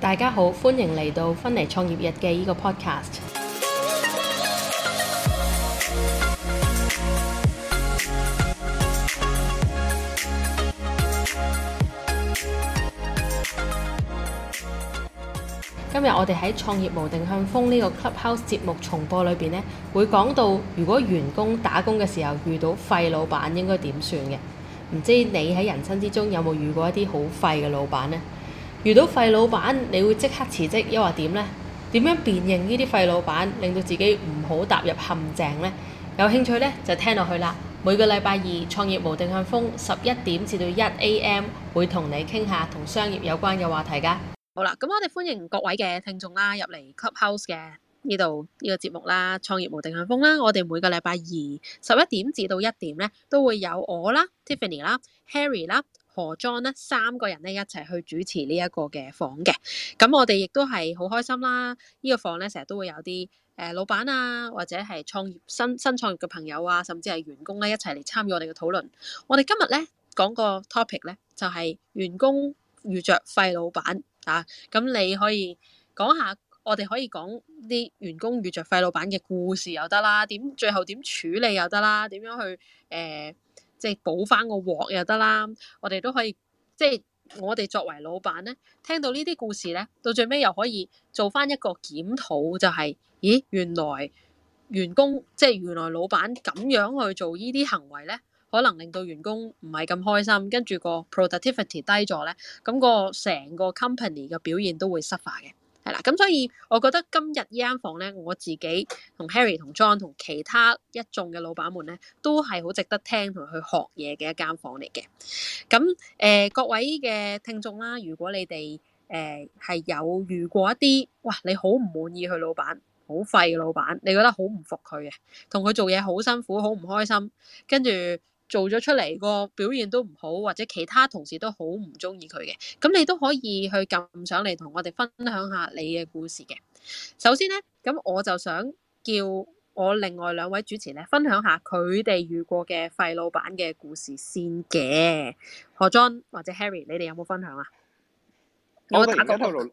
大家好，歡迎嚟到《芬尼創業日記》呢個 podcast。今日我哋喺創業無定向瘋呢個 Clubhouse 節目重播裏邊呢，會講到如果員工打工嘅時候遇到廢老闆應該點算嘅。唔知你喺人生之中有冇遇過一啲好廢嘅老闆呢？遇到廢老闆，你會即刻辭職，又或點呢？點樣辨認呢啲廢老闆，令到自己唔好踏入陷阱呢？有興趣呢，就聽落去啦。每個禮拜二，創業無定向瘋，十一點至到一 A.M，會同你傾下同商業有關嘅話題噶。好啦，咁我哋歡迎各位嘅聽眾啦入嚟 Clubhouse 嘅呢度呢，呢個節目啦，創業無定向瘋啦。我哋每個禮拜二，十一點至到一點呢，都會有我啦，Tiffany 啦，Harry 啦。何莊咧，三個人咧一齊去主持呢一個嘅房嘅，咁我哋亦都係好開心啦！呢個房咧成日都會有啲誒老闆啊，或者係創業新新創業嘅朋友啊，甚至係員工咧一齊嚟參與我哋嘅討論。我哋今日咧講個 topic 咧就係員工遇着廢老闆啊！咁你可以講下，我哋可以講啲員工遇着廢老闆嘅故事又得啦，點最後點處理又得啦，點樣去誒？呃即係補翻個鑊又得啦，我哋都可以，即係我哋作為老闆咧，聽到呢啲故事咧，到最尾又可以做翻一個檢討，就係，咦，原來員工即係原來老闆咁樣去做呢啲行為咧，可能令到員工唔係咁開心，跟住個 productivity 低咗咧，咁個成個 company 嘅表現都會 suffer 嘅。嗱，咁、嗯、所以，我覺得今日呢間房咧，我自己同 Harry 同 John 同其他一眾嘅老闆們咧，都係好值得聽同去學嘢嘅一間房嚟嘅。咁、嗯、誒、呃，各位嘅聽眾啦，如果你哋誒係有遇過一啲，哇！你好唔滿意佢老闆，好廢嘅老闆，你覺得好唔服佢嘅，同佢做嘢好辛苦，好唔開心，跟住，做咗出嚟個表現都唔好，或者其他同事都好唔中意佢嘅，咁你都可以去撳上嚟同我哋分享下你嘅故事嘅。首先呢，咁我就想叫我另外兩位主持咧分享下佢哋遇過嘅廢老闆嘅故事先嘅。何俊或者 Harry，你哋有冇分享啊？我哋而家喺度，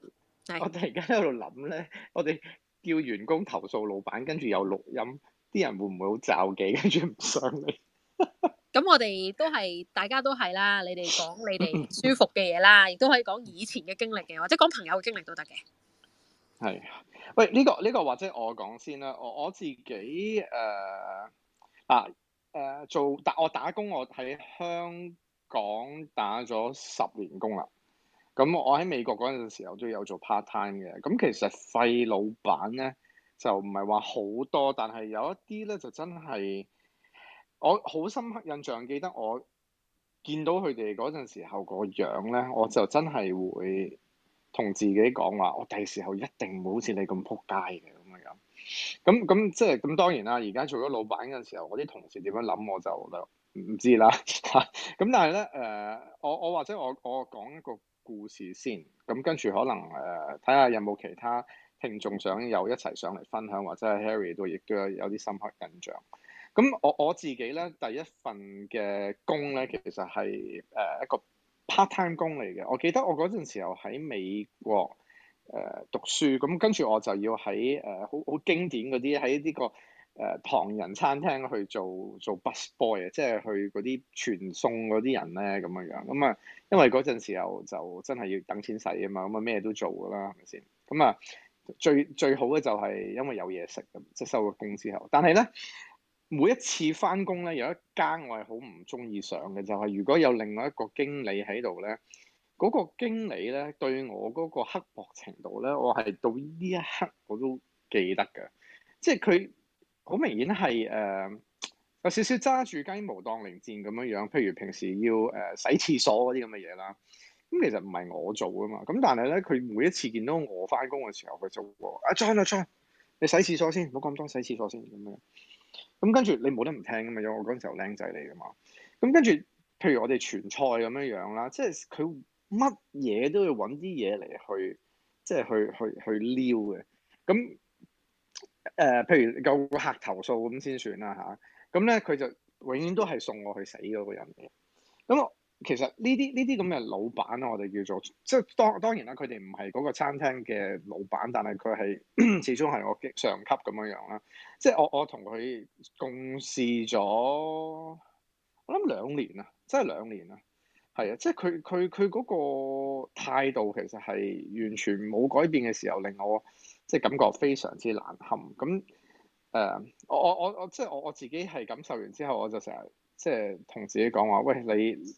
我哋而家喺度諗呢。我哋叫員工投訴老闆，跟住有錄音，啲人會唔會好罩忌，跟住唔上嚟？咁 我哋都係，大家都係啦。你哋講你哋舒服嘅嘢啦，亦都 可以講以前嘅經歷嘅，或者講朋友嘅經歷都得嘅。係喂，呢、這個呢、這個或者我講先啦。我我自己誒、呃、啊誒、呃、做打我打工，我喺香港打咗十年工啦。咁我喺美國嗰陣時候都有做 part time 嘅。咁其實廢老闆咧就唔係話好多，但係有一啲咧就真係。我好深刻印象，記得我見到佢哋嗰陣時候個樣咧，我就真係會同自己講話：我第時候一定唔會好似你咁撲街嘅咁樣。咁咁即係咁當然啦。而家做咗老闆嗰陣時候，我啲同事點樣諗我就唔唔知啦。咁但係咧，誒、呃、我我或者我我講一個故事先，咁跟住可能誒睇下有冇其他聽眾想有一齊上嚟分享，或者係 Harry 都亦都有啲深刻印象。咁我我自己咧第一份嘅工咧，其實係誒一個 part time 工嚟嘅。我記得我嗰陣時候喺美國誒、呃、讀書，咁跟住我就要喺誒好好經典嗰啲喺呢個誒、呃、唐人餐廳去做做 busboy，即係去嗰啲傳送嗰啲人咧咁樣樣。咁啊，因為嗰陣時候就真係要等錢使啊嘛，咁啊咩都做㗎啦，係咪先？咁啊最最好嘅就係因為有嘢食咁，即係、就是、收咗工之後，但係咧。每一次翻工咧，有一間我係好唔中意上嘅，就係、是、如果有另外一個經理喺度咧，嗰、那個經理咧對我嗰個刻薄程度咧，我係到呢一刻我都記得嘅，即係佢好明顯係誒、呃、有少少揸住雞毛當令箭咁樣樣。譬如平時要誒、呃、洗廁所嗰啲咁嘅嘢啦，咁其實唔係我做噶嘛。咁但係咧，佢每一次見到我翻工嘅時候，佢就話阿張啊張，ah, John, ah, John，你洗廁所先，唔好咁多洗廁所先咁樣。咁跟住你冇得唔聽㗎嘛，因為我嗰陣時候靚仔嚟㗎嘛。咁跟住，譬如我哋傳菜咁樣樣啦，即係佢乜嘢都要搵啲嘢嚟去，即係去去去撩嘅。咁誒、呃，譬如有客投訴咁先算啦，吓，咁咧，佢就永遠都係送我去死嗰個人嘅。咁。其實呢啲呢啲咁嘅老闆啊，我哋叫做即係當當然啦，佢哋唔係嗰個餐廳嘅老闆，但係佢係始終係我嘅上級咁樣樣啦。即係我我同佢共事咗，我諗兩年啊，即係兩年啊，係啊，即係佢佢佢嗰個態度其實係完全冇改變嘅時候，令我即係感覺非常之難堪。咁誒，呃，我我我即我即係我我自己係感受完之後，我就成日即係同自己講話，喂，你，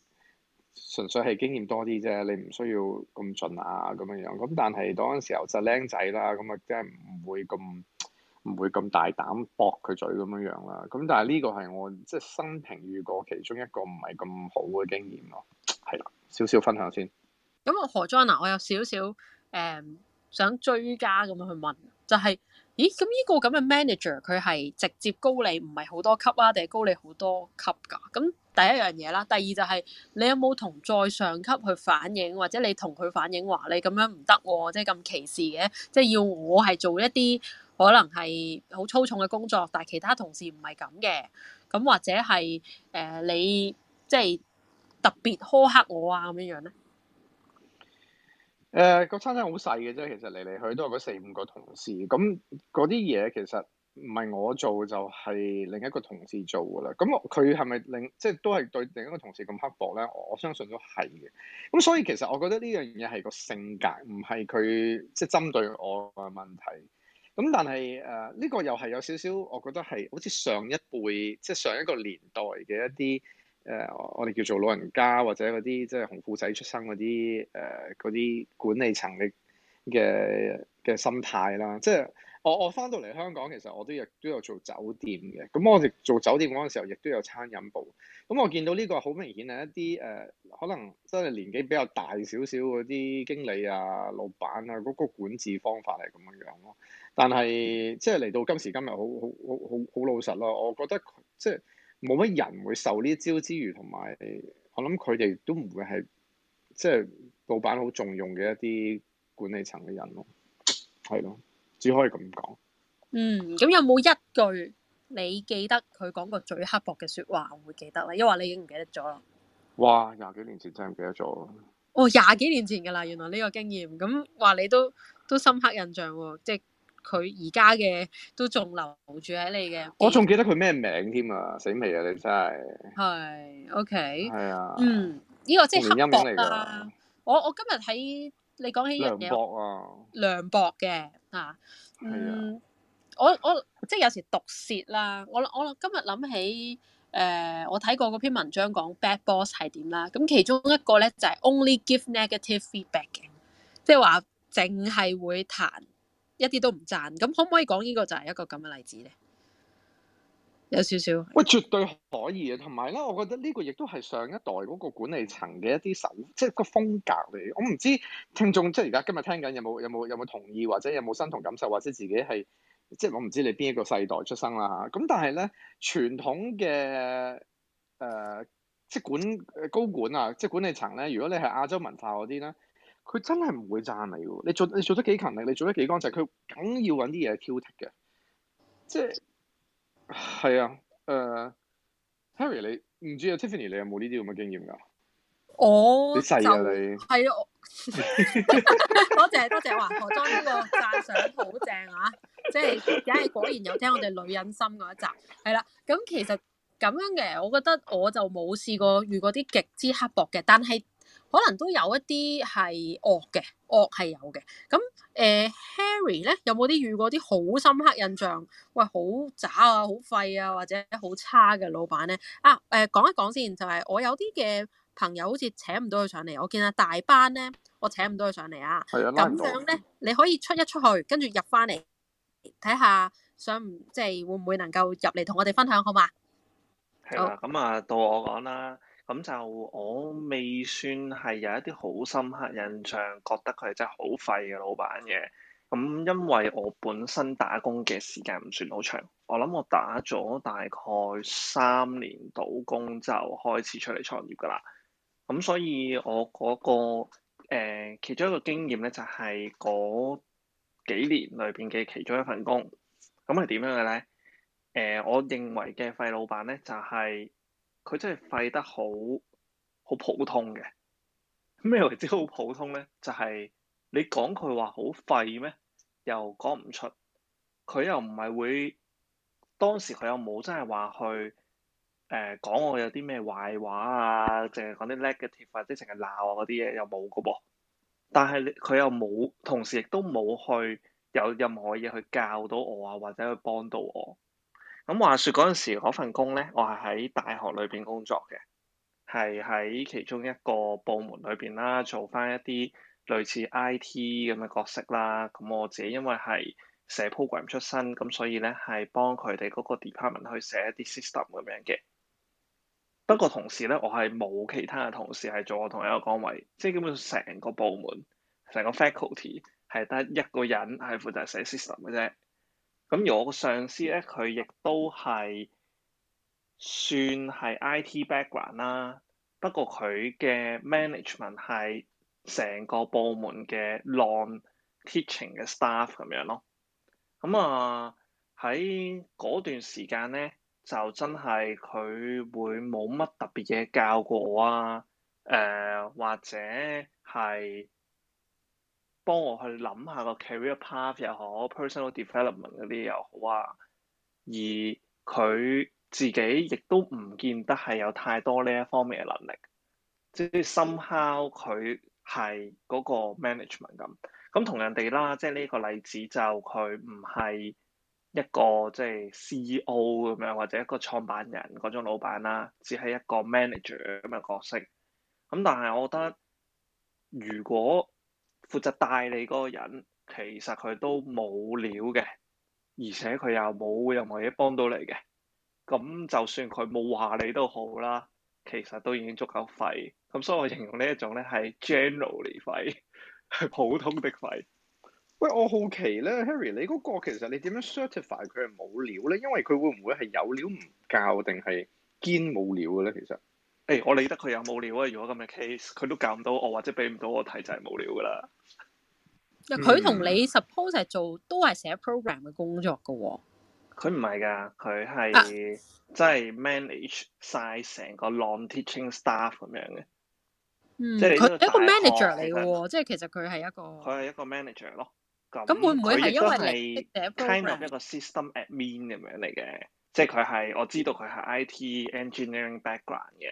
純粹係經驗多啲啫，你唔需要咁盡啊，咁樣樣。咁但係嗰陣時候就僆仔啦，咁啊真係唔會咁唔會咁大膽駁佢嘴咁樣樣啦。咁但係呢個係我即係生平遇過其中一個唔係咁好嘅經驗咯。係啦，少少分享先。咁我何 john 啊，我有少少誒、嗯、想追加咁去問，就係、是、咦咁呢個咁嘅 manager 佢係直接高你唔係好多級啊，定係高你好多級噶？咁第一樣嘢啦，第二就係、是、你有冇同在上級去反映，或者你同佢反映話你咁樣唔得、啊，即係咁歧視嘅，即係要我係做一啲可能係好粗重嘅工作，但係其他同事唔係咁嘅，咁或者係誒、呃、你即係特別苛刻我啊咁樣樣咧？誒個、呃、餐廳好細嘅啫，其實嚟嚟去去都係嗰四五個同事，咁嗰啲嘢其實。唔係我做就係、是、另一個同事做噶啦，咁佢係咪另即係、就是、都係對另一個同事咁刻薄咧？我相信都係嘅。咁所以其實我覺得呢樣嘢係個性格，唔係佢即係針對我嘅問題。咁但係誒呢個又係有少少，我覺得係好似上一輩即係、就是、上一個年代嘅一啲誒、呃，我哋叫做老人家或者嗰啲即係紅褲仔出生嗰啲誒啲管理層嘅嘅嘅心態啦，即、就、係、是。我我翻到嚟香港，其實我都亦都有做酒店嘅。咁我哋做酒店嗰陣時候，亦都有餐飲部。咁我見到呢個好明顯係一啲誒、呃，可能真係年紀比較大少少嗰啲經理啊、老闆啊，嗰、嗰個管治方法係咁樣樣咯。但係即係嚟到今時今日，好好好好好老實咯。我覺得即係冇乜人會受呢招之餘，同埋我諗佢哋都唔會係即係老闆好重用嘅一啲管理層嘅人咯，係咯。只可以咁講。嗯，咁有冇一句你記得佢講個最刻薄嘅説話我會記得咧？因為你已經唔記得咗？哇！廿幾年前真係唔記得咗。哦，廿幾年前噶啦，原來呢個經驗，咁話你都都深刻印象喎，即係佢而家嘅都仲留住喺你嘅。我仲記得佢咩名添啊？死未啊！你真係。係，OK。係啊。嗯，呢、呢個即係刻薄嚟㗎。我我今日喺。你講起樣嘢，涼薄嘅嚇，嗯，啊、我我即係有時毒舌啦。我我今日諗起，誒、呃，我睇過嗰篇文章講 bad boss 係點啦。咁其中一個咧就係、是、only give negative feedback 嘅，即係話淨係會彈一啲都唔讚。咁可唔可以講呢個就係一個咁嘅例子咧？有少少，喂，絕對可以啊！同埋咧，我覺得呢個亦都係上一代嗰個管理層嘅一啲手，即係個風格嚟。我唔知聽眾即係而家今日聽緊有冇有冇有冇同意，或者有冇身同感受，或者自己係即係我唔知你邊一個世代出生啦嚇。咁但係咧，傳統嘅誒即係管高管啊，即係管理層咧，如果你係亞洲文化嗰啲咧，佢真係唔會讚你㗎。你做你做得幾勤力，你做得幾乾淨，佢梗要揾啲嘢挑剔嘅，即係。係 啊，誒、uh，Harry 你唔知啊，Tiffany 你有冇呢啲咁嘅經驗㗎？我好細啊，你係啊，多 謝多謝華荷莊呢個讚賞，好正啊！即係而家係果然有聽我哋女人心嗰一集，係啦。咁其實咁樣嘅，我覺得我就冇試過遇過啲極之刻薄嘅，但係。可能都有一啲係惡嘅，惡係有嘅。咁誒、呃、，Harry 咧有冇啲遇過啲好深刻印象？喂，好渣啊，好廢啊，或者好差嘅老闆咧？啊誒、呃，講一講先，就係、是、我有啲嘅朋友好似請唔到佢上嚟，我見下大班咧，我請唔到佢上嚟啊。係啊的，咁樣咧，的你可以出一出去，跟住入翻嚟睇下，看看想唔，即、就、係、是、會唔會能夠入嚟同我哋分享，好嘛？係啦，咁啊，到我講啦。咁就我未算係有一啲好深刻印象，覺得佢係真係好廢嘅老闆嘅。咁因為我本身打工嘅時間唔算好長，我諗我打咗大概三年倒工就開始出嚟創業噶啦。咁所以我嗰、那個、呃、其中一個經驗咧，就係、是、嗰幾年裏邊嘅其中一份工，咁係點樣嘅咧？誒、呃，我認為嘅廢老闆咧，就係、是。佢真係廢得好，好普通嘅。咩為之好普通咧？就係、是、你講佢話好廢咩？又講唔出。佢又唔係會，當時佢又冇真係話去誒、呃、講我有啲咩壞話啊，淨係講啲 negative 啊，或者淨係鬧啊嗰啲嘢又冇噶噃。但係佢又冇，同時亦都冇去有任何嘢去教到我啊，或者去幫到我。咁話説，嗰陣時嗰份工咧，我係喺大學裏邊工作嘅，係喺其中一個部門裏邊啦，做返一啲類似 IT 咁嘅角色啦。咁我自己因為係寫 program 出身，咁所以咧係幫佢哋嗰個 department 去寫一啲 system 咁樣嘅。不過同時咧，我係冇其他嘅同事係做我同一個崗位，即係基本上成個部門、成個 faculty 係得一個人係負責寫 system 嘅啫。咁而我個上司咧，佢亦都係算係 IT background 啦，不過佢嘅 management 係成個部門嘅 non teaching 嘅 staff 咁樣咯。咁、嗯、啊，喺、呃、嗰段時間咧，就真係佢會冇乜特別嘢教過我啊，誒、呃、或者係。幫我去諗下個 career path 又好，personal development 嗰啲又好啊。而佢自己亦都唔見得係有太多呢一方面嘅能力，即係 somehow 佢係嗰個 management 咁。咁同人哋啦，即係呢個例子就佢唔係一個即係 CEO 咁樣，或者一個創辦人嗰種老闆啦，只係一個 manager 咁嘅角色。咁但係我覺得如果負責帶你嗰個人，其實佢都冇料嘅，而且佢又冇任何嘢幫到你嘅。咁就算佢冇話你都好啦，其實都已經足夠廢。咁所以我形容呢一種咧係 generally 廢，係普通的廢。喂，我好奇咧，Harry，你嗰個其實你點樣 certify 佢係冇料咧？因為佢會唔會係有料唔教，定係堅冇料嘅咧？其實？誒、哎，我理得佢有冇料啊！如果咁嘅 case，佢都教唔到我，或者俾唔到我睇，就係冇料噶啦。又佢同你 suppose 係做都係寫 program 嘅工作噶喎，佢唔係㗎，佢係、啊、即係 manage 曬成、嗯、個 long teaching staff 咁樣嘅。即係佢一個 manager 嚟嘅喎，即係其實佢係一個佢係一個 manager 咯。咁、嗯、會唔會係因為你 i kind 第 of、嗯、一個係、嗯、一個 system admin 咁樣嚟嘅？即係佢係我知道佢係 IT engineering background 嘅。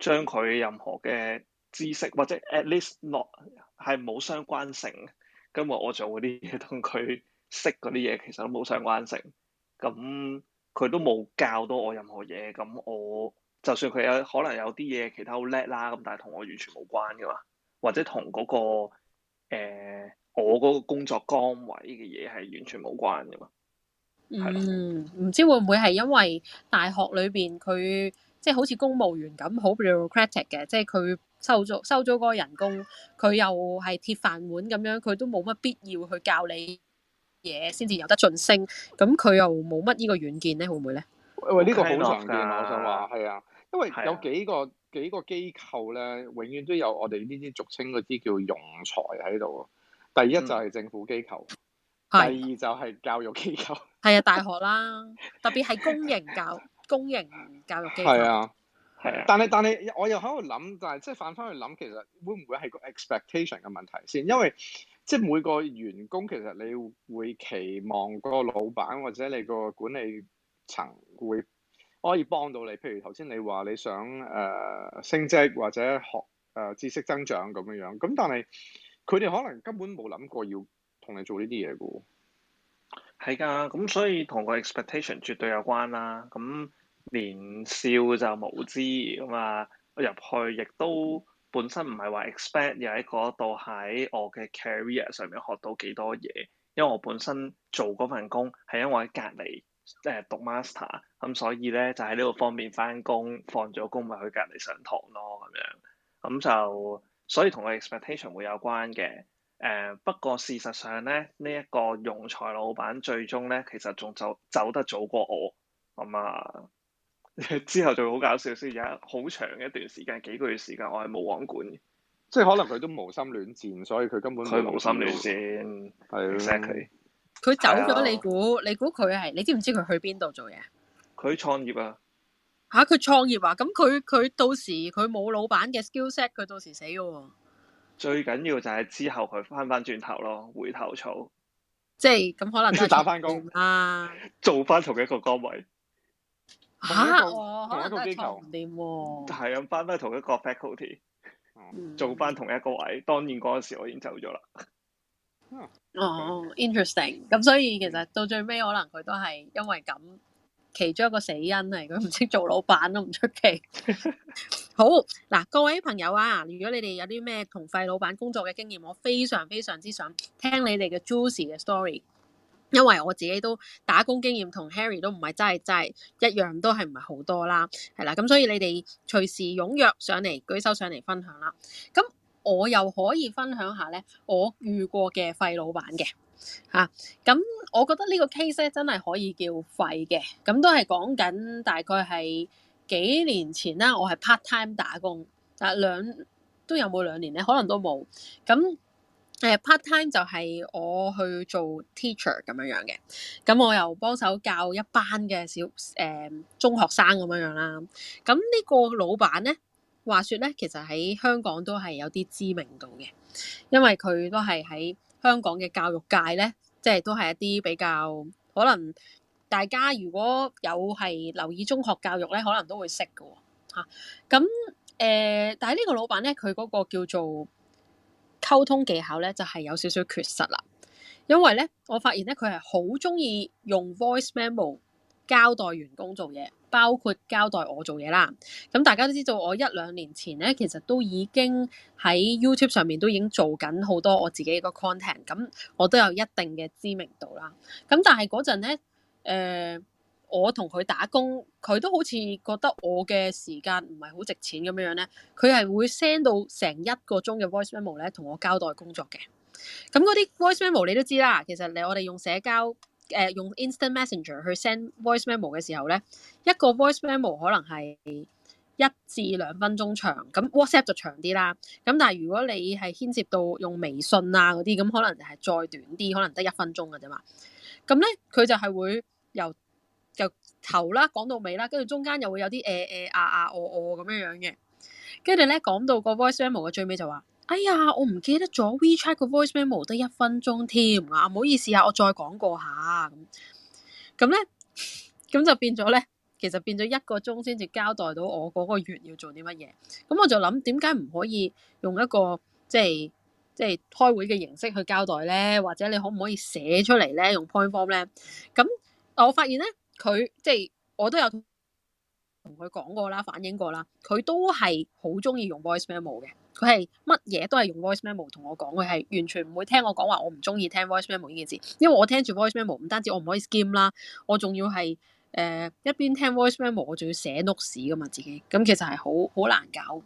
將佢任何嘅知識，或者 at least not 係冇相關性。今日我做嗰啲嘢同佢識嗰啲嘢其實都冇相關性。咁佢都冇教到我任何嘢。咁我就算佢有可能有啲嘢其他好叻啦，咁但係同我完全冇關噶嘛，或者同嗰、那個、呃、我嗰個工作崗位嘅嘢係完全冇關噶嘛。係咯。嗯，唔知會唔會係因為大學裏邊佢？即係好似公務員咁好 bureaucratic 嘅，即係佢收咗收咗嗰個人工，佢又係鐵飯碗咁樣，佢都冇乜必要去教你嘢先至有得晉升，咁佢又冇乜呢個軟件咧，會唔會咧？喂，呢個好常見啊！我想話係啊，因為有幾個幾個機構咧，永遠都有我哋呢啲俗稱嗰啲叫庸才喺度啊。第一就係政府機構，第二就係教育機構，係啊，大學啦，特別係公營教。公營教育機構係啊，係啊，但係但係我又喺度諗，但係即係反返去諗，其實會唔會係個 expectation 嘅問題先？因為即係每個員工其實你會期望個老闆或者你個管理層會可以幫到你，譬如頭先你話你想誒、呃、升職或者學誒、呃、知識增長咁樣樣，咁但係佢哋可能根本冇諗過要同你做呢啲嘢嘅喎。係㗎，咁所以同個 expectation 絕對有關啦、啊。咁年少就無知咁啊，入去亦都本身唔係話 expect 又喺嗰度喺我嘅 career 上面學到幾多嘢，因為我本身做嗰份工係因為喺隔離誒、呃、讀 master，咁所以咧就喺呢度方便返工放咗工咪去隔離上堂咯咁樣，咁就所以同我 expectation 會有關嘅誒、呃。不過事實上咧，呢、這、一個庸才老闆最終咧其實仲走走得早過我咁啊！之後就好搞笑，先而家好長一段時間，幾個月時間，我係冇網管嘅，即係可能佢都無心戀戰，所以佢根本佢無心戀戰，係佢、嗯、走咗的，你估你估佢係？你知唔知佢去邊度做嘢？佢創業啊！吓佢創業啊！咁佢佢到時佢冇老闆嘅 skill set，佢到時死㗎喎、啊！最緊要就係之後佢翻翻轉頭咯，回頭草，即係咁可能打翻工啦，做翻同一個崗位。吓，同一，哈一個機構唔掂喎，係啊，翻翻、啊、同一個 faculty，嗯、做翻同一個位，當然嗰陣時我已經走咗啦。哦、啊 Okay. oh,，interesting，咁所以其實到最尾可能佢都係因為咁其中一個死因嚟，佢唔識做老闆都唔出奇。 好，嗱各位朋友啊，如果你哋有啲咩同廢老闆工作嘅經驗，我非常非常之想聽你哋嘅 juicy 嘅 story。因為我自己都打工經驗同 Harry 都唔係真係真係一樣，都係唔係好多啦，係啦。咁所以你哋隨時踴躍上嚟，舉手上嚟分享啦。咁我又可以分享下咧，我遇過嘅廢老闆嘅嚇。咁、啊、我覺得呢個 case 咧真係可以叫廢嘅。咁都係講緊大概係幾年前啦，我係 part time 打工但兩都有冇兩年咧，可能都冇咁。誒 part time 就係我去做 teacher 咁樣樣嘅，咁我又幫手教一班嘅小誒、呃、中學生咁樣樣啦。咁呢個老闆咧，話說咧，其實喺香港都係有啲知名度嘅，因為佢都係喺香港嘅教育界咧，即係都係一啲比較可能大家如果有係留意中學教育咧，可能都會識㗎喎嚇。咁、啊、誒、呃，但係呢個老闆咧，佢嗰個叫做溝通技巧咧就係、是、有少少缺失啦，因為咧我發現咧佢係好中意用 Voice Memo 交代員工做嘢，包括交代我做嘢啦。咁、嗯、大家都知道，我一兩年前咧其實都已經喺 YouTube 上面都已經做緊好多我自己嘅個 content，咁、嗯、我都有一定嘅知名度啦。咁、嗯、但係嗰陣咧，誒、呃。我同佢打工，佢都好似覺得我嘅時間唔係好值錢咁樣樣咧，佢係會 send 到成一個鐘嘅 voice memo 咧，同我交代工作嘅。咁嗰啲 voice memo 你都知啦，其實你我哋用社交誒、呃、用 instant messenger 去 send voice memo 嘅時候咧，一個 voice memo 可能係一至兩分鐘長，咁 WhatsApp 就長啲啦。咁但係如果你係牽涉到用微信啊嗰啲，咁可能就係再短啲，可能得一分鐘㗎啫嘛。咁咧佢就係會由頭啦，講到尾啦，跟住中間又會有啲誒誒，啊啊，哦哦咁樣樣嘅，跟住咧講到個 voice memo 嘅最尾就話，哎呀，我唔記得咗 wechat 個 voice memo 得一分鐘添啊，唔好意思啊，我再講過下咁，咁咧，咁就變咗咧，其實變咗一個鐘先至交代到我嗰個月要做啲乜嘢，咁我就諗，點解唔可以用一個即係即係開會嘅形式去交代咧，或者你可唔可以寫出嚟咧，用 point form 咧？咁我發現咧。佢即係我都有同佢講過啦，反映過啦。佢都係好中意用 voice memo 嘅。佢係乜嘢都係用 voice memo 同我講。佢係完全唔會聽我講話，我唔中意聽 voice memo 呢件事。因為我聽住 voice memo，唔單止我唔可以 skim 啦，我仲要係誒一邊聽 voice memo，我仲要寫 notes 噶嘛自己。咁其實係好好難搞。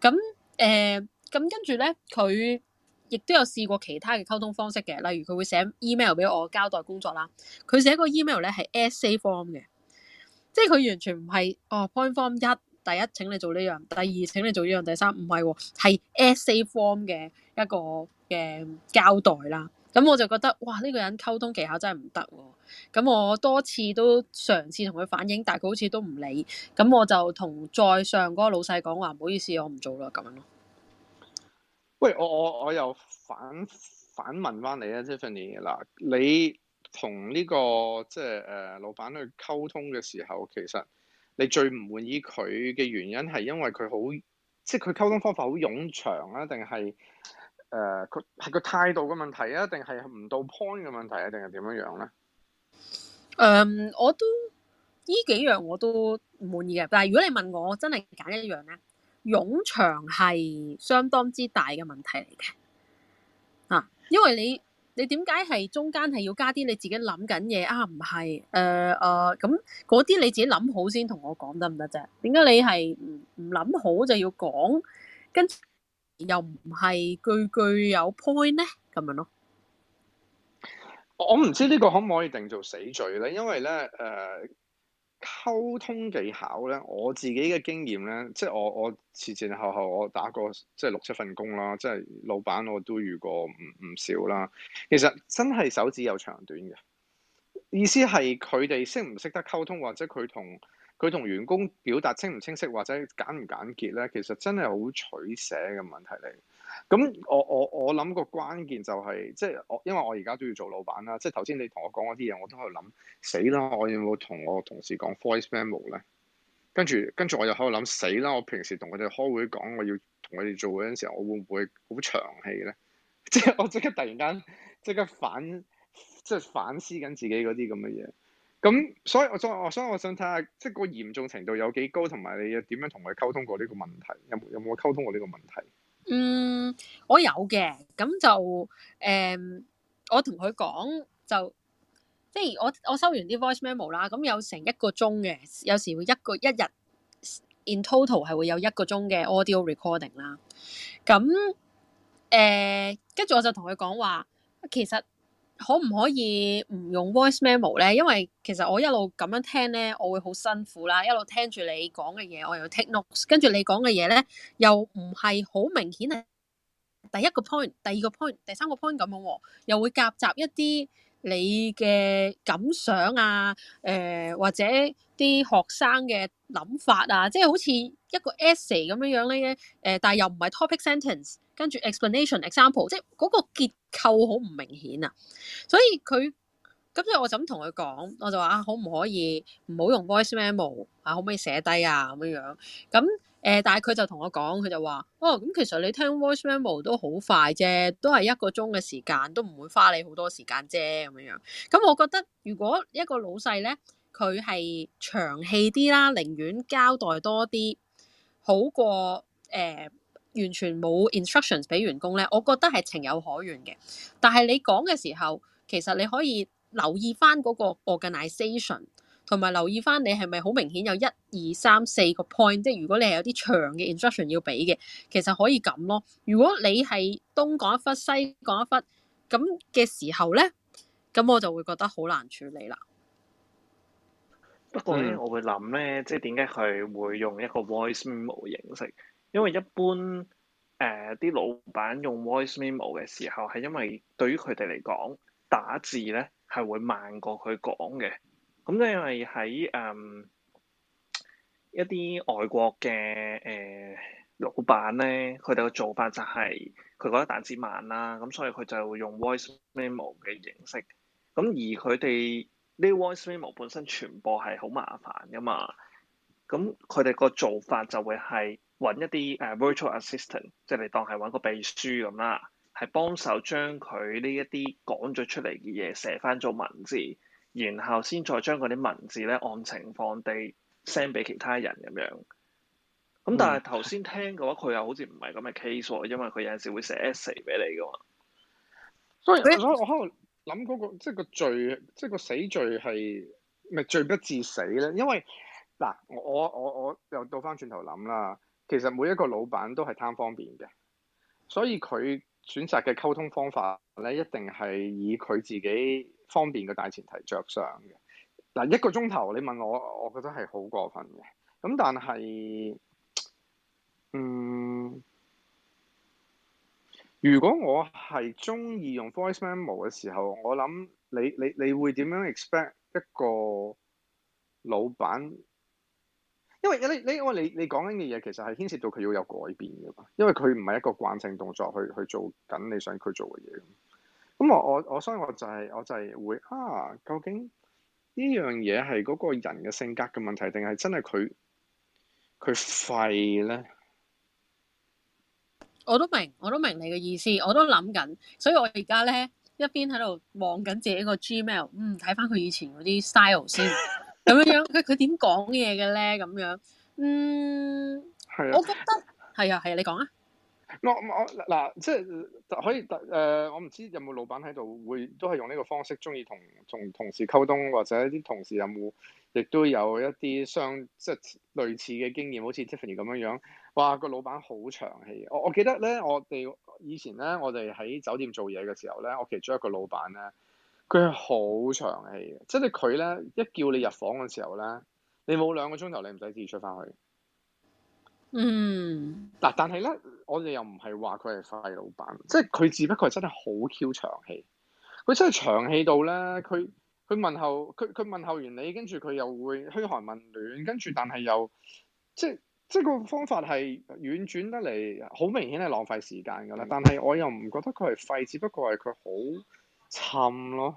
咁誒咁跟住咧，佢，亦都有試過其他嘅溝通方式嘅，例如佢會寫 email 俾我交代工作啦。佢寫個 email 咧係 essay form 嘅，即係佢完全唔係哦 point form 一第一請你做呢樣，第二請你做呢樣，第三唔係喎，係 essay form 嘅一個嘅交代啦。咁我就覺得哇，呢個人溝通技巧真係唔得喎。咁我多次都嘗試同佢反映，但係佢好似都唔理。咁我就同在上嗰個老細講話，唔好意思，我唔做啦咁樣咯。喂，我我我又反反問翻你啊 Tiffany 嗱，你同呢個即係誒老闆去溝通嘅時候，其實你最唔滿意佢嘅原因係因為佢好，即係佢溝通方法好冗長啊，定係誒佢係個態度嘅問題啊，定係唔到 point 嘅問題啊，定係點樣樣咧？誒，um, 我都呢幾樣我都唔滿意嘅，但係如果你問我，我真係揀一樣咧？冗長係相當之大嘅問題嚟嘅，啊，因為你你點解係中間係要加啲你自己諗緊嘢啊？唔係誒誒，咁嗰啲你自己諗好先同我講得唔得啫？點解你係唔唔諗好就要講，跟又唔係句句有 point 呢？咁樣咯，我唔知呢個可唔可以定做死罪咧？因為咧誒。呃溝通技巧呢，我自己嘅經驗呢，即係我我前前後後我打過即係六七份工啦，即係老闆我都遇過唔唔少啦。其實真係手指有長短嘅，意思係佢哋識唔識得溝通，或者佢同佢同員工表達清唔清晰，或者簡唔簡潔呢，其實真係好取捨嘅問題嚟。咁我我我諗個關鍵就係、是、即係我因為我而家都要做老闆啦，即係頭先你同我講嗰啲嘢，我都喺度諗死啦。我有冇同我同事講 voice memo 咧？跟住跟住我又喺度諗死啦。我平時同佢哋開會講，我要同佢哋做嗰陣時候，我會唔會好長氣咧？即係我即刻突然間即刻反即係反思緊自己嗰啲咁嘅嘢。咁所以我再我所以我想睇下，即係個嚴重程度有幾高，同埋你又點樣同佢溝通過呢個問題？有有冇溝通過呢個問題？嗯，我有嘅，咁就，誒、嗯，我同佢講就，即係我我收完啲 voice memo 啦，咁、嗯、有成一個鐘嘅，有時會一個一日，in total 係會有一個鐘嘅 audio recording 啦，咁、嗯，誒、嗯，跟住我就同佢講話，其實。可唔可以唔用 voice memo 咧？因為其實我一路咁樣聽咧，我會好辛苦啦。一路聽住你講嘅嘢，我又 take notes，跟住你講嘅嘢咧又唔係好明顯係第一個 point、第二個 point、第三個 point 咁嘅、哦、又會夾雜一啲你嘅感想啊，誒、呃、或者啲學生嘅諗法啊，即係好似一個 essay 咁樣樣咧，誒、呃、但係又唔係 topic sentence。跟住 explanation example，即係嗰個結構好唔明顯啊，所以佢咁，即係我就同佢講，我就話、啊、可唔可以唔好用 voice memo 啊？可唔可以寫低啊？咁樣樣咁誒，但係佢就同我講，佢就話哦，咁其實你聽 voice memo 都好快啫，都係一個鐘嘅時間，都唔會花你好多時間啫。咁樣樣咁，我覺得如果一個老細咧，佢係長氣啲啦，寧願交代多啲，好過誒。呃完全冇 instructions 俾員工咧，我覺得係情有可原嘅。但係你講嘅時候，其實你可以留意翻嗰個 organization，同埋留意翻你係咪好明顯有一二三四個 point，即係如果你係有啲長嘅 instruction 要俾嘅，其實可以咁咯。如果你係東講一忽西講一忽咁嘅時候咧，咁我就會覺得好難處理啦。嗯、不過我會諗咧，即係點解佢會用一個 voice memo 形式？因為一般誒啲、呃、老闆用 Voice Memo 嘅時候，係因為對於佢哋嚟講打字咧係會慢過佢講嘅，咁因為喺誒一啲外國嘅誒、呃、老闆咧，佢哋嘅做法就係、是、佢覺得打字慢啦，咁所以佢就會用 Voice Memo 嘅形式。咁而佢哋呢 Voice Memo 本身傳播係好麻煩噶嘛，咁佢哋個做法就會係。揾一啲誒 virtual assistant，即係你當係揾個秘書咁啦，係幫手將佢呢一啲講咗出嚟嘅嘢寫翻做文字，然後先再將嗰啲文字咧按情況地 send 俾其他人咁樣。咁但係頭先聽嘅話，佢又好似唔係咁嘅 case，因為佢有陣時會寫 essay 俾你嘅嘛。所以你我我可能諗嗰個即係、就是、個罪，即、就、係、是、個死罪係咪、就是、罪不至死咧？因為嗱，我我我我又倒翻轉頭諗啦。其實每一個老闆都係貪方便嘅，所以佢選擇嘅溝通方法咧，一定係以佢自己方便嘅大前提着想嘅。嗱，一個鐘頭你問我，我覺得係好過分嘅。咁但係，嗯，如果我係鍾意用 voice memo 嘅時候，我諗你你你會點樣 expect 一個老闆？因為你你因為你你講緊嘅嘢其實係牽涉到佢要有改變㗎嘛，因為佢唔係一個慣性動作去去做緊你想佢做嘅嘢。咁我我我所以我就係、係、我就係會啊，究竟呢樣嘢係嗰個人嘅性格嘅問題，定係真係佢佢廢咧？我都明，我都明你嘅意思，我都諗緊，所以我而家咧一邊喺度望緊自己個 Gmail，嗯，睇翻佢以前嗰啲 style 先。 咁樣 樣，佢佢點講嘢嘅咧？咁樣，嗯，的我覺得係啊，係啊，你講啊。我我嗱，即係可以，誒、呃，我唔知有冇老闆喺度會都係用呢個方式，鍾意同同同事溝通，或者啲同事有冇亦都有一啲相即係類似嘅經驗，好似 Tiffany 咁樣樣。哇，個老闆好長氣。我我記得咧，我哋以前咧，我哋喺酒店做嘢嘅時候咧，我其中一個老闆咧。佢係好長氣嘅，即係佢咧一叫你入房嘅時候咧，你冇兩個鐘頭你唔使自己出翻去。嗯，嗱，但係咧，我哋又唔係話佢係廢老闆，即係佢只不過係真係好 Q 長氣，佢真係長氣到咧，佢佢問候佢佢問候完你，跟住佢又會嘘寒問暖，跟住但係又即係即係個方法係婉轉得嚟，好明顯係浪費時間噶啦。但係我又唔覺得佢係廢，只不過係佢好。沉咯，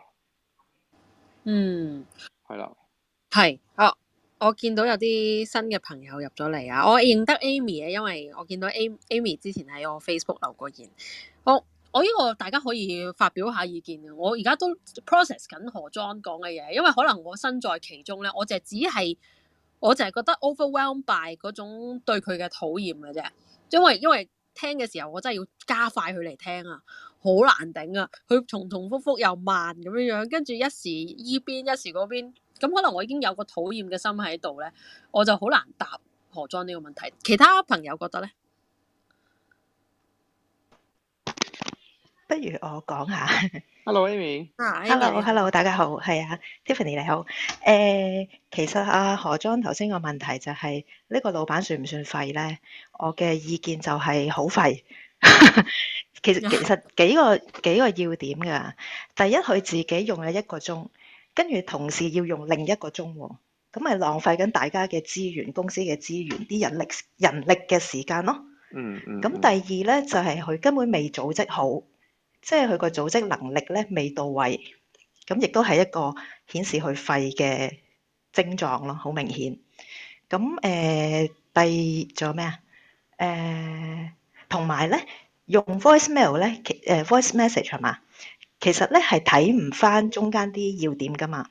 嗯，係啦，係 哦、啊，我見到有啲新嘅朋友入咗嚟啊，我認得 Amy 啊，因為我見到 Amy 之前喺我 Facebook 留過言，好，我我呢個大家可以發表下意見嘅，我而家都 process 緊何莊講嘅嘢，因為可能我身在其中呢，我就只係我就係覺得 overwhelmed by 嗰種對佢嘅討厭嘅啫，因為因為聽嘅時候我真係要加快佢嚟聽啊。好難頂啊！佢重重複複又慢咁樣樣，跟住一時依邊，一時嗰邊，咁可能我已經有個討厭嘅心喺度呢。我就好難答何莊呢個問題。其他朋友覺得呢？不如我講下。Hello，Amy。Hello，Hello，大家好，係、yes，啊，Tiffany 你好。誒、uh，其實阿、啊、何莊頭先個問題就係、是、呢、這個老闆算唔算廢呢？我嘅意見就係好廢。 其實其實幾個幾個要點噶，第一佢自己用咗一個鐘，跟住同事要用另一個鐘，咁咪浪費緊大家嘅資源，公司嘅資源啲人力人力嘅時間咯。嗯嗯。咁第二咧就係佢根本未組織好，即係佢個組織能力咧未到位，咁亦都係一個顯示佢廢嘅症狀咯，好明顯。咁誒，第仲有咩啊？誒，同埋咧。用 voice mail 咧，誒 voice message 係嘛？其實咧係睇唔翻中間啲要點噶嘛。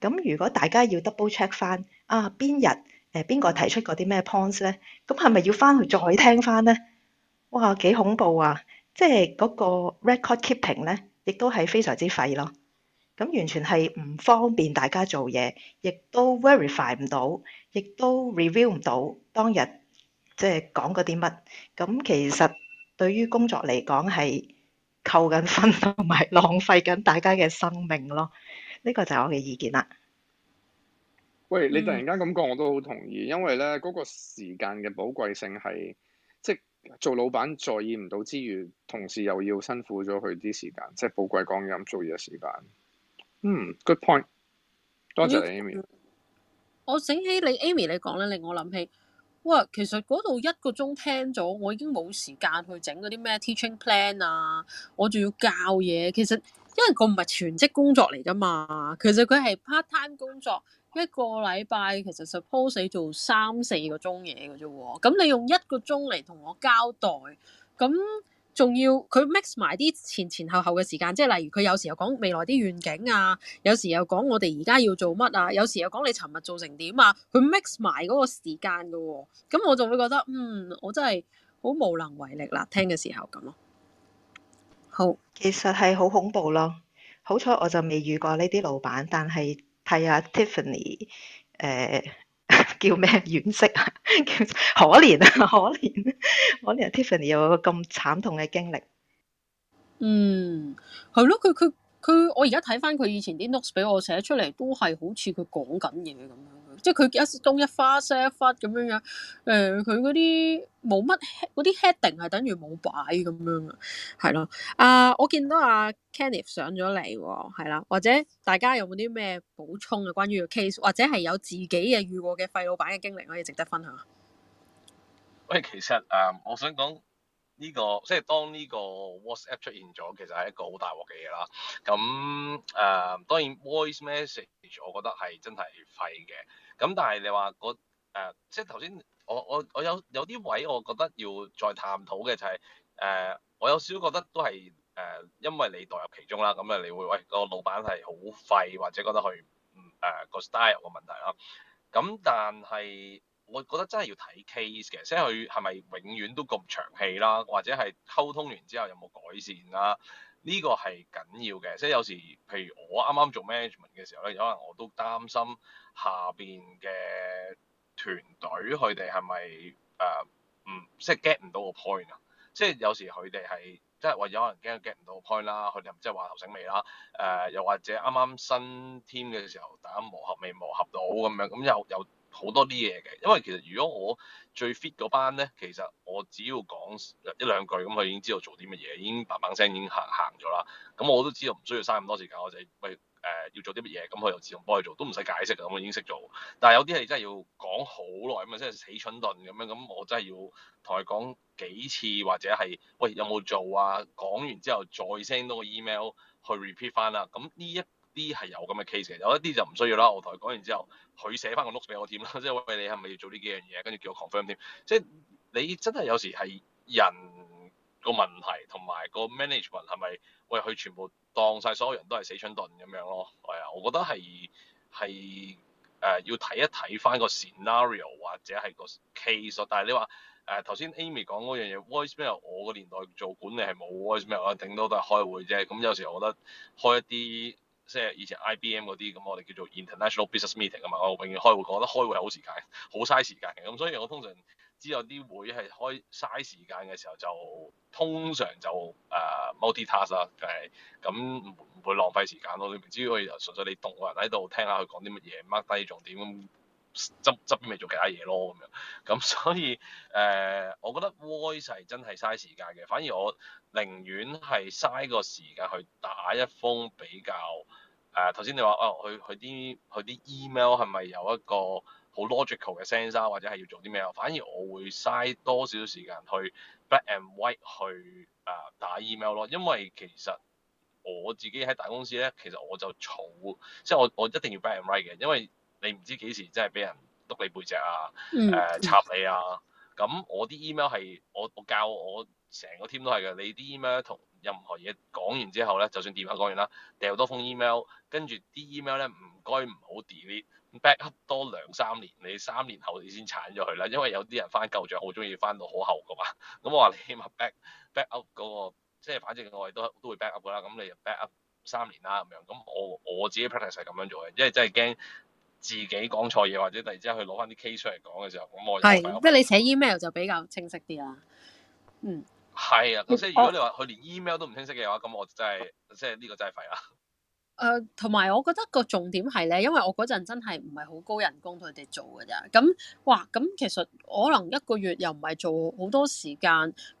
咁如果大家要 double check 翻啊，邊日誒邊個提出嗰啲咩 points 咧？咁係咪要翻去再聽翻咧？哇，幾恐怖啊！即係嗰個 record keeping 咧，亦都係非常之廢咯。咁完全係唔方便大家做嘢，亦都 verify 唔到，亦都 review 唔到當日即係講嗰啲乜。咁其實。對於工作嚟講係扣緊分同埋浪費緊大家嘅生命咯，呢個就係我嘅意見啦。喂，你突然間咁講，我都好同意，因為咧嗰個時間嘅寶貴性係，即係做老闆在意唔到之餘，同時又要辛苦咗佢啲時間，即係寶貴光陰、做嘢時間。嗯，good point。多謝你 Amy。我醒起你 Amy 你講咧，令我諗起。哇，其實嗰度一個鐘聽咗，我已經冇時間去整嗰啲咩 teaching plan 啊，我仲要教嘢。其實因為佢唔係全職工作嚟噶嘛，其實佢係 part time 工作，一個禮拜其實 suppose 你做三四個鐘嘢嘅啫喎，咁、嗯、你用一個鐘嚟同我交代咁。嗯仲要佢 mix 埋啲前前後後嘅時間，即係例如佢有時候又講未來啲願景啊，有時候又講我哋而家要做乜啊，有時候又講你尋日做成點啊，佢 mix 埋嗰個時間㗎喎、哦，咁我就會覺得嗯，我真係好無能為力啦，聽嘅時候咁咯。好，其實係好恐怖咯，好彩我就未遇過呢啲老闆，但係睇下 Tiffany 誒、呃。叫咩惋惜啊？叫可憐啊！可憐，可憐啊！Tiffany 有個咁慘痛嘅經歷，嗯，係咯，佢佢佢，我而家睇翻佢以前啲 notes 俾我寫出嚟，都係好似佢講緊嘢咁樣。即係佢一東一花西一忽咁樣樣，誒、嗯、佢嗰啲冇乜嗰啲 heading 係等於冇擺咁樣嘅，係咯？啊、uh，我見到阿 Kenneth 上咗嚟喎，係啦，或者大家有冇啲咩補充嘅關於個 case，或者係有自己嘅遇過嘅廢老闆嘅經歷可以值得分享？喂，其實誒、呃，我想講呢、這個，即係當呢個 WhatsApp 出現咗，其實係一個好大鑊嘅嘢啦。咁誒、呃，當然 voice message，我覺得係真係廢嘅。咁但係你話個誒，即係頭先我我我有有啲位，我覺得要再探討嘅就係、是、誒、呃，我有少少覺得都係誒、呃，因為你代入其中啦，咁啊你會喂、哎那個老闆係好廢，或者覺得佢唔誒個 style 嘅問題啦。咁但係我覺得真係要睇 case 嘅，即係佢係咪永遠都咁長氣啦，或者係溝通完之後有冇改善啦？呢個係緊要嘅，即係有時，譬如我啱啱做 management 嘅時候咧，有可能我都擔心下邊嘅團隊佢哋係咪誒唔，即係 get 唔到個 point 啊？即係有時佢哋係即係話，有啲人驚 get 唔到 point 啦，佢哋即係話頭醒尾啦。誒、呃，又或者啱啱新 team 嘅時候，大家磨合未磨合到咁樣，咁又又有好多啲嘢嘅，因為其實如果我最 fit 嗰班咧，其實我只要講一兩句，咁佢已經知道做啲乜嘢，已經砰砰聲已經行行咗啦。咁我都知道唔需要嘥咁多時間，我就喂、是、誒、呃、要做啲乜嘢，咁佢就自動幫佢做，都唔使解釋啊，咁佢已經識做。但係有啲係真係要講好耐啊嘛，即係死蠢頓咁樣，咁我真係要同佢講幾次或者係喂有冇做啊？講完之後再 send 多個 email 去 repeat 翻啦。咁呢一啲係有咁嘅 case 嘅，有一啲就唔需要啦。我同佢講完之後，佢寫翻個 note 俾我添啦，即係喂你係咪要做呢幾樣嘢，跟住叫我 confirm 添。即係你真係有時係人個問題，同埋個 management 係咪喂佢全部當晒，所有人都係死蠢頓咁樣咯？係啊，我覺得係係誒要睇一睇翻個 scenario 或者係個 case 但係你話誒頭先 Amy 講嗰樣嘢，voice mail 我個年代做管理係冇 voice mail 啊，頂多都係開會啫。咁有時我覺得開一啲。即係以前 IBM 嗰啲咁，我哋叫做 international business meeting 啊嘛，我永遠開會，我覺得開會係好時間，好嘥時間嘅。咁所以我通常知道啲會係開嘥時間嘅時候就，就通常就誒、呃、multi task 啦，係咁唔會浪費時間咯。你唔知我純粹你動個人喺度聽下佢講啲乜嘢，mark 低重點咁，執執啲咪做其他嘢咯咁樣。咁所以誒、呃，我覺得 voice 係真係嘥時間嘅，反而我寧願係嘥個時間去打一封比較。誒頭先你話哦，佢佢啲佢啲 email 係咪有一個好 logical 嘅 sense 啊？或者係要做啲咩啊？反而我會嘥多少少時間去 black and white 去誒打 email 咯，因為其實我自己喺大公司咧，其實我就儲，即係我我一定要 black and white 嘅，因為你唔知幾時真係俾人篤你背脊啊，誒、mm. uh, 插你啊，咁我啲 email 係我我教我，成個 team 都係嘅，你啲 email 同任何嘢講完之後咧，就算電話講完啦，掉多封 email，跟住啲 email 咧，唔該唔好 delete，back up 多兩三年，你三年後你先鏟咗佢啦，因為有啲人翻舊帳好中意翻到好後嘅嘛。咁我話你起碼 back back up 嗰個，即係反正我哋都都會 back up 嘅啦，咁你就 back up 三年啦咁樣。咁我我自己 practice 係咁樣做嘅，因為真係驚自己講錯嘢或者突然之間去攞翻啲 case 出嚟講嘅時候，咁我係。係，即係你寫 email 就比較清晰啲啦，嗯。係啊，咁即係如果你話佢連 email 都唔清晰嘅話，咁我真係即係呢個真係廢啦。誒、呃，同埋我覺得個重點係咧，因為我嗰陣真係唔係好高人工，佢哋做嘅咋。咁哇，咁其實可能一個月又唔係做好多時間，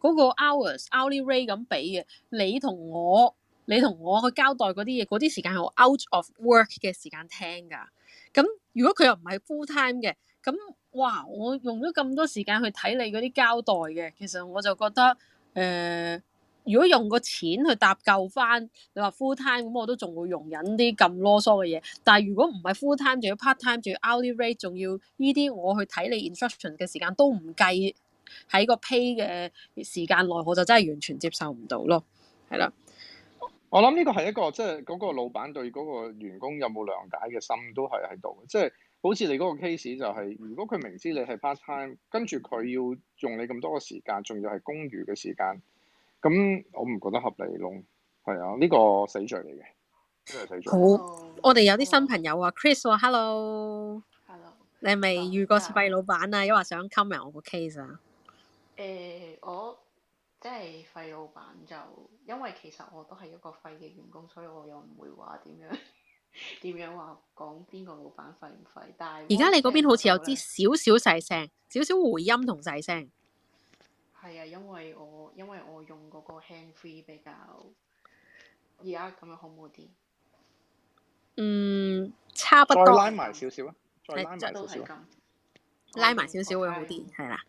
嗰、嗰個 hours hourly rate 咁俾嘅。你同我，你同我去交代嗰啲嘢，嗰啲時間係我 out of work 嘅時間聽噶。咁如果佢又唔係 full time 嘅，咁哇，我用咗咁多時間去睇你嗰啲交代嘅，其實我就覺得。誒、呃，如果用個錢去搭救翻，你話 full time 咁，我都仲會容忍啲咁囉嗦嘅嘢。但係如果唔係 full time，仲要 part time，仲要 hourly rate，仲要呢啲，我去睇你 instruction 嘅時間都唔計喺個 pay 嘅時間內，我就真係完全接受唔到咯。係啦，我諗呢個係一個即係嗰個老闆對嗰個員工有冇諒解嘅心都係喺度，即係。好似你嗰個 case 就係、是，如果佢明知你係 part time，跟住佢要用你咁多個時間，仲要係公餘嘅時間，咁我唔覺得合理咯。係啊，呢、這個死罪嚟嘅，呢個死罪。好、oh,， 我哋有啲新朋友啊，Chris 話：Hello，Hello，你未遇過廢老闆啊？抑 Hello. 或想 comment 我個 case 啊？誒、uh,，我即係廢老闆就，因為其實我都係一個廢嘅員工，所以我又唔會話點樣。點樣話講邊個老闆廢唔廢？但係而家你嗰邊好似有啲少少細聲，少少回音同細聲。係啊，因為我因為我用嗰個 hand free 比較。而家咁樣好唔好啲？嗯，差唔多。拉埋少少啊！再拉埋少少。拉埋少少會好啲，係啦。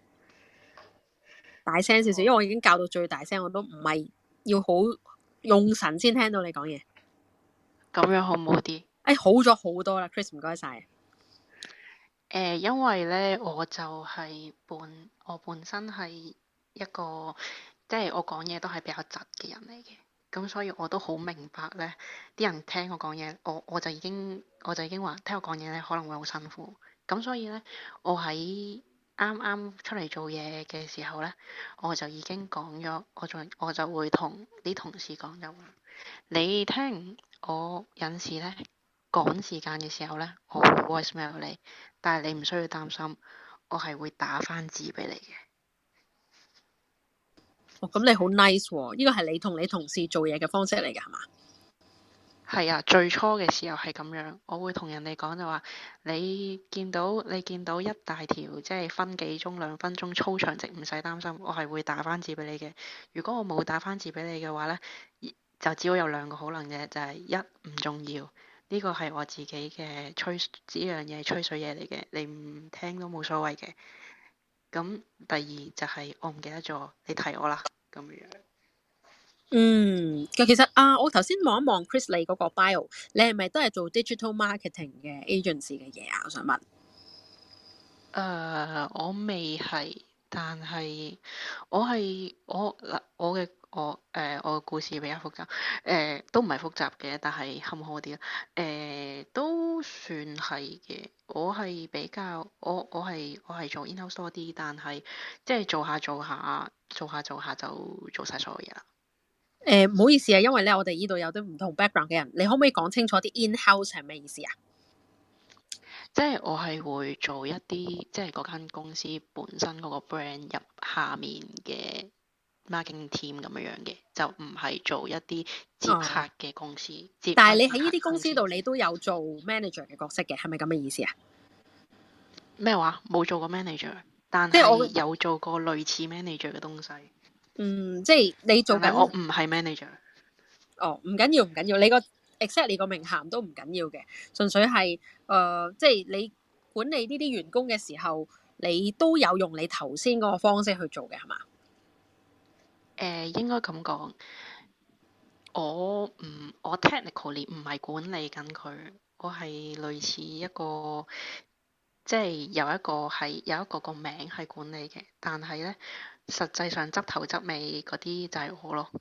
大聲少少，因為我已經教到最大聲，我都唔係要好用神先聽到你講嘢。咁樣好唔好啲？哎，好咗好多啦，Chris，唔該晒。誒、呃，因為咧，我就係半，我本身係一個，即係我講嘢都係比較窒嘅人嚟嘅。咁所以我都好明白咧，啲人聽我講嘢，我我就已經，我就已經話聽我講嘢咧，可能會好辛苦。咁所以咧，我喺啱啱出嚟做嘢嘅時候咧，我就已經講咗，我就我就會同啲同事講咗話，你聽，我有時咧趕時間嘅時候咧，我會 voice mail 你，但係你唔需要擔心，我係會打翻字俾你嘅。哦，咁你好 nice 喎！依個係你同你同事做嘢嘅方式嚟㗎，係嘛？係啊，最初嘅時候係咁樣，我會同人哋講就話：你見到你見到一大條，即係分幾鐘、兩分鐘、粗長直，唔使擔心，我係會打翻字俾你嘅。如果我冇打翻字俾你嘅話咧，就只有，有兩個可能嘅，就係、是、一唔重要，呢、這個係我自己嘅吹，呢樣嘢係吹水嘢嚟嘅，你唔聽都冇所謂嘅。咁第二就係、是、我唔記得咗，你提我啦，咁樣。嗯，其實啊，我頭先望一望 Chris Lee 嗰個 bio，你係咪都係做 digital marketing 嘅 agency 嘅嘢啊？我想問。誒、呃，我未係，但係我係我嗱，我嘅。我我我誒、呃、我個故事比較複雜，誒、呃、都唔係複雜嘅，但係坎坷啲咯。誒、呃、都算係嘅，我係比較我我係我係做 in-house 多啲，但係即係做下做下做下做下做下就做晒所有嘢啦。誒、呃、唔好意思啊，因為咧我哋呢度有啲唔同 background 嘅人，你可唔可以講清楚啲 in-house 係咩意思啊？即係我係會做一啲即係嗰間公司本身嗰個 brand 入下面嘅。marketing team 咁樣樣嘅，就唔係做一啲接客嘅公司，嗯、接，但係你喺呢啲公司度，你都有做 manager 嘅角色嘅，係咪咁嘅意思啊？咩話？冇做過 manager，但係、嗯、我有做過類似 manager 嘅東西。嗯，即係你做緊我唔係 manager。哦，唔緊要，唔緊要，你個 exactly 你個名銜都唔緊要嘅，純粹係誒、呃，即係你管理呢啲員工嘅時候，你都有用你頭先嗰個方式去做嘅，係嘛？誒、uh, 應該咁講，我唔我 technically 唔係管理緊佢，我係類似一個，即係有一個係有一個個名係管理嘅，但係咧實際上執頭執尾嗰啲就係我咯。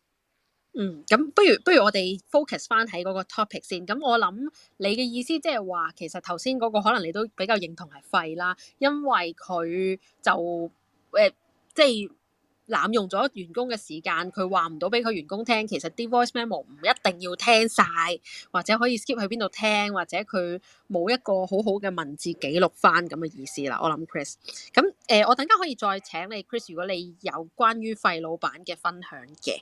嗯，咁不如不如我哋 focus 翻喺嗰個 topic 先。咁我諗你嘅意思即係話，其實頭先嗰個可能你都比較認同係廢啦，因為佢就誒、呃、即係。濫用咗員工嘅時間，佢話唔到俾佢員工聽。其實啲 voice memo 唔一定要聽晒，或者可以 skip 去邊度聽，或者佢冇一個好好嘅文字記錄翻咁嘅意思啦。我諗 Chris，咁誒、呃，我等陣可以再請你，Chris，如果你有關於廢老闆嘅分享嘅，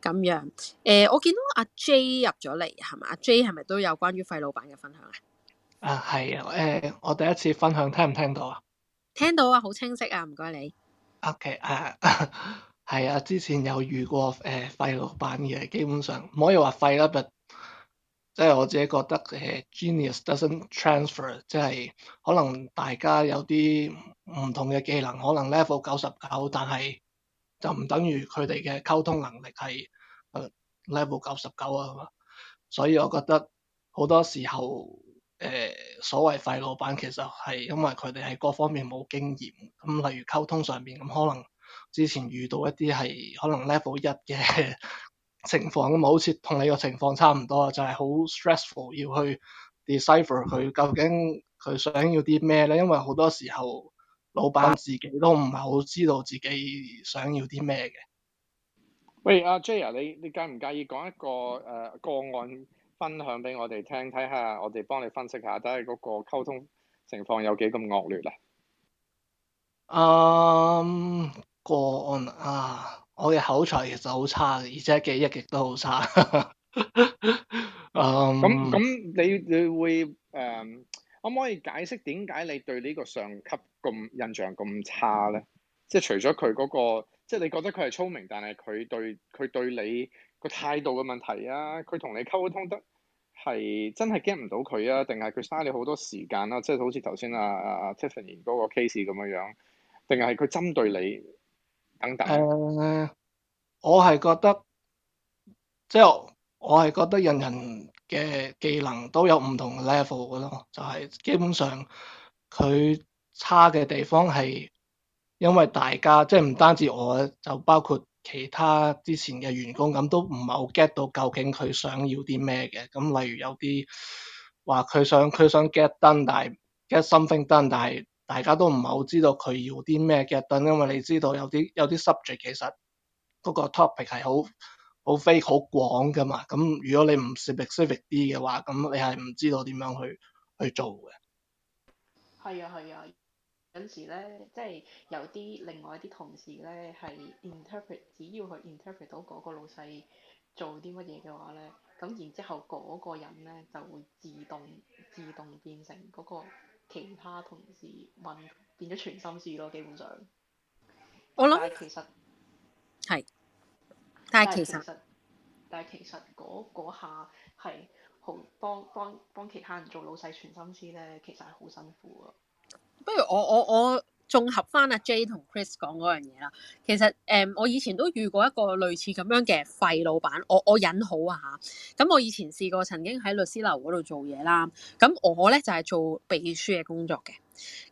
咁樣誒、呃，我見到阿 J 入咗嚟，係咪？阿 J 係咪都有關於廢老闆嘅分享啊？啊係，誒、呃、我第一次分享，聽唔聽，聽到啊？聽到啊，好清晰啊，唔該你。O.K. 啊，係啊，之前有遇過誒、uh, 廢老板闆嘅，基本上唔可以話廢啦，But，即係我自己覺得誒、uh, genius doesn't transfer，即係可能大家有啲唔同嘅技能，可能 level 九十九，但係就唔等於佢哋嘅溝通能力係、uh, level 九十九啊嘛，所以我覺得好多時候。誒，所謂廢老闆其實係因為佢哋喺各方面冇經驗，咁例如溝通上面，咁，可能之前遇到一啲係可能 level 一嘅情況，咁好似同你個情況差唔多啊，就係好 stressful 要去 decipher 佢究竟佢想要啲咩咧？因為好多時候老闆自己都唔係好知道自己想要啲咩嘅。喂，阿 Jaya，你你介唔介意講一個誒個案？分享俾我哋聽，睇下我哋幫你分析下，睇下嗰個溝通情況有幾咁惡劣啊！嗯，um, 個案啊，我嘅口才其實好差，而且記憶亦都好差。咁 咁、um,，你你會誒，um, 可唔可以解釋點解你對呢個上級咁印象咁差咧？即係除咗佢嗰個，即係你覺得佢係聰明，但係佢對佢對你個態度嘅問題啊，佢同你溝通得。係真係 get 唔到佢啊？定係佢嘥你好多時間啦、啊？即係好似頭先啊阿阿 Tiffany 嗰個 case 咁樣，定係佢針對你等等？誒，uh, 我係覺得即係、就是、我係覺得人人嘅技能都有唔同嘅 level，嘅咯，就係、是、基本上佢差嘅地方係因為大家即係唔單止我，就包括，其他之前嘅員工咁都唔係好 get 到究竟佢想要啲咩嘅，咁例如有啲話佢想佢想 get done，但 get something done，但係大家都唔係好知道佢要啲咩 get done，因為你知道有啲有啲 subject 其實嗰個 topic 係好好 vague 好廣㗎嘛，咁如果你唔 specific 啲嘅話，咁你係唔知道點樣去去做嘅。係啊，係啊。有時咧，即係有啲另外啲同事咧，係 interpret，只要佢 interpret 到嗰個老細做啲乜嘢嘅話咧，咁然之後嗰個人咧就會自動自動變成嗰個其他同事問，變咗全心思咯，基本上。我諗說。其實。係。但係其，其實。但係其實嗰下係好幫幫幫其他人做老細全心思咧，其實係好辛苦啊。不如我我我綜合翻阿 J 同 Chris 講嗰樣嘢啦。其實誒、嗯，我以前都遇過一個類似咁樣嘅廢老闆，我我忍好啊嚇。咁我以前試過曾經喺律師樓嗰度做嘢啦。咁我咧就係、是、做秘書嘅工作嘅。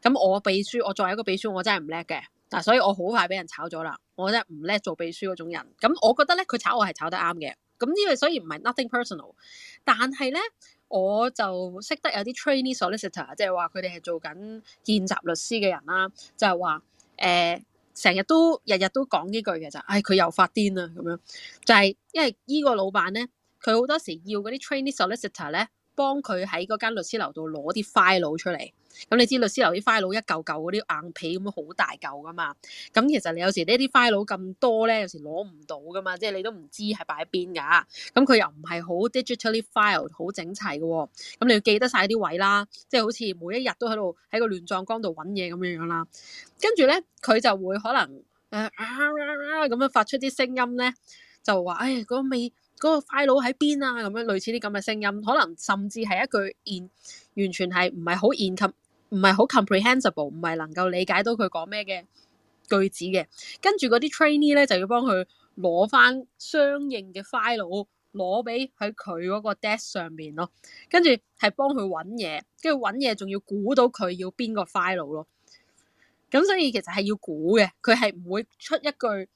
咁我秘書，我作為一個秘書，我真係唔叻嘅嗱，所以我好快俾人炒咗啦。我真係唔叻做秘書嗰種人。咁我覺得咧，佢炒我係炒得啱嘅。咁因為所以唔係 nothing personal，但係咧。我就識得有啲 training solicitor，即係話佢哋係做緊見習律師嘅人啦，就係話誒，成日都日日都講呢句嘅就，唉、哎，佢又發癲啦咁樣，就係因為依個老闆咧，佢好多時要嗰啲 training solicitor 咧。幫佢喺嗰間律師樓度攞啲 file 出嚟，咁、嗯、你知律師樓啲 file 一嚿嚿嗰啲硬皮咁樣好大嚿噶嘛，咁、嗯、其實你有時呢啲 file 咁多咧，有時攞唔到噶嘛，即係你都唔知係擺喺邊噶，咁、嗯、佢又唔係好 digitally file 好整齊嘅、啊，咁、嗯、你要記得晒啲位啦，即係好似每一日都喺度喺個亂葬崗度揾嘢咁樣樣啦，跟住咧佢就會可能誒、呃、啊咁、啊啊啊啊、樣發出啲聲音咧，就話誒嗰尾。哎嗰個 file 喺邊啊？咁樣類似啲咁嘅聲音，可能甚至係一句完完全係唔係好 incom 唔係好 comprehensible，唔係能夠理解到佢講咩嘅句子嘅。跟住嗰啲 trainee 咧就要幫佢攞返相應嘅 file 攞俾喺佢嗰個 desk 上面咯。跟住係幫佢揾嘢，跟住揾嘢仲要估到佢要邊個 file 咯。咁所以其實係要估嘅，佢係唔會出一句。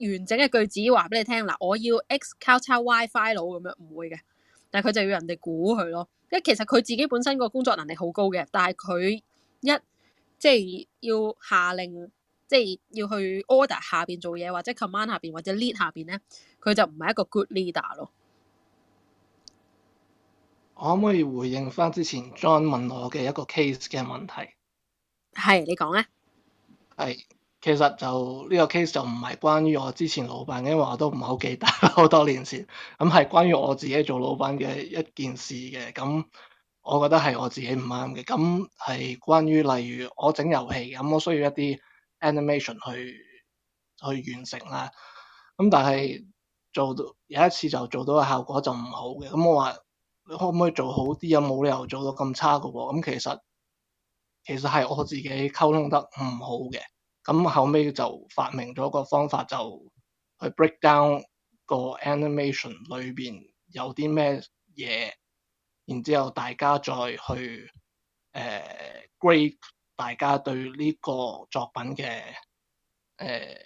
完整嘅句子話俾你聽嗱，我要 x c u l w i file 咁樣，唔會嘅，但係佢就要人哋估佢咯。因為其實佢自己本身個工作能力好高嘅，但係佢一即係要下令，即係要去 order 下邊做嘢，或者 command 下邊或者 lead 下邊，咧，佢就唔係一個 good leader 咯。我可唔可以回應翻之前 John 問我嘅一個 case 嘅問題？係你講啊。係。其實就呢、這個 case 就唔係關於我之前老闆嘅，因為我都唔係好記得好多年前。咁、嗯、係關於我自己做老闆嘅一件事嘅。咁、嗯、我覺得係我自己唔啱嘅。咁、嗯、係關於例如我整遊戲，咁、嗯、我需要一啲 animation 去去完成啦。咁、嗯、但係做到有一次就做到嘅效果就唔好嘅。咁、嗯、我話你可唔可以做好啲啊？冇、嗯、理由做到咁差嘅喎、哦。咁、嗯、其實其實係我自己溝通得唔好嘅。咁後尾就發明咗個方法，就去 break down 個 animation 裏邊有啲咩嘢，然之後大家再去誒、呃、grade 大家對呢個作品嘅誒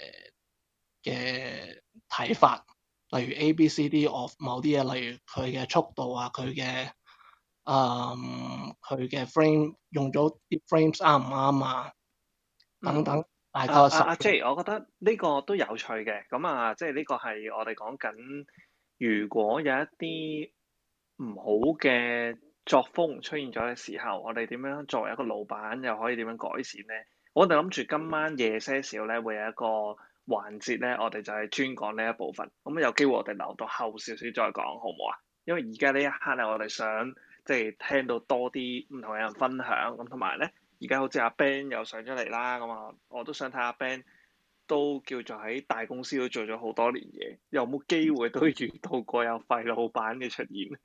嘅睇法，例如 A、B、C、D of 某啲嘢，例如佢嘅速度啊，佢嘅啊佢嘅 frame 用咗啲 frames 啱唔啱啊，等等。阿阿阿我覺得呢個都有趣嘅，咁啊，即係呢個係我哋講緊，如果有一啲唔好嘅作風出現咗嘅時候，我哋點樣作為一個老闆，又可以點樣改善咧？我哋諗住今晚夜些少咧會有一個環節咧，我哋就係專講呢一部分。咁有機會我哋留到後少少再講，好唔好啊？因為而家呢一刻咧，我哋想即係、就是、聽到多啲唔同嘅人分享，咁同埋咧。而家好似阿 Ben 又上咗嚟啦，咁啊，我都想睇阿 Ben，都叫做喺大公司都做咗好多年嘢，又有冇機會都遇到過有廢老闆嘅出現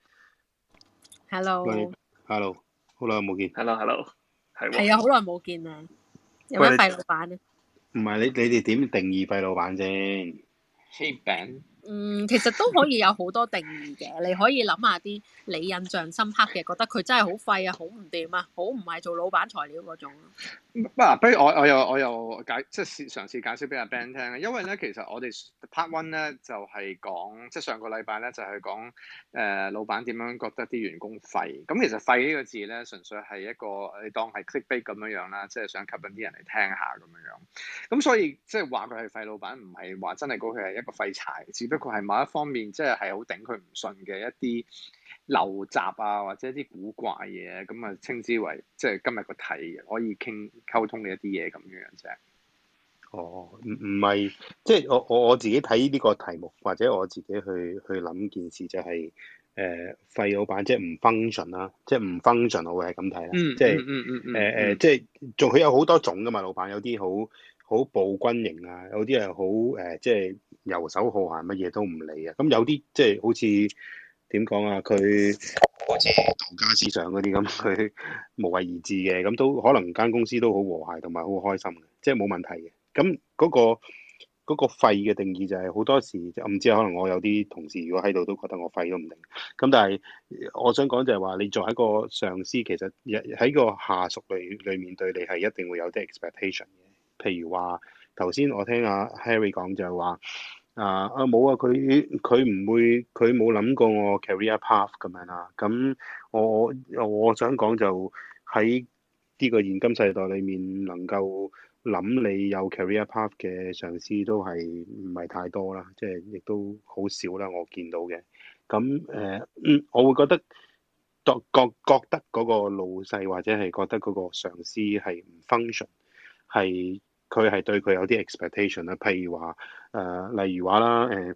？Hello，Hello，好耐冇見。Hello，Hello，係係啊，好耐冇見啊。有冇廢老闆啊？唔係你你哋點定義廢老闆先？Hey Ben。嗯，其實都可以有好多定義嘅，你可以諗下啲你印象深刻嘅，覺得佢真係好廢啊，好唔掂啊，好唔係做老闆材料嗰種、啊。唔啊，不如我我又我又解即係試嘗試解釋俾阿 Ben 聽咧，因為咧其實我哋 part one 咧就係、是、講即係上個禮拜咧就係、是、講誒老闆點樣覺得啲員工廢。咁其實廢呢個字咧純粹係一個你當係 clickbait 咁樣樣啦，即係想吸引啲人嚟聽下咁樣樣。咁所以即係話佢係廢老闆，唔係話真係講佢係一個廢柴，佢係某一方面，即係係好頂佢唔順嘅一啲陋習啊，或者一啲古怪嘢，咁啊稱之為即係、就是、今日個題可以傾溝通嘅一啲嘢咁樣啫、就是。哦，唔唔係，即係、就是、我我我自己睇呢個題目，或者我自己去去諗件事、就是，就係誒廢老闆、就是、function, 即係唔 function 啦，即係唔 function，我會係咁睇啦。即係嗯、就是、嗯誒誒，即係仲佢有好多種㗎嘛，老闆有啲好好暴君型啊，有啲係好誒即係。游手好閒，乜嘢都唔理、就是、啊！咁有啲即係好似點講啊？佢好似道家思想嗰啲咁，佢無為而治嘅，咁都可能間公司都好和諧同埋好開心嘅，即係冇問題嘅。咁嗰、那個嗰個廢嘅、那個、定義就係、是、好多時，就唔知可能我有啲同事如果喺度都覺得我廢都唔定。咁但係我想講就係話，你作為一個上司，其實喺個下屬裏裏面對你係一定會有啲 expectation 嘅。譬如話頭先我聽阿 Harry 講就係、是、話。啊啊冇啊！佢佢唔會佢冇諗過我 career path 咁樣啦。咁我我想講就喺呢個現今世代裡面，能夠諗你有 career path 嘅上司都係唔係太多啦，即係亦都好少啦。我見到嘅。咁誒，我會覺得覺覺得嗰個老細或者係覺得嗰個上司係唔 function 係。佢係對佢有啲 expectation 啦，譬如話誒、呃，例如話啦，誒、呃、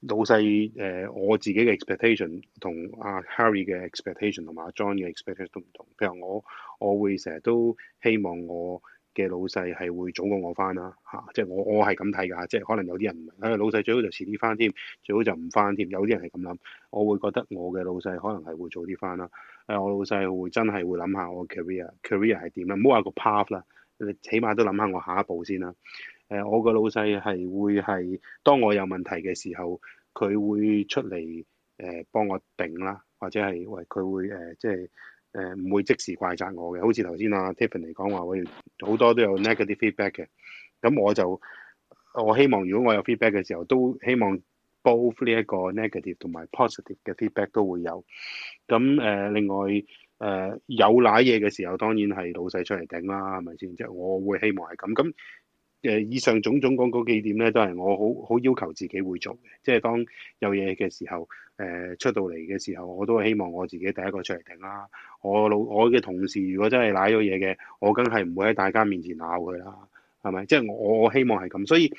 老細誒、呃、我自己嘅 expectation 同阿 Harry 嘅 expectation 同埋阿 John 嘅 expectation 都唔同。譬如我，我會成日都希望我嘅老細係會早過我翻啦，嚇、啊！即係我我係咁睇㗎，即係可能有啲人唔係、啊，老細最好就遲啲翻添，最好就唔翻添。有啲人係咁諗，我會覺得我嘅老細可能係會早啲翻啦。誒、啊，我老細會真係會諗下我 career，career 係點呀？唔好話個 path 啦。你起碼都諗下我下一步先啦。誒、呃，我個老細係會係當我有問題嘅時候，佢會出嚟誒、呃、幫我頂啦，或者係喂佢會誒即係誒唔會即時怪責我嘅。好似頭先阿 Tiffany 講話，喂好多都有 negative feedback 嘅。咁我就我希望如果我有 feedback 嘅時候，都希望 both 呢一個 negative 同埋 positive 嘅 feedback 都會有。咁誒、呃，另外。誒有賴嘢嘅時候，當然係老細出嚟頂啦，係咪先？即係我會希望係咁。咁誒，以上種種講嗰幾點咧，都係我好好要求自己會做嘅。即係當有嘢嘅時候，誒出到嚟嘅時候，我都希望我自己第一個出嚟頂啦。我老我嘅同事如果真係賴咗嘢嘅，我梗係唔會喺大家面前鬧佢啦。係咪？即係我我希望係咁，所以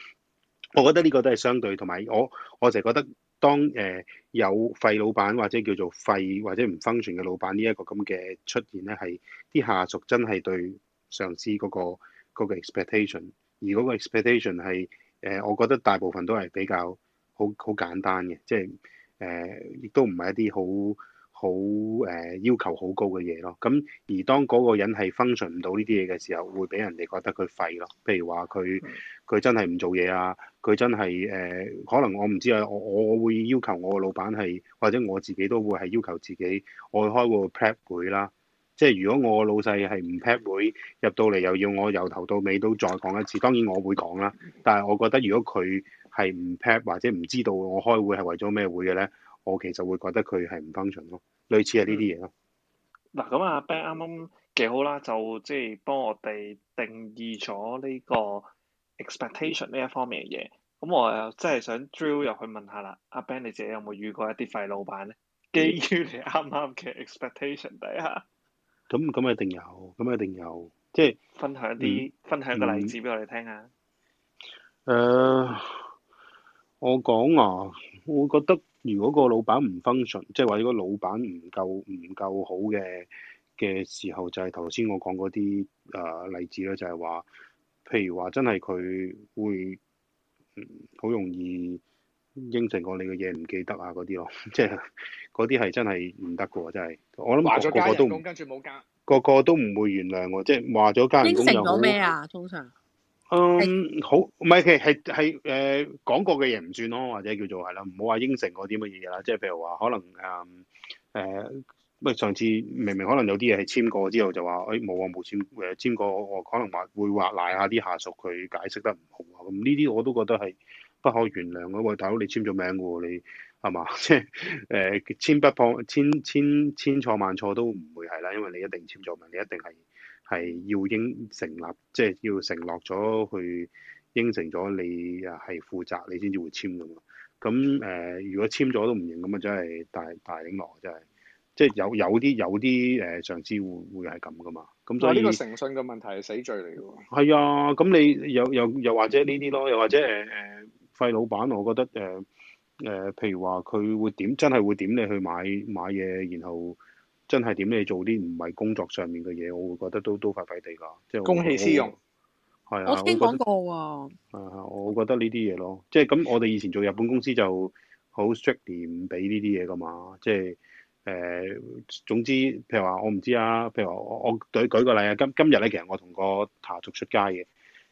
我覺得呢個都係相對，同埋我我就係覺得。當誒有廢老闆或者叫做廢或者唔 function 嘅老闆呢，一個咁嘅出現咧，係啲下屬真係對上司嗰個嗰個 expectation，而嗰個 expectation 係誒，我覺得大部分都係比較好好簡單嘅，即係誒，亦都唔係一啲好好誒、呃、要求好高嘅嘢咯，咁而當嗰個人係 function 唔到呢啲嘢嘅時候，會俾人哋覺得佢廢咯。譬如話佢佢真係唔做嘢啊，佢真係誒、呃、可能我唔知啊，我我會要求我個老闆係，或者我自己都會係要求自己。我會開會 pad 會啦，即係如果我老細係唔 pad 會入到嚟，又要我由頭到尾都再講一次。當然我會講啦，但係我覺得如果佢係唔 pad 或者唔知道我開會係為咗咩會嘅呢。我其實會覺得佢係唔 function 咯，類似係呢啲嘢咯。嗱咁啊 Ben，啱啱幾好啦，就即係幫我哋定義咗呢個 expectation 呢一方面嘅嘢。咁我又真係想 drill 入去問下啦，阿、嗯啊、Ben 你自己有冇遇過一啲廢老闆咧？基於你啱啱嘅 expectation 底下，咁咁一定有，咁一定有，即係分享啲分享個例子俾我哋聽下。誒、嗯嗯呃，我講啊～我覺得如果個老闆唔 function，即係話如果老闆唔夠唔夠好嘅嘅時候就，就係頭先我講嗰啲啊例子咧，就係話，譬如話真係佢會好容易應承過你嘅嘢唔記得啊嗰啲咯，即係嗰啲係真係唔得嘅喎，真係。我諗個個都唔，個個都唔會原諒我，即係話咗間唔公又冇。應承咗咩啊？通常。嗯，um, 好，唔係嘅，係係誒講過嘅嘢唔算咯，或者叫做係啦，唔好話應承過啲乜嘢啦。即係譬如話，可能誒誒，咩、呃、上次明明可能有啲嘢係簽過之後就話，哎冇啊冇簽誒簽過，我、呃、可能話會話賴下啲下屬佢解釋得唔好啊。咁呢啲我都覺得係不可原諒嘅喎，喂大佬你簽咗名嘅喎，你係嘛？即係誒簽不破，千千千錯萬錯都唔會係啦，因為你一定簽咗名，你一定係。係要應成立，即、就、係、是、要承諾咗，去應承咗你係負責，你先至會簽㗎嘛。咁誒、呃，如果簽咗都唔認，咁啊真係大大影落，真係即係有有啲有啲誒、呃、上司會會係咁㗎嘛。咁所以，呢、啊這個誠信嘅問題係死罪嚟㗎喎。係啊，咁你又又又或者呢啲咯，又或者誒誒、呃、廢老闆，我覺得誒誒、呃呃，譬如話佢會點真係會點你去買買嘢，然後。真係點你做啲唔係工作上面嘅嘢，我會覺得都都快快地㗎，即係公器私用。係啊，我聽講過喎。係啊，我覺得呢啲嘢咯，即係咁，我哋以前做日本公司就好 strictly 唔俾呢啲嘢㗎嘛，即係誒總之，譬如話我唔知啊，譬如我我舉舉個例啊，今今日咧其實我同個塔族出街嘅，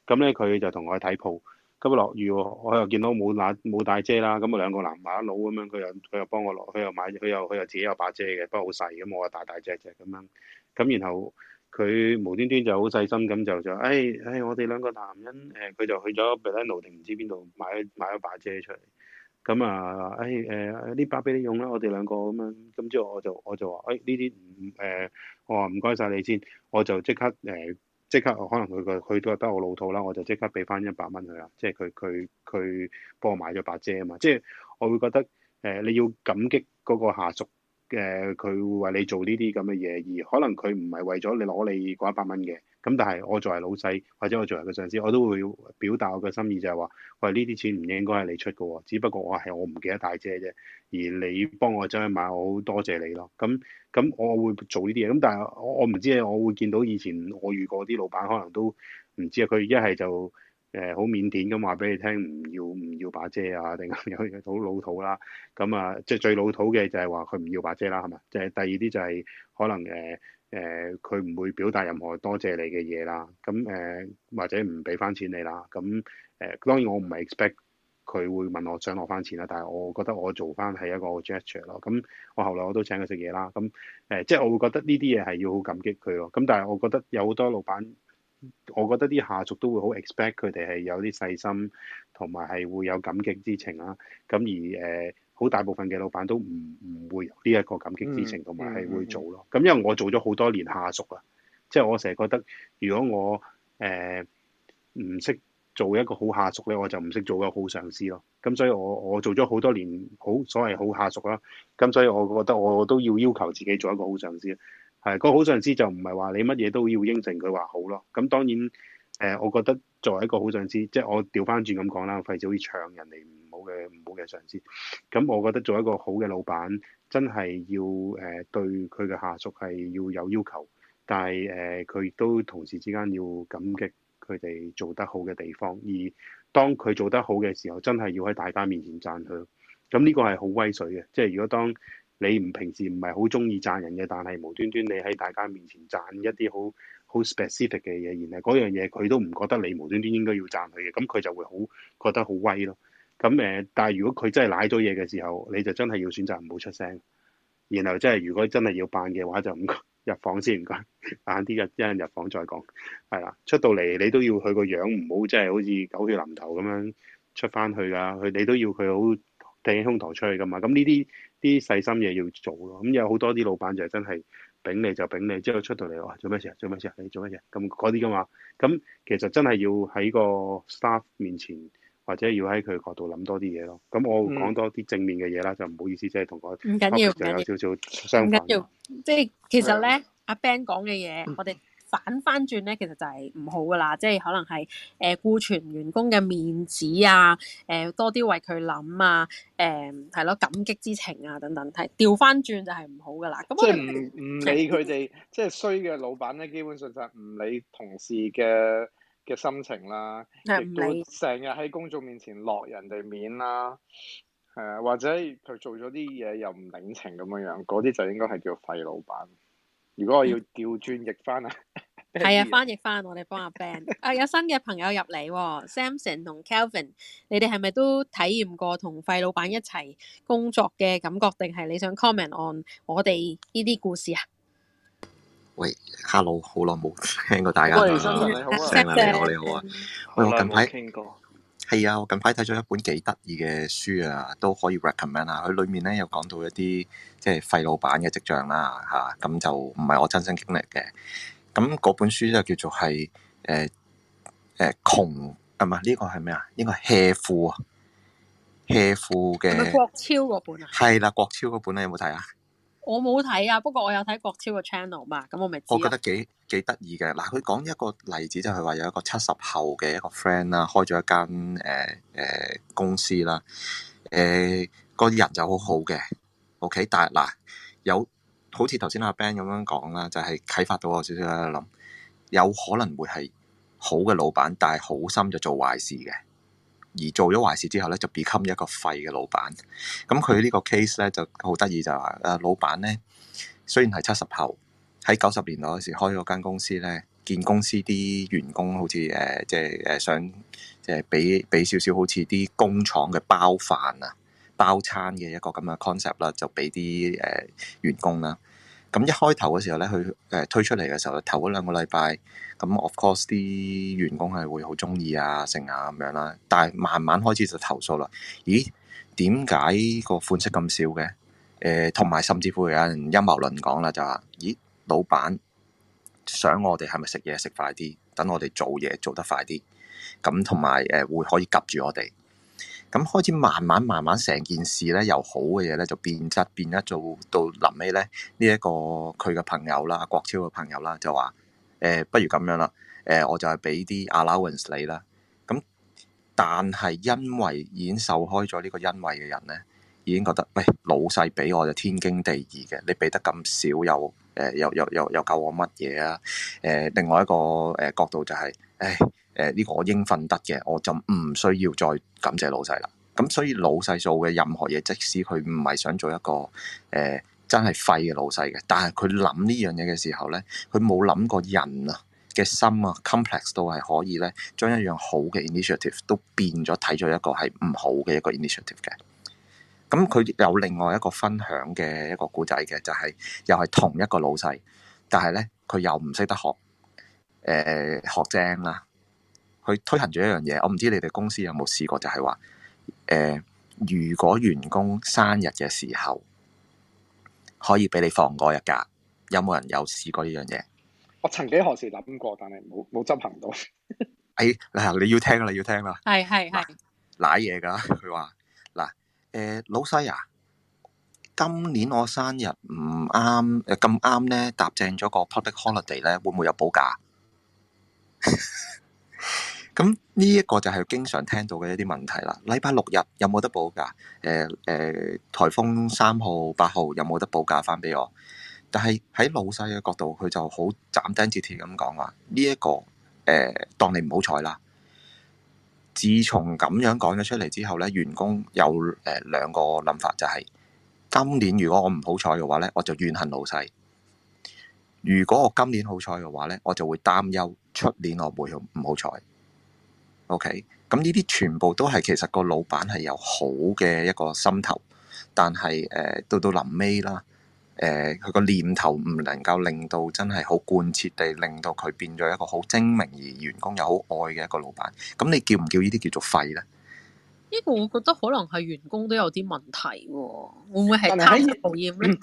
咁咧佢就同我去睇鋪。今日落雨喎，我又見到冇攬冇帶遮啦，咁啊兩個男埋一老咁樣，佢又佢又幫我落，佢又買，佢又佢又自己有把遮嘅，不過好細，咁我話大大隻隻咁樣，咁然後佢無端端就好細心咁就就誒誒，我哋兩個男人誒，佢、呃、就去咗別拉奴定唔知邊度買買咗把遮出嚟，咁啊誒誒呢把俾你用啦，我哋兩個咁樣，咁之後我就我就話誒呢啲唔誒，我話唔該晒你先，我就即、哎呃、刻誒。呃即刻，可能佢佢佢覺得我老土啦，我就即刻俾翻一百蚊佢啦。即係佢佢佢幫我買咗把遮啊嘛。即係我會覺得，誒、呃、你要感激嗰個下屬，誒、呃、佢會為你做呢啲咁嘅嘢，而可能佢唔係為咗你攞你嗰一百蚊嘅。咁但係我作為老細或者我作為個上司，我都會表達我嘅心意就，就係話：喂，呢啲錢唔應該係你出嘅喎，只不過我係我唔記得帶遮啫，而你幫我走去買，我好多謝你咯。咁咁我會做呢啲嘢。咁但係我唔知啊，我會見到以前我遇過啲老闆，可能都唔知啊。佢一係就誒好腼腆咁話俾你聽，唔要唔要把遮啊，定係有好老土啦。咁啊，即係最老土嘅就係話佢唔要把遮啦、啊，係咪？即係第二啲就係可能誒。呃誒佢唔會表達任何多謝你嘅嘢啦，咁誒、呃、或者唔俾翻錢你啦，咁誒、呃、當然我唔係 expect 佢會問我想攞翻錢啦，但係我覺得我做翻係一個 gesture 咯，咁我後來我都請佢食嘢啦，咁誒、呃、即係我會覺得呢啲嘢係要好感激佢咯，咁但係我覺得有好多老闆，我覺得啲下屬都會好 expect 佢哋係有啲細心同埋係會有感激之情啦，咁而誒。呃好大部分嘅老闆都唔唔會有呢一個感激之情同埋係會做咯。咁因為我做咗好多年下屬啊，即係我成日覺得，如果我誒唔識做一個好下屬咧，我就唔識做個好上司咯。咁所以我我做咗好多年好所謂好下屬啦。咁所以我覺得我都要要求自己做一個好上司。係個好上司就唔係話你乜嘢都要應承佢話好咯。咁當然誒、呃，我覺得作為一個好上司，即係我調翻轉咁講啦，費事好似搶人哋。好嘅唔好嘅上司，咁我覺得做一個好嘅老闆，真係要誒、呃、對佢嘅下屬係要有要求，但係誒佢亦都同事之間要感激佢哋做得好嘅地方，而當佢做得好嘅時候，真係要喺大家面前讚佢，咁呢個係好威水嘅。即係如果當你唔平時唔係好中意讚人嘅，但係無端端你喺大家面前讚一啲好好 specific 嘅嘢，原來嗰樣嘢佢都唔覺得你無端端應該要讚佢嘅，咁佢就會好覺得好威咯。咁誒，但係如果佢真係舐咗嘢嘅時候，你就真係要選擇唔好出聲。然後即係如果真係要扮嘅話，就唔該入房先，唔該晏啲日一陣入房，入房再講，係啦。出到嚟你都要佢個樣唔好，即係好似狗血淋頭咁樣出翻去㗎。佢你都要佢好掟喺胸膛出去㗎嘛。咁呢啲啲細心嘢要做咯。咁有好多啲老闆就係真係丙你就丙你，之後出到嚟哇做乜事？做乜事，、啊做乜事啊？你做乜嘢、啊？咁嗰啲㗎嘛。咁其實真係要喺個 staff 面前。或者要喺佢角度諗多啲嘢咯，咁我講多啲正面嘅嘢啦，嗯、就唔好意思，即、就係、係同唔緊要，就有少少相關。唔緊要，即係其實咧，阿 Ben 講嘅嘢，我哋反翻轉咧，其實，的其實就係唔好噶啦，即係可能係誒顧全員工嘅面子啊，誒、呃、多啲為佢諗啊，誒係咯，感激之情啊等等，係調翻轉就係唔好噶啦。我即係唔唔理佢哋， 即係衰嘅老闆咧，基本上就唔理同事嘅嘅心情啦，唔會成日喺公眾面前落人哋面啦，係啊，或者佢做咗啲嘢又唔領情咁樣樣，嗰啲就應該係叫廢老闆。如果我要調轉譯返啊，係啊、 嗯，翻譯返我哋幫阿 Ben 啊，有新嘅朋友入嚟，Samson 同 Kelvin，你哋係咪都體驗過同廢老闆一齊工作嘅感覺，定係你想 comment on 我哋呢啲故事啊？喂，Hello！好耐冇聽過大家啦， 你好啊，你好啊，你好 喂，我近排係啊，我近排睇咗一本幾得意嘅書啊，都可以 recommend 啊。佢裏面咧有講到一啲即係廢老闆嘅跡象啦，吓，咁就唔係我親身經歷嘅。咁嗰本書就叫做係誒誒窮啊嘛？呢、呃呃，呢個係咩啊？應該係《丐富》啊，《丐富》嘅。係國超嗰本啊？係啦，國超嗰本啊，你有冇睇啊？我冇睇啊，不過我有睇國超嘅 channel 嘛，咁我咪。我覺得幾幾得意嘅，嗱，佢講一個例子就係、是、話有一個七十後嘅一個 friend 啦，開咗一間誒誒公司啦，誒、呃、啲人就好好嘅。OK，但嗱有好似頭先阿 Ben 咁樣講啦，講就係、是、啟發到我少少啦，諗有可能會係好嘅老闆，但係好心就做壞事嘅。而做咗壞事之後咧，就 become 一個廢嘅老闆。咁佢呢個 case 咧，就好得意就話，誒老闆咧，雖然係七十後，喺九十年代嗰時開咗間公司咧，見公司啲員工好似誒，即係誒想即係俾俾少少好似啲工廠嘅包飯啊、包餐嘅一個咁嘅 concept 啦、呃，就俾啲誒員工啦。呃呃呃咁一開頭嘅時候咧，佢誒推出嚟嘅時候咧，頭一兩個禮拜咁，of course 啲員工係會好中意啊，成啊咁樣啦。但係慢慢開始就投訴啦。咦？點解個款式咁少嘅？誒、呃，同埋甚至乎有人陰謀論講啦，就話咦，老闆想我哋係咪食嘢食快啲，等我哋做嘢做得快啲？咁同埋誒，會可以及住我哋。咁開始慢慢慢慢成件事咧，由好嘅嘢咧就變質變質，做到臨尾咧呢一、這個佢嘅朋友啦，郭超嘅朋友啦，就話：誒、欸，不如咁樣啦，誒、欸，我就係俾啲 allowance 你啦 allow。咁但係因為已經受開咗呢個恩惠嘅人咧，已經覺得喂、欸、老細俾我就天經地義嘅，你俾得咁少又誒、欸、又又又又夠我乜嘢啊？誒、欸，另外一個誒、欸、角度就係、是，誒、欸。誒，呢個我應分得嘅，我就唔需要再感謝老細啦。咁所以老細做嘅任何嘢，即使佢唔係想做一個誒、呃、真係廢嘅老細嘅，但係佢諗呢樣嘢嘅時候咧，佢冇諗過人啊嘅心啊，complex 到係可以咧，將一樣好嘅 initiative 都變咗，睇咗一個係唔好嘅一個 initiative 嘅。咁佢有另外一個分享嘅一個古仔嘅，就係、是、又係同一個老細，但係咧佢又唔識得學誒、呃、學精啦、啊。佢推行咗一樣嘢，我唔知你哋公司有冇試過，就係、是、話，誒、呃，如果員、呃、工生日嘅時候可以俾你放嗰日假，有冇人有試過呢樣嘢？我曾幾何時諗過，但係冇冇執行到 、哎。哎，嗱，你要聽啦，你要聽啦，係係係，瀨嘢㗎佢話，嗱，誒、呃、老細啊，今年我生日唔啱，誒咁啱咧，搭正咗個 public holiday 咧，會唔會有補假？ 咁呢一個就係經常聽到嘅一啲問題啦。禮拜六日有冇得報價？誒、呃、誒，台風三號、八號有冇得報價翻俾我？但係喺老細嘅角度，佢就好斬釘截鐵咁講話呢一個誒、呃，當你唔好彩啦。自從咁樣講咗出嚟之後呢員工有誒兩個諗法、就是，就係今年如果我唔好彩嘅話呢，我就怨恨老細；如果我今年好彩嘅話呢，我就會擔憂出年我會唔好彩。OK，咁呢啲全部都係其實個老闆係有好嘅一個心頭，但係誒、呃、到到臨尾啦，誒佢個念頭唔能夠令到真係好貫徹地令到佢變咗一個好精明而員工又好愛嘅一個老闆。咁你叫唔叫呢啲叫做廢咧？呢個我覺得可能係員工都有啲問題，會唔會係貪得無厭咧？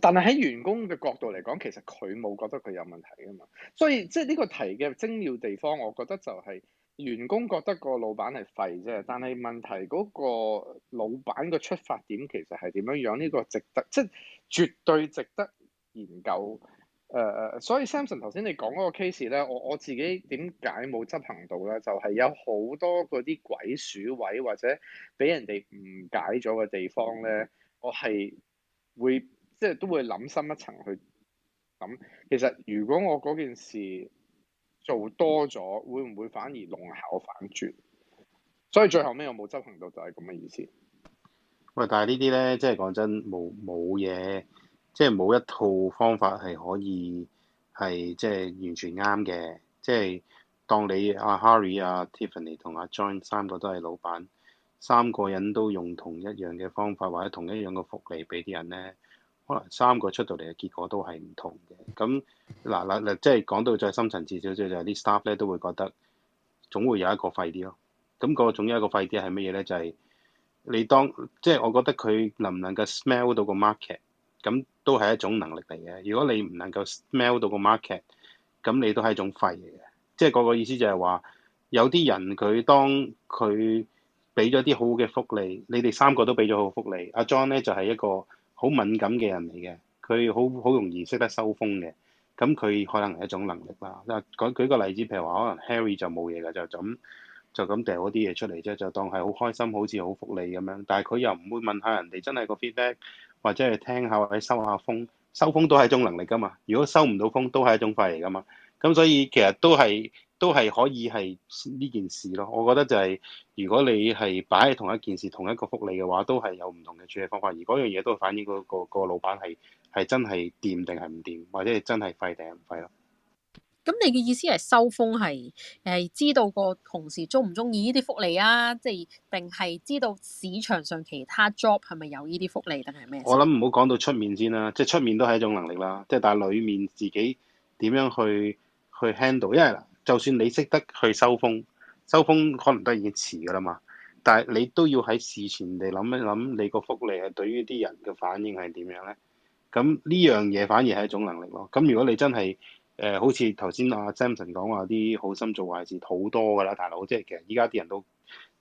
但係喺員工嘅角度嚟講，其實佢冇覺得佢有問題啊嘛。所以即係呢個題嘅精妙地方，我覺得就係、是。員工覺得個老闆係廢啫，但係問題嗰個老闆嘅出發點其實係點樣樣？呢個值得，即係絕對值得研究。誒誒，所以 Samson 頭先你講嗰個 case 咧，我我自己點解冇執行到咧？就係有好多嗰啲鬼鼠位或者俾人哋誤解咗嘅地方咧，我係會即係都會諗深一層去諗。其實如果我嗰件事，做多咗，會唔會反而弄巧反拙？所以最後尾有冇執行到就係咁嘅意思。喂，但係呢啲咧，即係講真，冇冇嘢，即係冇一套方法係可以係即係完全啱嘅。即係當你阿 Harry、啊、Harry，啊 Tiffany 同阿、啊、John 三個都係老闆，三個人都用同一樣嘅方法或者同一樣嘅福利俾啲人咧。可能三個出到嚟嘅結果都係唔同嘅，咁嗱嗱嗱，即係講到再深層次少少，就係啲 staff 咧都會覺得總會有一個廢啲咯。咁個總有一個廢啲係乜嘢咧？就係你當即係我覺得佢能唔能夠 smell 到個 market，咁都係一種能力嚟嘅。如果你唔能夠 smell 到個 market，咁你都係一種廢嚟嘅。即係個個意思就係話，有啲人佢當佢俾咗啲好嘅福利，你哋三個都俾咗好福利，阿 John 咧就係一個。好敏感嘅人嚟嘅，佢好好容易識得收風嘅，咁佢可能係一種能力啦。嗱，舉個例子，譬如話可能 Harry 就冇嘢嘅，就咁就咁掟嗰啲嘢出嚟啫，就當係好開心，好似好福利咁樣。但係佢又唔會問下人哋真係個 feedback，或者係聽下或者收下風，收風都係一種能力㗎嘛。如果收唔到風都係一種廢嚟㗎嘛。咁所以其實都係。都係可以係呢件事咯。我覺得就係，如果你係擺喺同一件事、同一個福利嘅話，都係有唔同嘅處理方法。而嗰樣嘢都反映嗰、個、嗰個老闆係係真係掂定係唔掂，或者係真係廢定唔廢咯。咁你嘅意思係收風係係知道個同事鍾唔鍾意呢啲福利啊？即係定係知道市場上其他 job 係咪有呢啲福利，定係咩？我諗唔好講到出面先啦，即係出面都係一種能力啦。即係但係裡面自己點樣去去 handle，因為。就算你識得去收風，收風可能都已經遲噶啦嘛。但係你都要喺事前地諗一諗，你個福利係對於啲人嘅反應係點樣咧？咁呢樣嘢反而係一種能力咯。咁如果你真係誒、呃，好似頭先阿 Samson 講話啲好心做壞事好多噶啦，大佬，即係其實依家啲人都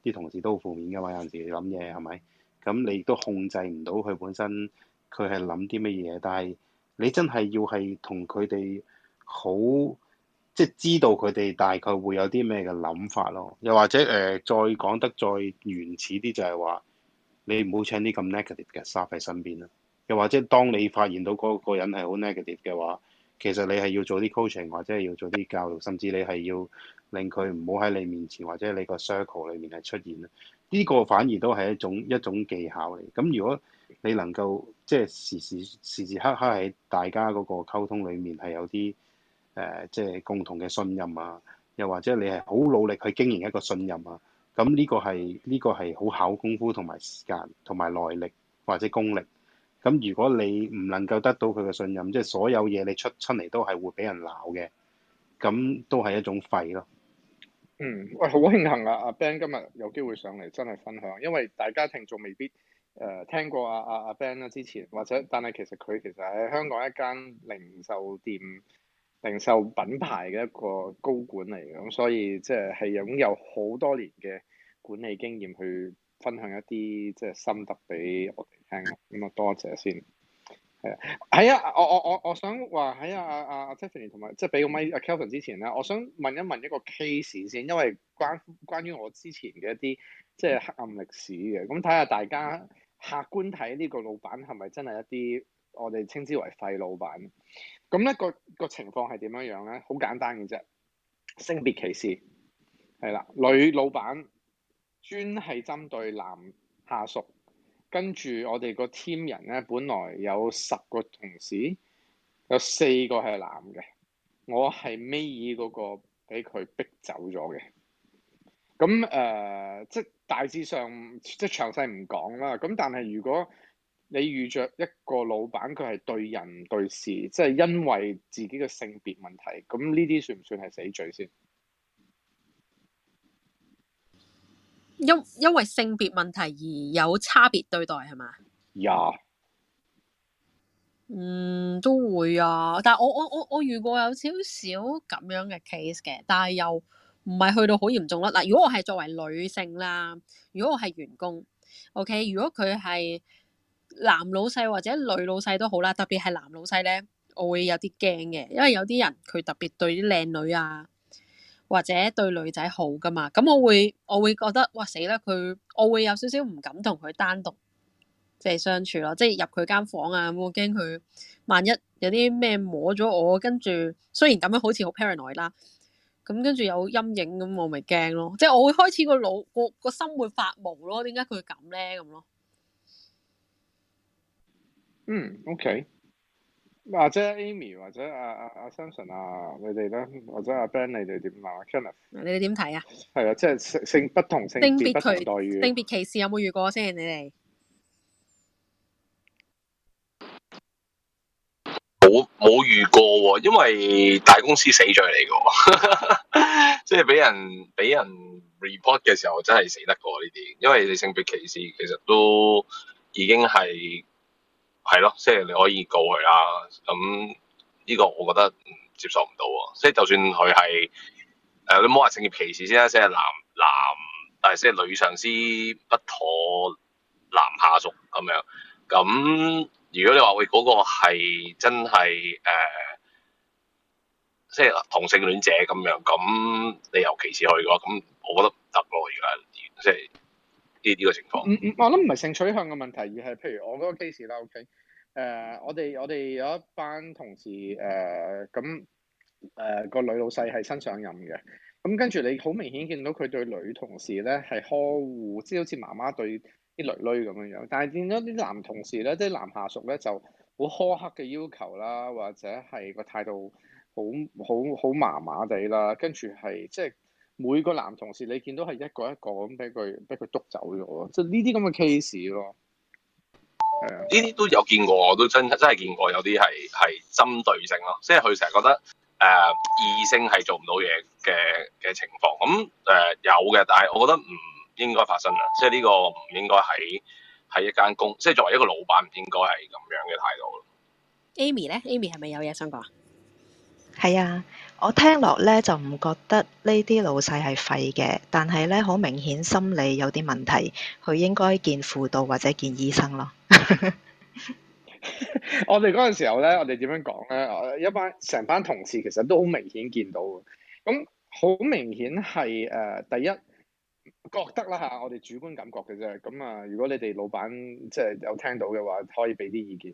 啲同事都好負面噶嘛，有陣時你諗嘢係咪？咁你都控制唔到佢本身佢係諗啲乜嘢，但係你真係要係同佢哋好。即係知道佢哋大概會有啲咩嘅諗法咯，又或者誒、呃，再講得再原始啲就係話，你唔好請啲咁 negative 嘅 staff 喺身邊啦。又或者當你發現到嗰個人係好 negative 嘅話，其實你係要做啲 coaching，或者係要做啲教育，甚至你係要令佢唔好喺你面前，或者你個 circle 裏面係出現啦。呢、這個反而都係一種一種技巧嚟。咁如果你能夠即係時時時時刻刻喺大家嗰個溝通裏面係有啲。誒，即係共同嘅信任啊，又或者你係好努力去經營一個信任啊，咁呢個係呢個係好考功夫同埋時間同埋耐力或者功力。咁如果你唔能夠得到佢嘅信任，即係所有嘢你出親嚟都係會俾人鬧嘅，咁都係一種廢咯。嗯，喂，好慶幸啊！阿 Ben 今日有機會上嚟，真係分享，因為大家聽仲未必誒、呃、聽過阿阿阿 Ben 啦。之前或者但係其實佢其實喺香港一間零售店。零售品牌嘅一個高管嚟嘅，咁所以即係係擁有好多年嘅管理經驗去分享一啲即係心得俾我哋聽。咁啊，多謝先。係、哎哎、啊，係啊，我我我我想話喺啊，阿阿 Tiffany 同埋即、就、係、係、俾個咪阿、啊、Kelvin 之前咧，我想問一問一個 case 先，因為關關於我之前嘅一啲即係黑暗歷史嘅，咁睇下大家客觀睇呢個老闆係咪真係一啲？我哋稱之為廢老闆，咁、嗯、咧、那個個情況係點樣樣咧？好簡單嘅啫，性別歧視係啦，女老闆專係針對男下屬，跟住我哋個 team 人咧，本來有十個同事，有四個係男嘅，我係尾二嗰個俾佢逼走咗嘅。咁誒、呃，即係大致上，即係詳細唔講啦。咁但係如果，你遇着一個老闆，佢係對人對事，即係因為自己嘅性別問題，咁呢啲算唔算係死罪先？因因為性別問題而有差別對待係嘛？呀，Yeah. 嗯都會啊，但係我我我我遇過有少少咁樣嘅 case 嘅，但係又唔係去到好嚴重咯。嗱，如果我係作為女性啦，如果我係員工，OK，如果佢係。男老細或者女老細都好啦，特別係男老細咧，我會有啲驚嘅，因為有啲人佢特別對啲靚女啊，或者對女仔好噶嘛，咁、嗯、我會，我會覺得哇死啦佢，我會有少少唔敢同佢單獨，即係相處咯，即係入佢間房啊，我驚佢萬一有啲咩摸咗我，跟住雖然咁樣好似好 paranoid 啦，咁跟住有陰影咁我咪驚咯，即係我會開始個腦個個心會發毛咯，點解佢會咁咧咁咯？嗯，OK。或者 Amy 或者阿、啊、阿阿、啊啊、Samson 啊，你哋咧，或者阿、啊、Ben，你哋點啊？Kenneth，你哋點睇啊？係啊，即、就、係、是、性不同性別不同待遇、性別歧視，有冇遇過先？你哋冇冇遇過、哦？因為大公司死罪嚟嘅，即係俾人俾人 report 嘅時候，真係死得過呢啲。因為你性別歧視，其實都已經係。係咯，即係你可以告佢啊。咁呢個我覺得接受唔到啊。即係就算佢係誒，你唔好話性別歧視先啦，即係男男，但係即係女上司不妥男下屬咁樣。咁如果你話喂嗰、那個係真係誒、呃，即係同性戀者咁樣，咁你又歧視佢嘅話，咁我覺得唔得囉，特別係即係。呢啲個情況，嗯嗯，我諗唔係性取向嘅問題，而係譬如我嗰個 case 啦，OK，誒，uh，我哋我哋有一班同事，誒咁誒個女老細係身上任嘅，咁跟住你好明顯見到佢對女同事咧係呵護，即係好似媽媽對啲囡囡咁樣樣，但係見到啲男同事咧，即係男下屬咧就好苛刻嘅要求啦，或者係個態度好好好麻麻地啦，跟住係即係。每個男同事你見到係一個一個咁俾佢俾佢捉走咗喎，即係呢啲咁嘅 case 咯，呢、uh、啲都有見過，我都真真係見過有，有啲係係針對性咯，即係佢成日覺得誒、呃、異性係做唔到嘢嘅嘅情況，咁、嗯、誒、呃、有嘅，但係我覺得唔應該發生啊，即係呢個唔應該喺喺一間公，即、就、係、是、作為一個老闆唔應該係咁樣嘅態度咯。Amy 咧，Amy 係咪有嘢想講啊？係啊。我聽落咧就唔覺得呢啲老細係廢嘅，但係咧好明顯心理有啲問題，佢應該見輔導或者見醫生咯 。我哋嗰陣時候咧，我哋點樣講咧？一班成班同事其實都好明顯見到嘅，咁好明顯係誒第一覺得啦吓，我哋主觀感覺嘅啫。咁啊，如果你哋老闆即係有聽到嘅話，可以俾啲意見。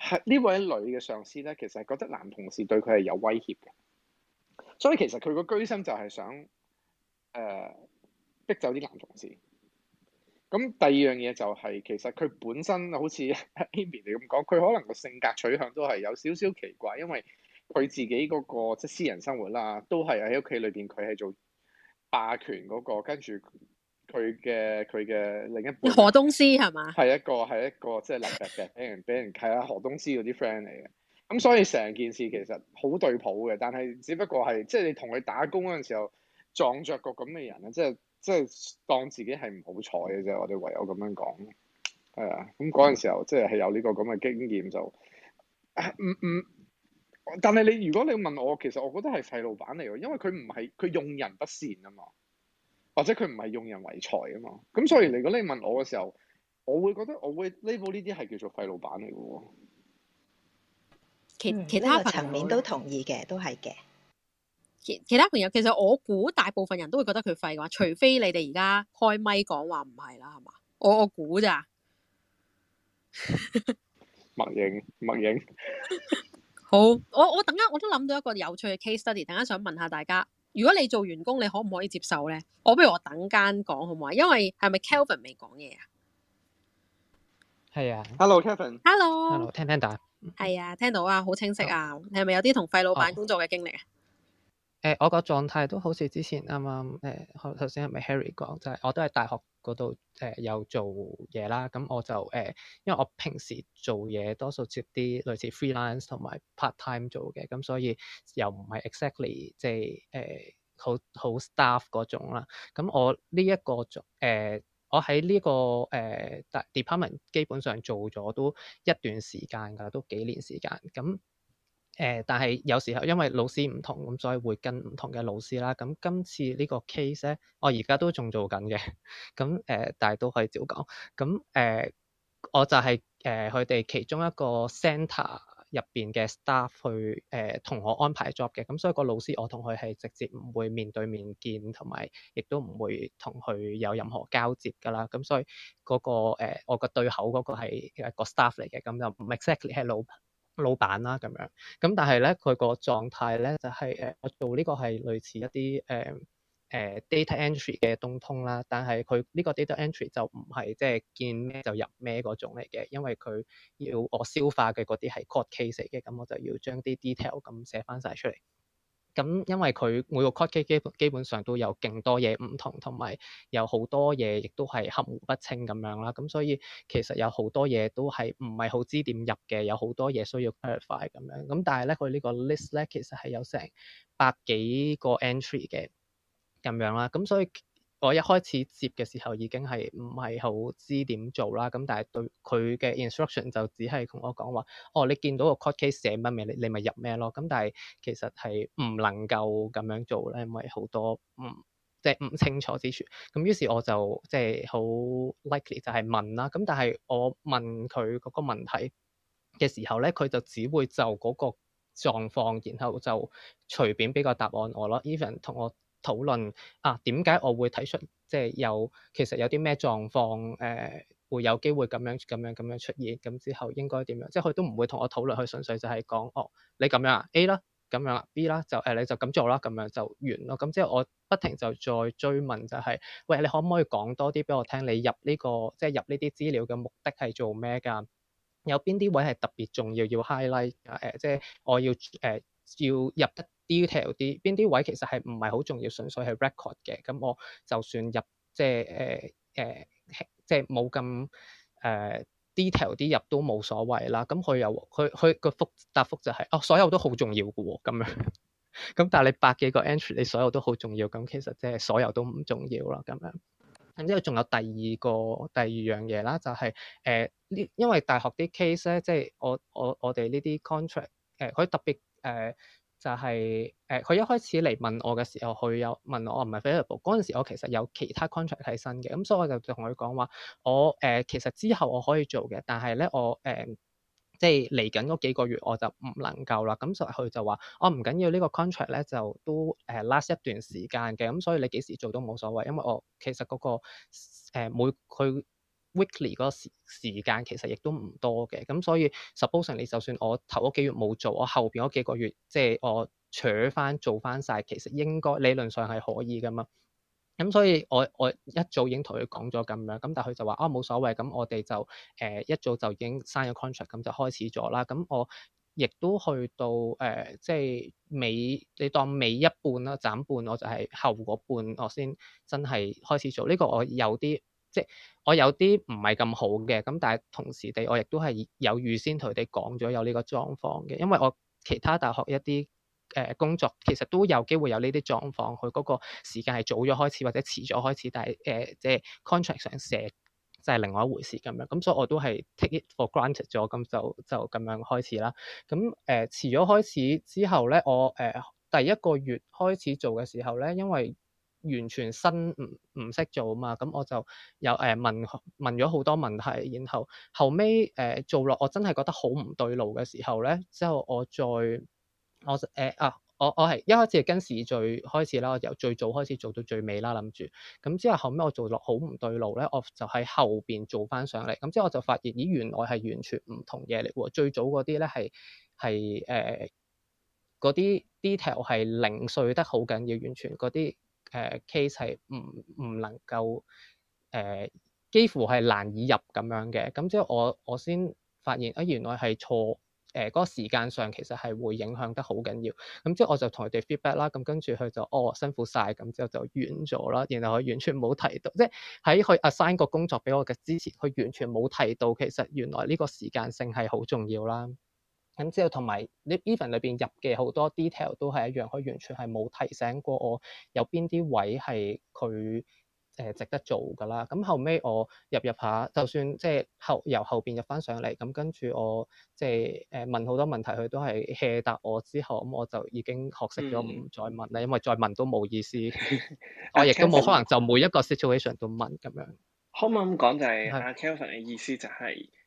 係呢位女嘅上司咧，其實覺得男同事對佢係有威脅嘅。所以其實佢個居心就係想，誒、呃、逼走啲男同事。咁、嗯、第二樣嘢就係、是、其實佢本身好似 Amy 你咁講，佢可能個性格取向都係有少少奇怪，因為佢自己嗰、嗰個即係私人生活啦，都係喺屋企裏邊佢係做霸權嗰、嗰個，跟住佢嘅佢嘅另一,一個何東斯係嘛？係一個係一個即係立劇嘅，俾人俾人睇下何東斯嗰啲 friend 嚟嘅。咁所以成件事其實好對譜嘅，但係只不過係即係你同佢打工嗰陣時候撞着個咁嘅人咧，即係即係當自己係唔好彩嘅啫。我哋唯有咁樣講，係啊。咁嗰陣時候即係係有呢個咁嘅經驗就唔唔、啊嗯嗯，但係你如果你問我，其實我覺得係廢老闆嚟嘅，因為佢唔係佢用人不善啊嘛，或者佢唔係用人為才啊嘛。咁所以如果你問我嘅時候，我會覺得我會 label 呢啲係叫做廢老闆嚟嘅喎。其其他層，嗯這個、面都同意嘅，都係嘅。其其他朋友其實我估大部分人都會覺得佢廢嘅話，除非你哋而家開咪講話唔係啦，係嘛？我我估咋？默認默認。 好，我我等間我都諗到一個有趣嘅 case study，等間想問下大家，如果你做員工，你可唔可以接受咧？我不如我等間講好唔好啊？因為係咪 Kelvin 未講嘢啊？係啊。Hello，Kelvin。Hello Kevin。Hello, Hello 聽，聽聽打。係啊，聽到啊，好清晰啊。嗯、你係咪有啲同廢老闆工作嘅經歷啊？誒、哎呃，我個狀態都好似之前啱啱誒，頭先係咪 Harry 講，就係、是、我都係大學嗰度誒，有做嘢啦。咁我就誒、呃，因為我平時做嘢多數接啲類似 freelance 同埋 part time 做嘅，咁所以又唔係 exactly 即係誒、呃、好好 staff 嗰種啦。咁我呢、這、一個做誒。呃我喺呢個誒、呃、department 基本上做咗都一段時間㗎啦，都幾年時間。咁誒、呃，但係有時候因為老師唔同，咁所以會跟唔同嘅老師啦。咁今次呢個 case 咧，我而家都仲做緊嘅。咁誒、呃，但係都可以照講。咁誒、呃，我就係誒佢哋其中一個 center 入邊嘅 staff 去誒同、呃、我安排 job 嘅，咁所以個老師我同佢係直接唔會面對面見，同埋亦都唔會同佢有任何交接噶、那個呃、啦。咁所以嗰個誒我個對口嗰個係個 staff 嚟嘅，咁就唔 exactly 係老老闆啦咁樣。咁但係咧佢個狀態咧就係、是、誒、呃、我做呢個係類似一啲誒。呃誒、uh, data entry 嘅東通啦，但係佢呢個 data entry 就唔係即係見咩就入咩嗰種嚟嘅，因為佢要我消化嘅嗰啲係 court case 嚟嘅，咁我就要將啲 detail 咁寫翻晒出嚟。咁因為佢每個 court case 基本上都有勁多嘢唔同，同埋有好多嘢亦都係含糊不清咁樣啦。咁所以其實有好多嘢都係唔係好知點入嘅，有好多嘢需要 verify 咁樣。咁但係咧，佢呢個 list 咧其實係有成百幾個 entry 嘅。咁樣啦，咁所以我一開始接嘅時候已經係唔係好知點做啦，咁但係對佢嘅 instruction 就只係同我講話，哦，你見到個 court case 寫乜名，你你咪入咩咯，咁但係其實係唔能夠咁樣做咧，唔係好多唔即係唔清楚之處。咁於是我就即係好 likely 就係問啦，咁但係我問佢嗰個問題嘅時候咧，佢就只會就嗰個狀況，然後就隨便俾個答案我咯，even 同我。討論啊，點解我會睇出即係、就是、有其實有啲咩狀況誒、呃、會有機會咁樣咁樣咁樣出現，咁之後應該點樣？即係佢都唔會同我討論，佢純粹就係講哦，你咁樣啊 A 啦，咁樣啊 B 啦，就、呃、誒你就咁做啦，咁樣就完咯。咁之後我不停就再追問就係、是，喂，你可唔可以講多啲俾我聽？你入呢、這個即係入呢啲資料嘅目的係做咩㗎？有邊啲位係特別重要要 highlight 誒、呃？即係我要誒。呃要入得 detail 啲，邊啲位其實係唔係好重要，純粹係 record 嘅。咁我就算入即係誒誒，即係冇咁誒 detail 啲入都冇所謂啦。咁佢又佢佢個覆答覆就係、是，哦，所有都好重要嘅喎、哦，咁樣。咁但係你百幾個 entry，你所有都好重要，咁其實即係所有都唔重要啦，咁樣。然之後仲有第二個第二樣嘢啦，就係誒呢，因為大學啲 case 咧，即係我我我哋呢啲 contract 誒、呃，佢特別。誒、呃、就係、是、誒，佢、呃、一開始嚟問我嘅時候，佢有問我唔係 favorable 嗰陣時，我其實有其他 contract 喺身嘅，咁、嗯、所以我就同佢講話，我誒、呃、其實之後我可以做嘅，但係咧我誒、呃、即係嚟緊嗰幾個月我就唔能夠啦。咁、嗯、所以佢就話，我、哦、唔緊要、這個、呢個 contract 咧就都誒 last、呃、一段時間嘅，咁、嗯、所以你幾時做都冇所謂，因為我其實嗰、那個、呃、每佢。Weekly 嗰個時，時間其實亦都唔多嘅，咁所以 suppose 你就算我頭嗰幾月冇做，我後邊嗰幾個月即係、就是、我取翻做翻晒，其實應該理論上係可以噶嘛。咁所以我我一早已經同佢講咗咁樣，咁但係佢就話啊冇所謂，咁我哋就誒、呃、一早就已經 sign 咗 contract，咁就開始咗啦。咁我亦都去到誒即係尾，你當尾一半啦，斬半，半我就係後半我先真係開始做。呢、這個我有啲。即係我有啲唔係咁好嘅，咁但係同時地，我亦都係有預先同佢哋講咗有呢個狀況嘅，因為我其他大學一啲誒工作其實都有機會有呢啲狀況，佢嗰個時間係早咗開始或者遲咗開始，但係誒、呃、即係 contract 上寫就係另外一回事咁樣，咁所以我都係 take it for granted 咗，咁就就咁樣開始啦。咁誒遲咗開始之後咧，我誒、呃、第一個月開始做嘅時候咧，因為。完全新唔唔識做啊嘛，咁我就有誒、呃、問問咗好多問題，然後後尾誒、呃、做落，我真係覺得好唔對路嘅時候咧，之後我再我誒啊我我係一開始跟時最開始啦，由最早開始做到最尾啦，諗住咁之後後尾我做落好唔對路咧，我就喺後邊做返上嚟，咁之後我就發現，咦原來係完全唔同嘢嚟喎。最早嗰啲咧係係誒嗰啲 detail 係零碎得好緊要，完全嗰啲。誒、uh, case 係唔唔能夠誒，uh, 幾乎係難以入咁樣嘅咁，之後我我先發現啊、哎，原來係錯誒嗰、uh, 個時間上其實係會影響得好緊要咁，之後我就同佢哋 feedback 啦，咁跟住佢就哦辛苦晒，咁之後就遠咗啦，然後佢完全冇提到即係、就、喺、是、佢 assign 個工作俾我嘅之前，佢完全冇提到其實原來呢個時間性係好重要啦。咁之後同埋呢 Even 裏邊入嘅好多 detail 都係一樣，佢完全係冇提醒過我有邊啲位係佢誒值得做㗎啦。咁後尾我入入下，就算即係後由後邊入翻上嚟，咁跟住我即係誒問好多問題，佢都係 hea 答我。之後，咁我就已經學識咗唔再問啦，嗯、因為再問都冇意思。 啊、我亦都冇可能就每一個 situation 都問。咁樣可唔可以咁講就係、是。阿 Kelvin 嘅意思就係、是。.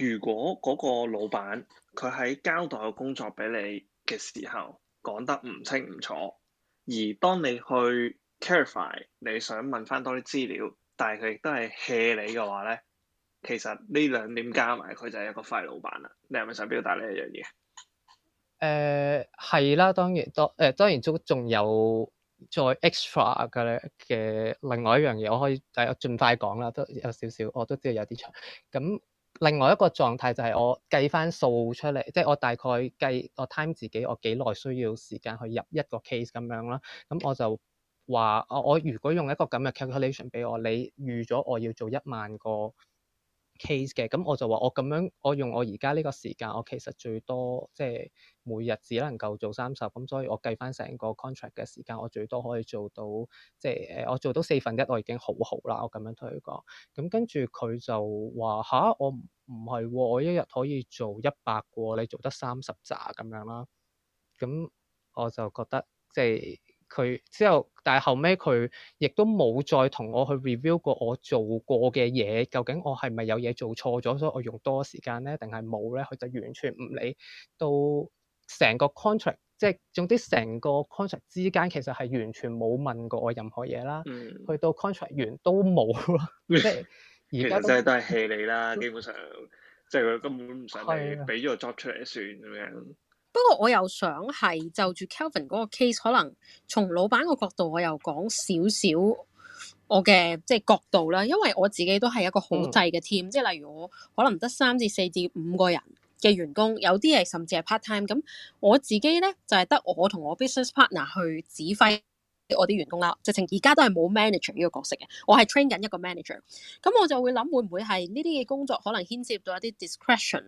如果嗰個老闆佢喺交代個工作俾你嘅時候講得唔清唔楚，而當你去 clarify 你想問翻多啲資料，但係佢亦都係 hea 你嘅話咧，其實呢兩點加埋佢就係一個廢老闆啦。你係咪想表達呢一樣嘢？誒，係啦，當然多誒、呃，當然都仲有再 extra 嘅嘅另外一樣嘢，我可以就盡快講啦，都有少少，我都知有啲長咁。另外一個狀態就係我計翻數出嚟，即係我大概計我 time 自己我幾耐需要時間去入一個 case 咁樣啦。咁我就話我我如果用一個咁嘅 calculation 畀我，你預咗我要做一萬個。case 嘅，咁我就話我咁樣，我用我而家呢個時間，我其實最多即係每日只能夠做三十咁，所以我計翻成個 contract 嘅時間，我最多可以做到即係誒，我做到四分一，我已經好好啦。我咁樣同佢講咁，跟住佢就話吓？我唔唔係喎，我一日可以做一百個，你做得三十咋咁樣啦。咁我就覺得即係。佢之後，但係後尾，佢亦都冇再同我去 review 過我做過嘅嘢，究竟我係咪有嘢做錯咗，所以我用多時間咧，定係冇咧？佢就完全唔理。到成個 contract，即係總之成個 contract 之間，其實係完全冇問過我任何嘢啦。嗯，去到 contract 完都冇咯。 即係而家真係都係棄你啦，基本上即係佢根本唔使嚟俾咗個 job 出嚟算咁樣。不過，我又想係就住 Kelvin 嗰個 case，可能從老闆個角度，我又講少少我嘅即係角度啦。因為我自己都係一個好細嘅 team，即係例如我可能得三至四至五個人嘅員工，有啲係甚至係 part time。咁我自己咧就係得我同我 business partner 去指揮。我啲員工啦，直情而家都係冇 manager 呢個角色嘅，我係 train 緊一個 manager，咁我就會諗會唔會係呢啲嘅工作可能牽涉到一啲 discretion，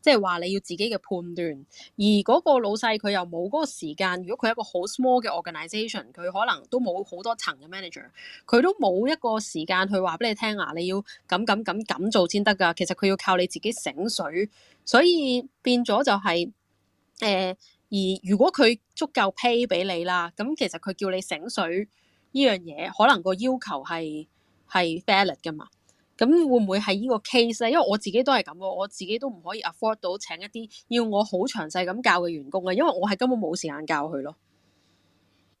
即係話你要自己嘅判斷，而嗰個老細佢又冇嗰個時間，如果佢係一個好 small 嘅 organization，佢可能都冇好多層嘅 manager，佢都冇一個時間去話俾你聽啊，你要咁咁咁咁做先得噶，其實佢要靠你自己醒水，所以變咗就係、是、誒。呃而如果佢足夠 pay 俾你啦，咁其實佢叫你醒水呢樣嘢，可能個要求係係 valid 噶嘛。咁會唔會係呢個 case 咧？因為我自己都係咁喎，我自己都唔可以 afford 到請一啲要我好詳細咁教嘅員工啊，因為我係根本冇時間教佢咯。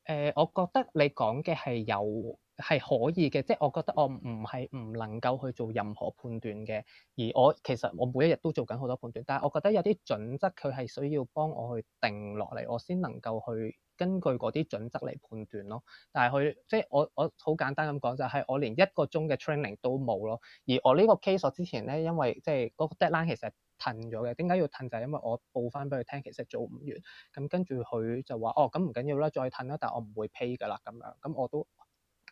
誒、呃，我覺得你講嘅係有。係可以嘅，即係我覺得我唔係唔能夠去做任何判斷嘅。而我其實我每一日都做緊好多判斷，但係我覺得有啲準則佢係需要幫我去定落嚟，我先能夠去根據嗰啲準則嚟判斷咯。但係佢即係我我好簡單咁講就係我連一個鐘嘅 training 都冇咯。而我呢個 case 之前咧，因為即係嗰個 deadline 其實褪咗嘅，點解要褪就係因為我報翻俾佢聽，其實做唔完咁，跟住佢就話哦，咁唔緊要啦，再褪啦，但係我唔會 pay 噶啦咁樣咁我都，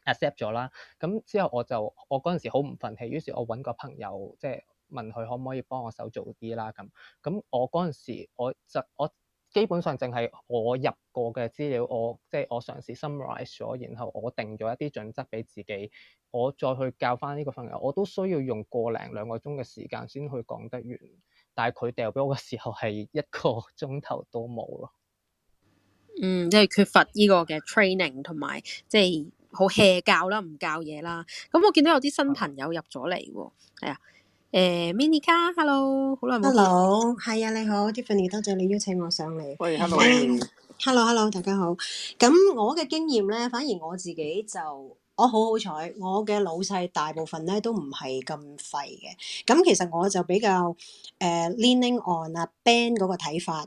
accept 咗啦，咁之後我就我嗰陣時好唔忿氣，於是我揾個朋友即係、就是、問佢可唔可以幫我手做啲啦咁。咁我嗰陣時，我就我基本上淨係我入過嘅資料，我即係、就是、我嘗試 summarize 咗，然後我定咗一啲準則俾自己，我再去教返呢個朋友。我都需要用個零兩個鐘嘅時，時間先去講得完，但係佢掉俾我嘅時候係一個鐘頭都冇咯。嗯，即、就、係、是、缺乏呢個嘅 training 同埋即、就、係、是。好 hea 教啦，唔教嘢啦。咁、嗯、我見到有啲新朋友入咗嚟喎，係啊，誒、欸、Minka，hello，好耐 Hello，係啊，你好 t i f f a n y 多謝你邀請我上嚟。喂，hello，hello，hello，大家好。咁我嘅經驗咧，反而我自己就我好好彩，我嘅老細大部分咧都唔係咁廢嘅。咁其實我就比較誒、uh, leaning on 啊 ban 嗰個睇法。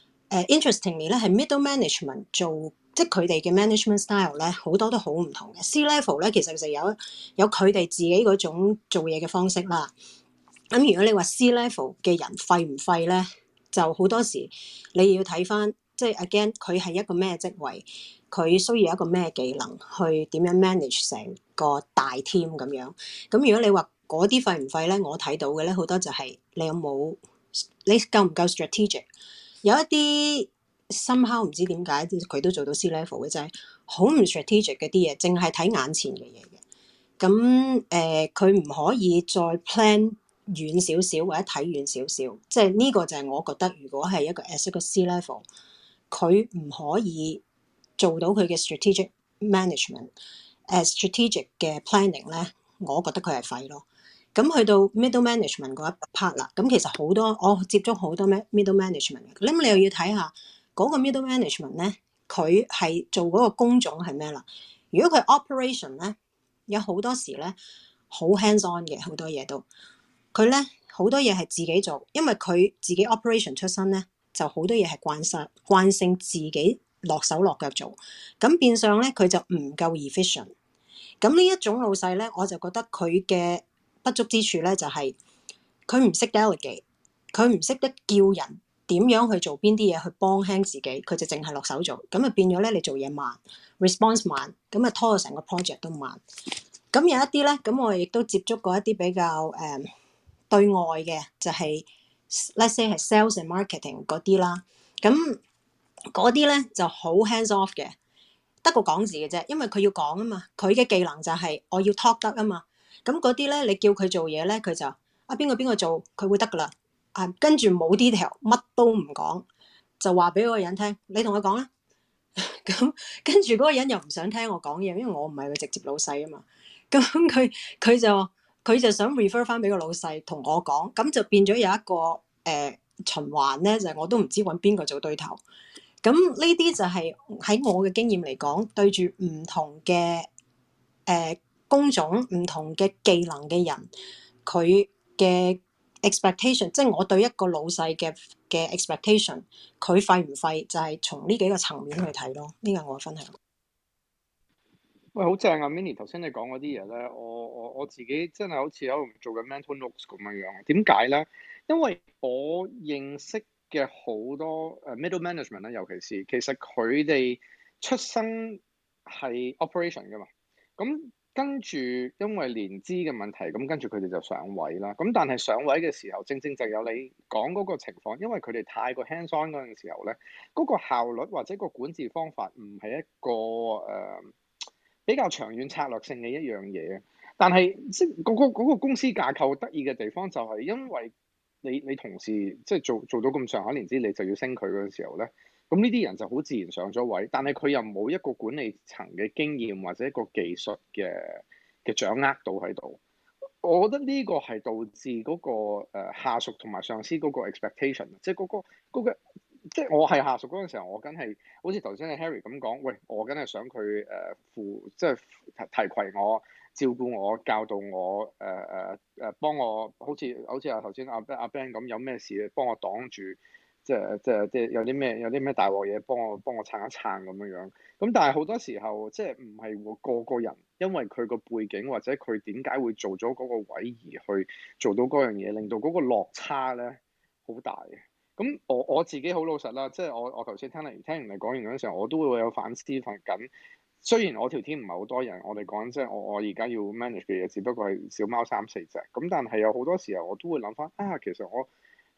Interestingly 咧，係 middle management 做即係佢哋嘅 management style 咧，好多都好唔同嘅。C level 咧，其實就有有佢哋自己嗰種做嘢嘅方式啦。咁、嗯、如果你話 C level 嘅人廢唔廢咧，就好多時你要睇翻，即係 again 佢係一個咩職位，佢需要一個咩技能去點樣 manage 成個大 team 咁樣。咁、嗯、如果你話嗰啲廢唔廢咧，我睇到嘅咧好多就係你有冇你夠唔夠 strategic。有一啲 somehow 唔知點解，佢都做到 C level 嘅，就係好唔 strategic 嗰啲嘢，淨係睇眼前嘅嘢嘅。咁誒，佢、呃、唔可以再 plan 遠少少或者睇遠少少，即係呢個就係我覺得，如果係一個 as 一個 C level，佢唔可以做到佢嘅 str strategic management strategic 嘅 planning 咧，我覺得佢係廢咯。咁去到 middle management 嗰一 part 啦，咁其實好多我接觸好多 middle management 嘅咁，你又要睇下嗰個 middle management 咧，佢係做嗰個工種係咩啦？如果佢 operation 咧，有好多時咧好 hands on 嘅，好多嘢都佢咧好多嘢係自己做，因為佢自己 operation 出身咧，就好多嘢係慣性慣性自己落手落腳做，咁變相咧佢就唔夠 efficient。咁呢一種老細咧，我就覺得佢嘅。不足之處咧，就係、是、佢唔識 delegate，佢唔識得叫人點樣去做邊啲嘢去幫輕自己，佢就淨係落手做，咁啊變咗咧你做嘢慢，response 慢，咁啊拖到成個 project 都慢。咁有一啲咧，咁我亦都接觸過一啲比較誒、um, 對外嘅，就係、是、let's say 係 sales and marketing 嗰啲啦。咁嗰啲咧就好 hands off 嘅，得個講字嘅啫，因為佢要講啊嘛，佢嘅技能就係我要 talk 得啊嘛。咁嗰啲咧，你叫佢做嘢咧，佢就啊邊個邊個做，佢會得噶啦。啊，跟住冇 detail，乜都唔講，就話俾嗰個人聽，你同佢講啦。咁 跟住嗰個人又唔想聽我講嘢，因為我唔係佢直接老細啊嘛。咁佢佢就佢就想 refer 翻俾個老細同我講，咁就變咗有一個誒、呃、循環咧，就係、我都唔知揾邊個做對頭。咁呢啲就係、係、喺我嘅經驗嚟講，對住唔同嘅誒。呃工種唔同嘅技能嘅人，佢嘅 expectation，即係我對一個老細嘅嘅 expectation，佢廢唔廢就係從呢幾個層面去睇咯。呢個我分享。喂，好正啊，Minnie，頭先你講嗰啲嘢咧，我我我自己真係好似喺度做緊 mental notes 咁樣樣。點解咧？因為我認識嘅好多誒 middle management 咧，尤其是其實佢哋出生係 operation 噶嘛，咁。跟住，因為年資嘅問題，咁跟住佢哋就上位啦。咁但係上位嘅時候，正正就有你講嗰個情況，因為佢哋太過 hands-on 嗰時候咧，嗰、那個效率或者個管治方法唔係一個誒、呃、比較長遠策略性嘅一樣嘢。但係即係嗰個公司架構得意嘅地方，就係因為你你同事即係、就是、做做到咁上下年資，你就要升佢嗰陣時候咧。咁呢啲人就好自然上咗位，但係佢又冇一個管理層嘅經驗或者一個技術嘅嘅掌握到喺度。我覺得呢個係導致嗰個下屬同埋上司嗰個 expectation，即係嗰個嗰個即係我係下屬嗰陣時候，我梗係好似頭先阿 Harry 咁講，喂，我梗係想佢誒負，即係提提攜我、照顧我、教導我、誒誒誒幫我，好似好似阿頭先阿阿 Ben 咁，有咩事幫我擋住。即係即係即係有啲咩有啲咩大鑊嘢幫我幫我撐一撐咁樣樣，咁但係好多時候即係唔係個個人，因為佢個背景或者佢點解會做咗嗰個位而去做到嗰樣嘢，令到嗰個落差咧好大嘅。咁、嗯、我我自己好老實啦，即、就、係、是、我我頭先聽你聽完你講完嗰陣時候，我都會有反思緊。雖然我條 team 唔係好多人，我哋講即係、就是、我我而家要 manage 嘅嘢，只不過係小貓三四隻，咁但係有好多時候我都會諗翻啊，其實我。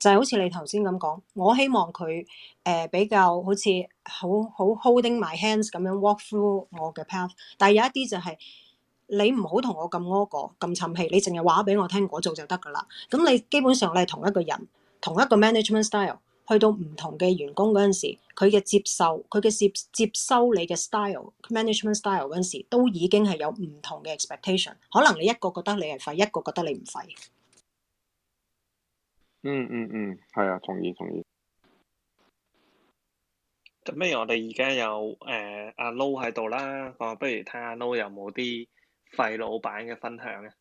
就係好似你頭先咁講，我希望佢誒、呃、比較、呃、比較好似好好 holding my hands 咁樣 walk through 我嘅 path。但係有一啲就係你唔好同我咁 over，咁沉氣，你淨係話俾我聽，我做就得㗎喇。咁你基本上你係同一個人，同一個 management style，去到唔同嘅員工嗰陣時，佢嘅接受，佢嘅接接收你嘅 style，management style 嗰陣時，都已經係有唔同嘅 expectation。可能你一個覺得你係廢，一個覺得你唔廢。嗯嗯嗯，係啊，同意同意。咁不如我哋而家有誒、呃、阿 Low 喺度啦，咁不如睇下 Low 有冇啲廢老闆嘅分享咧？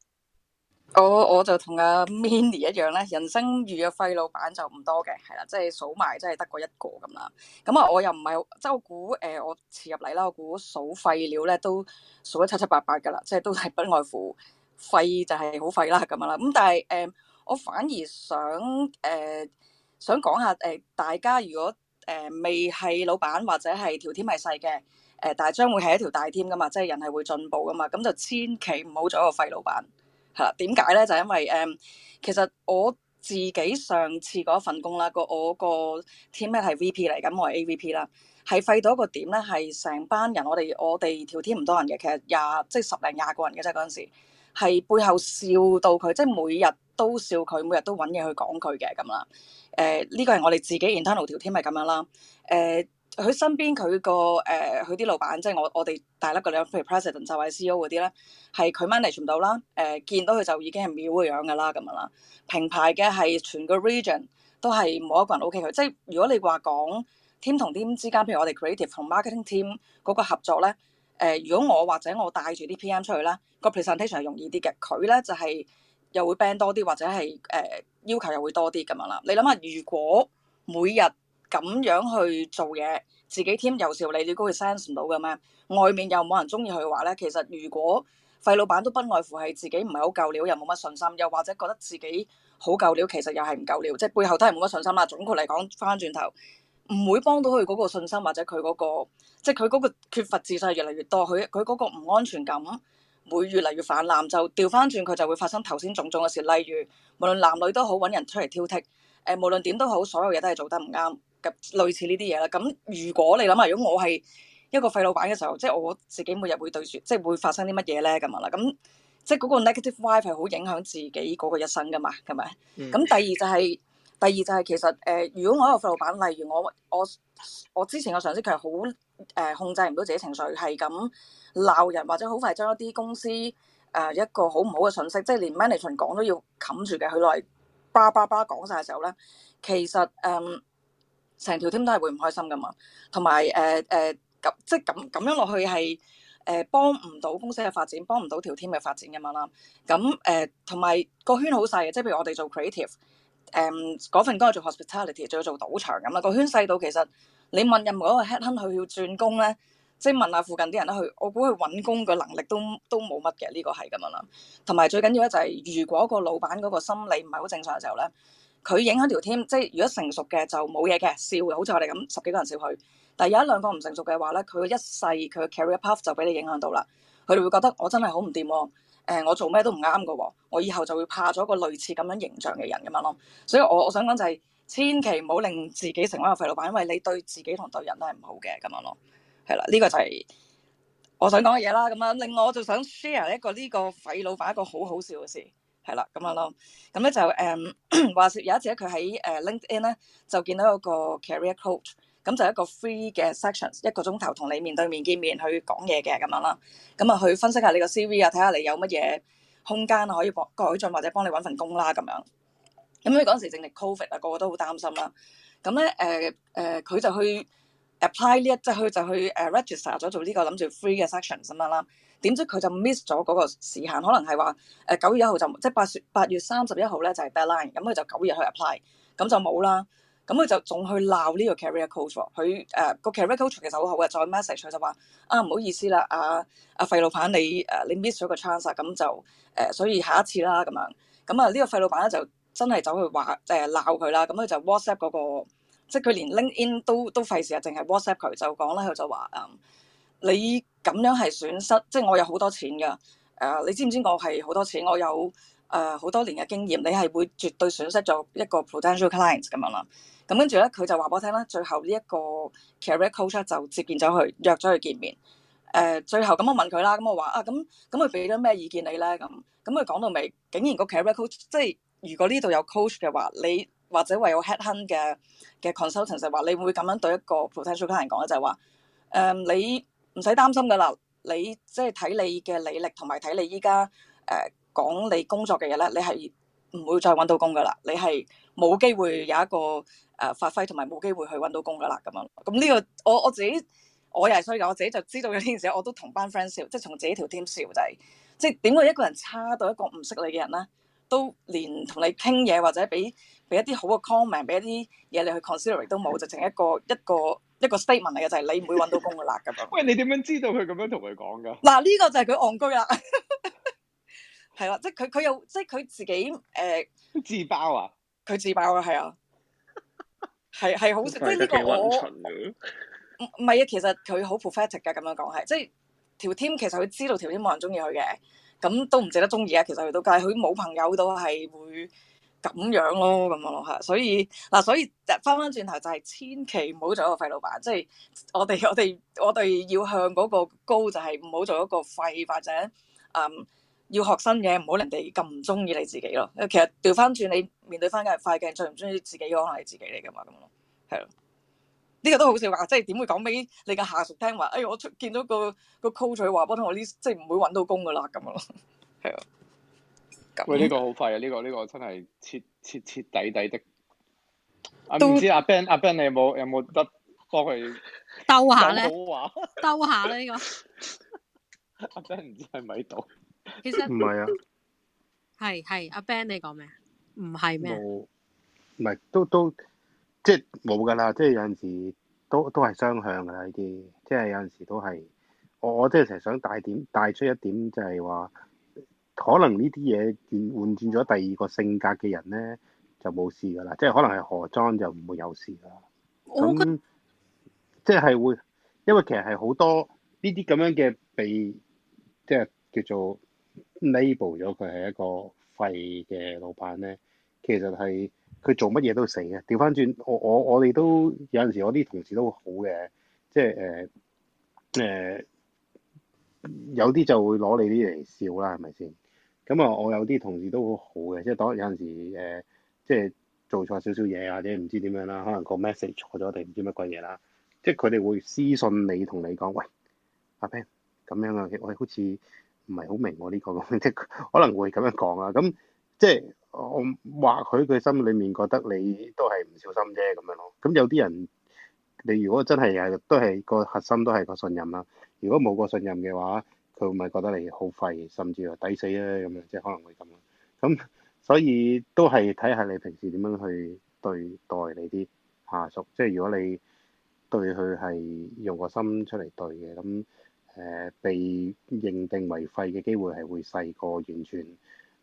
我我就同阿 Minny 一樣啦，人生遇嘅廢老闆就唔多嘅，係啦，即係數埋即係得個一個咁啦。咁啊、呃，我又唔係即係我估誒，我遲入嚟啦，我估數廢料咧都數得七七八八㗎啦，即係都係不外乎廢就係好廢啦咁樣啦。咁但係誒。呃我反而想誒、呃、想講下誒、呃，大家如果誒、呃、未係老闆或者係條 team e a 係細嘅誒，但係將會係一條大 team e 噶嘛，即係人係會進步噶嘛。咁就千祈唔好做一個廢老闆係啦。點解咧？就因為誒、呃，其實我自己上次嗰份工啦，我個我個 team 咧係 V P 嚟，咁我係 A V P 啦，係廢到一個點咧，係成班人我哋我哋條 team 唔多人嘅，其實廿即係十零廿個人嘅，啫。係嗰陣時係背後笑到佢，即係每日。都笑佢，每日都揾嘢去講佢嘅咁啦。誒，呢、呃呢個係我哋自己 internal 條 team 係咁樣啦。誒、呃，佢身邊佢、個誒，佢、呃、啲老闆即係我我哋大粒嗰啲譬如 president、就位 CEO 嗰啲咧，係佢 manage 唔到啦。誒，見到佢就已經係秒嘅樣㗎啦，咁樣啦。平排嘅係全個 region 都係冇一個人 OK 佢。即係如果你話講 team 同 team 之間，譬如我哋 creative 同 marketing team 嗰個合作咧，誒、呃，如果我或者我帶住啲 PM 出去咧，個 presentation 係容易啲嘅。佢咧就係、是。又會 band 多啲，或者係誒、呃、要求又會多啲咁樣啦。你諗下，如果每日咁樣去做嘢，自己添 e 少 m 你都高佢 sense 唔到嘅咩？外面又冇人中意佢話咧。其實如果費老闆都不外乎係自己唔係好夠料，又冇乜信心，又或者覺得自己好夠料，其實又係唔夠料。即係背後都係冇乜信心啦。總括嚟講，翻轉頭唔會幫到佢嗰個信心，或者佢嗰、那個即係佢嗰個缺乏自信越嚟越多。佢佢嗰個唔安全感。會越嚟越泛濫，就調翻轉佢就會發生頭先種種嘅事，例如無論男女都好揾人出嚟挑剔，誒、呃、無論點都好，所有嘢都係做得唔啱嘅，類似呢啲嘢啦。咁如果你諗下，如果我係一個廢老闆嘅時候，即係我自己每日會對住，即係會發生啲乜嘢咧咁啊啦，咁即係嗰個 negative vibe 係好影響自己嗰個一生噶嘛，係咪？咁、嗯、第二就係、是。第二就係、是、其實，誒、呃，如果我一個廢老闆，例如我我我之前嘅上司其實好誒控制唔到自己情緒，係咁鬧人或者好快將一啲公司誒、呃、一個好唔好嘅信息，即係連 management 講都要冚住嘅，佢來叭叭叭講晒嘅時候咧，其實誒成條 team 都係會唔開心噶嘛，同埋誒誒咁即係咁咁樣落去係誒、呃、幫唔到公司嘅發展，幫唔到條 team 嘅發展咁樣啦。咁誒同埋個圈好細嘅，即係譬如我哋做 creative。誒，嗰份工係做 hospitality，仲要做賭場咁啦，個圈細到其實你問任何一個 headhunter 要轉工咧，即係問下附近啲人啦，去，我估佢揾工嘅能力都都冇乜嘅，呢個係咁樣啦。同埋最緊要咧就係，如果個老闆嗰個心理唔係好正常嘅時候咧，佢影響條 team。即係如果成熟嘅就冇嘢嘅，笑，好似我哋咁十幾個人笑佢。但係有一兩個唔成熟嘅話咧，佢一世佢嘅 career path 就俾你影響到啦。佢哋會覺得我真係好唔掂喎。誒、嗯、我做咩都唔啱嘅喎，我以後就會怕咗個類似咁樣形象嘅人咁樣咯。所以我我想講就係千祈唔好令自己成為一個廢老闆，因為你對自己同對人都係唔好嘅咁樣咯。係啦，呢、呢個就係我想講嘅嘢啦。咁啊，另外我就想 share 一個呢個廢老闆一個好好笑嘅事。係啦，咁樣咯。咁咧就誒話説有一次佢喺誒 LinkedIn 咧就見到一個 career coach。咁就一個 free 嘅 session，s 一個鐘頭同你面對面見面去講嘢嘅咁樣啦。咁啊，去分析下你個 CV 啊，睇下你有乜嘢空間可以改改進或者幫你揾份工啦咁樣。咁佢嗰陣時正值 COVID 啊，個個都好擔心啦。咁咧誒誒，佢、呃呃、就去 apply 呢一即係佢就去誒 register 咗做呢、這個諗住 free 嘅 session s 咁樣啦。點知佢就 miss 咗嗰個時限，可能係話誒九月一號就即係八月八月三十一號咧就係、是、deadline，咁佢就九日去 apply，咁就冇啦。咁佢就仲去鬧呢個 career coach 喎，哦啊、佢、那、誒個 career coach 其實好好嘅，再 message 佢就話啊，唔好意思啦、啊，阿阿廢老闆你誒、啊、你 miss 咗個 chance，咁、啊、就誒、啊、所以下一次啦咁樣，咁啊呢個廢老闆咧就真係走去話誒鬧佢啦，咁、啊、佢就 WhatsApp 嗰個，即係佢連 link in 都都費事啊，關注他啊，淨係 WhatsApp 佢就講啦。佢就話嗯你咁樣係損失，即係我有好多錢噶、啊，誒你知唔知我係好多錢，我有誒好多年嘅經驗，你係會絕對損失咗一個 potential clients 咁樣啦。咁跟住咧，佢就話俾我聽啦。最後呢一個 career coach 就接見咗佢，約咗佢見面。誒、呃，最後咁我問佢啦，咁我話啊，咁咁佢俾咗咩意見你咧？咁咁佢講到尾，竟然個 career coach 即係如果呢度有 coach 嘅話，你或者為有 head hunt 嘅嘅 consultant 就係話你會咁樣對一個 potential client 講就係話誒，你唔使擔心噶啦，你即係睇你嘅履歷同埋睇你依家誒講你工作嘅嘢咧，你係唔會再揾到工噶啦，你係冇機會有一個。嗯誒、呃、發揮同埋冇機會去揾到工噶啦，咁樣咁呢個我我自己，我又係衰噶我自己就知道有呢件事，我都同班 friend 笑，即係同自己條 team 笑就係、是，即係點解一個人差到一個唔識你嘅人咧，都連同你傾嘢或者俾俾一啲好嘅 comment，俾一啲嘢你去 consider 都冇，直情、嗯、一個一個一個 statement 嚟嘅就係你唔會揾到工噶啦咁樣。喂，你點樣知道佢咁樣同佢講噶？嗱呢、這個就係佢戇居啦，係咯，即係佢佢又即係佢自己誒自爆啊！佢自爆啊，係啊！係係好食，即係呢個我唔唔係啊。其實佢好 perfect 嘅，咁樣講係，即係條 team 其實佢知道條 team 冇人中意佢嘅，咁都唔值得中意啊。其實佢都梗係佢冇朋友都係會咁樣咯，咁樣咯嚇。所以嗱、啊，所以就翻翻轉頭就係千祈唔好做一個廢老闆，即係我哋我哋我哋要向嗰個高就係唔好做一個廢或者嗯。要學新嘢，唔好人哋咁唔中意你自己咯。其實調翻轉，你面對翻嘅快鏡最唔中意自己可能係自己嚟噶嘛，咁咯，係咯。呢、這個都好笑話，即係點會講俾你嘅下屬聽話？哎我出見到個個 coach 話我呢，即係唔會揾到工噶啦咁咯，係啊。喂，呢、這個好廢啊！呢、這個呢、這個這個真係徹徹徹底底的。啊、都唔知阿 Ben 阿 Ben，你有冇有冇得幫佢兜下咧？兜下咧呢、這個。阿、 啊、Ben 唔知係咪喺度。其實唔係啊，係係阿 Ben，你講咩啊？唔係咩？唔係都都即係冇噶啦，即係有陣時都都係雙向噶啦呢啲，即係有陣時都係我我即係成日想帶點帶出一點就，就係話可能呢啲嘢換換轉咗第二個性格嘅人咧，就冇事噶啦，即係可能係何裝就唔會有事啦。咁即係會，因為其實係好多呢啲咁樣嘅被即係叫做。Label 咗佢係一個廢嘅老闆咧，其實係佢做乜嘢都死嘅。調翻轉，我我我哋都有陣時，我啲同事都好嘅，即係誒誒有啲就會攞你啲嚟笑啦，係咪先？咁啊，我有啲同事都好嘅，即係當有陣時誒、呃，即係做錯少少嘢啊，或者唔知點樣啦，可能個 message 錯咗定唔知乜鬼嘢啦，即係佢哋會私信你同你講，喂，阿 Ben 咁樣啊，喂，好似～唔係好明喎呢個，即可能會咁樣講啊。咁即係我或許佢心裏面覺得你都係唔小心啫咁樣咯。咁有啲人，你如果真係係都係個核心都係個信任啦。如果冇個信任嘅話，佢咪覺得你好廢，甚至話抵死咧咁樣，即係可能會咁樣。咁所以都係睇下你平時點樣去對待你啲下屬。即係如果你對佢係用個心出嚟對嘅咁。誒被認定為廢嘅機會係會細過完全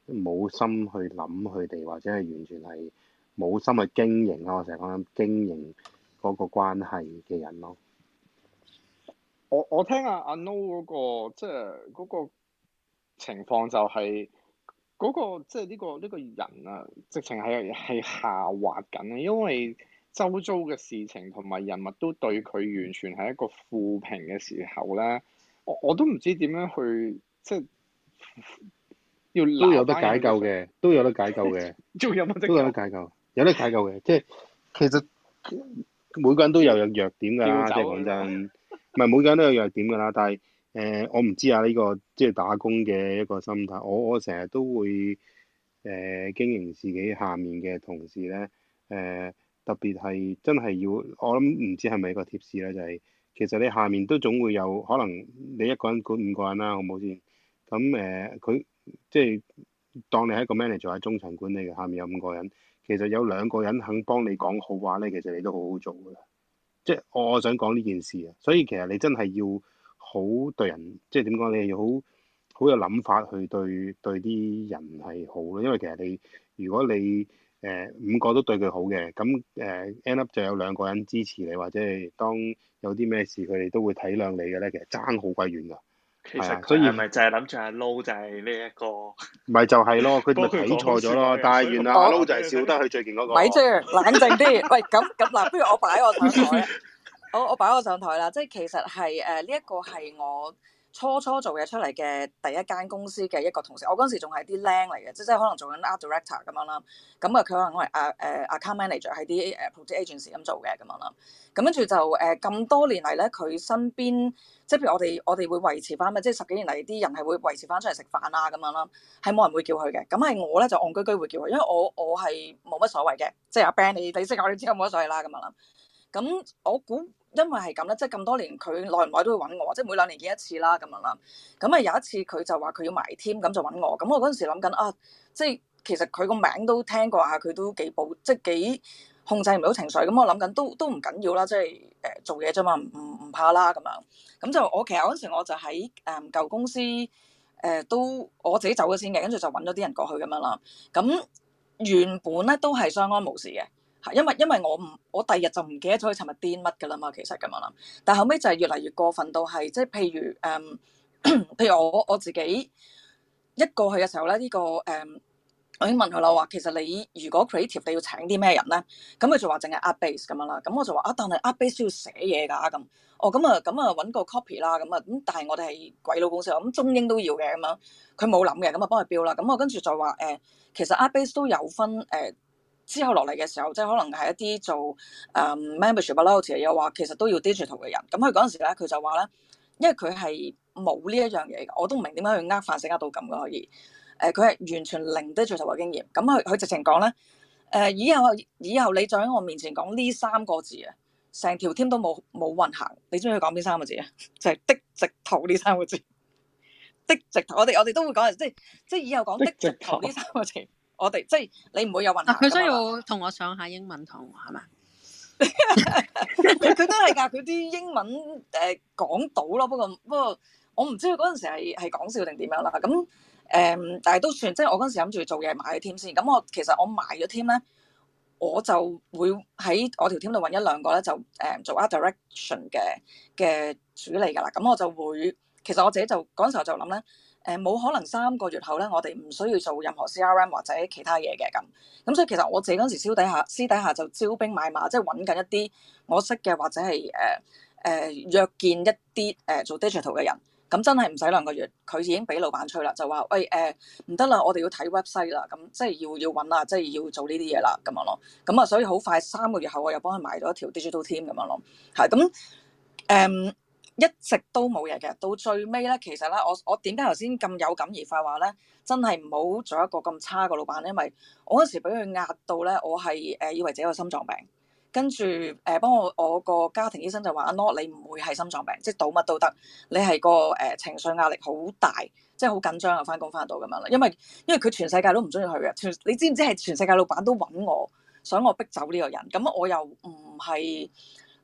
冇心去諗佢哋，或者係完全係冇心去經營咯。我成日講緊經營嗰個關係嘅人咯。我我聽阿阿 No 嗰個即係嗰個情況，就係嗰個即係呢個呢個人啊，直情係係下滑緊啊！因為周遭嘅事情同埋人物都對佢完全係一個負評嘅時候咧。我都唔知點樣去，即係要都有得解救嘅，都有得解救嘅，都有得解救，有得解救嘅，即係其實每個人都有有弱點㗎啦，走即係講真，唔係 每個人都有弱點㗎啦。但係誒、呃，我唔知啊呢、呢個即係、就係、打工嘅一個心態。我我成日都會誒、呃、經營自己下面嘅同事咧，誒、呃、特別係真係要我諗唔知係咪一個貼士咧，就係、係。其實你下面都總會有可能你一個人管五個人啦，好唔好先？咁誒，佢、呃、即係當你係一個 manager 喺中層管理嘅，下面有五個人，其實有兩個人肯幫你講好話咧，其實你都好好做㗎。即係我，我想講呢件事啊，所以其實你真係要好對人，即係點講？你要好好有諗法去對對啲人係好咯。因為其實你如果你，誒五個都對佢好嘅，咁誒 end up 就有兩個人支持你，或者係當有啲咩事，佢哋都會體諒你嘅咧。其實爭好鬼遠㗎，其實、啊、所以咪就係諗住阿 l 就係呢一個，咪就係咯，佢咪睇錯咗咯。但係原來阿 l 就係笑得佢最勁嗰個。咪住，冷靜啲。喂，咁咁嗱，不如我擺我上台咧。 我我擺我上台啦。即係其實係誒呢一個係我。初初做嘢出嚟嘅第一間公司嘅一個同事，我嗰陣時仲係啲靚嚟嘅，即係即係可能做緊 art director 咁樣啦。咁啊，佢話我係啊誒 account manager 喺啲誒 project agency 咁做嘅咁樣啦。咁跟住就誒咁多年嚟咧，佢身邊即係譬如我哋我哋會維持翻咪，即係十幾年嚟啲人係會維持翻出嚟食飯啦咁樣啦，係冇人會叫佢嘅。咁係我咧就戇居居會叫佢，因為我我係冇乜所謂嘅，即係阿 Ben 你識我哋知冇乜所謂啦咁樣啦。咁我估。因為係咁啦，即係咁多年佢耐唔耐都會揾我，即係每兩年見一次啦咁樣啦。咁啊有一次佢就話佢要埋添，咁就揾我。咁我嗰陣時諗緊啊，即係其實佢個名都聽過下，佢都幾暴，即係幾控制唔到情緒。咁我諗緊都都唔緊要啦，即係誒、呃、做嘢啫嘛，唔唔怕啦咁樣。咁就我其實嗰陣時我就喺誒、呃、舊公司誒、呃、都我自己走咗先嘅，跟住就揾咗啲人過去咁樣啦。咁原本咧都係相安無事嘅。因為因為我唔我第二日就唔記得咗佢尋日癲乜㗎啦嘛，其實咁樣啦。但後尾就係越嚟越過分到係，即係譬如誒、嗯，譬如我我自己一過去嘅時候咧，呢、這個誒、嗯，我已經問佢啦，話，其實你如果 creative，你要請啲咩人咧？咁佢就話淨係 art base 咁樣啦。咁我就話啊，但係 art base 需要寫嘢㗎咁。哦，咁啊咁啊揾個 copy 啦，咁啊咁，但係我哋係鬼佬公司，我諗中英都要嘅咁樣。佢冇諗嘅，咁啊幫佢標啦。咁我跟住就話誒，其實 art base 都有分誒。呃之後落嚟嘅時候，即係可能係一啲做誒 management level 又話其實都要 digital 嘅人。咁佢嗰陣時咧，佢就話咧，因為佢係冇呢一樣嘢嘅，我都唔明點解去呃飯食呃到咁嘅可以。誒，佢係完全零 digital 嘅經驗。咁佢佢直情講咧，誒、呃、以後以後你就喺我面前講呢三個字啊，成條 team 都冇冇運行。你知唔知佢講邊三個字啊？就係的直頭呢三個字的直頭。我哋我哋都會講即係即係以後講的直頭呢三個字。 我哋即係你唔會有運行。佢、啊、需要同我上下英文堂，係咪？佢都係㗎，佢啲英文誒、呃、講到咯。不過不過我不，我唔知佢嗰陣時係係講笑定點樣啦。咁誒、嗯，但係都算。即係我嗰陣時諗住做嘢買 team 先。咁我其實我買咗 team 咧，我就會喺我條 team 度揾一兩個咧，就誒、嗯、做 art direction 嘅嘅主理㗎啦。咁我就會，其實我自己就嗰陣時候就諗咧。誒冇可能三個月後咧，我哋唔需要做任何 CRM 或者其他嘢嘅咁。咁所以其實我自己嗰陣時，私底下私底下就招兵買馬，即係揾緊一啲我識嘅或者係誒誒約見一啲誒、呃、做 digital 嘅人。咁真係唔使兩個月，佢已經俾老闆催啦，就話喂誒唔得啦，我哋要睇 website 啦，咁即係要要揾啦，即係要做呢啲嘢啦咁樣咯。咁啊，所以好快三個月後，我又幫佢買咗一條 digital team 咁樣咯。係咁誒。一直都冇嘢嘅，到最尾咧，其實咧，我我點解頭先咁有感而發話咧？真係唔好做一個咁差嘅老闆，因為我嗰時俾佢壓到咧，我係誒、呃、以為自己有心臟病，跟住誒、呃、幫我我個家庭醫生就話阿 no 你唔會係心臟病，即係賭乜都得，你係個誒、呃、情緒壓力好大，即係好緊張啊！返工返到咁樣啦，因為因為佢全世界都唔中意佢嘅，全你知唔知係全世界老闆都揾我，想我逼走呢個人，咁、嗯、我又唔係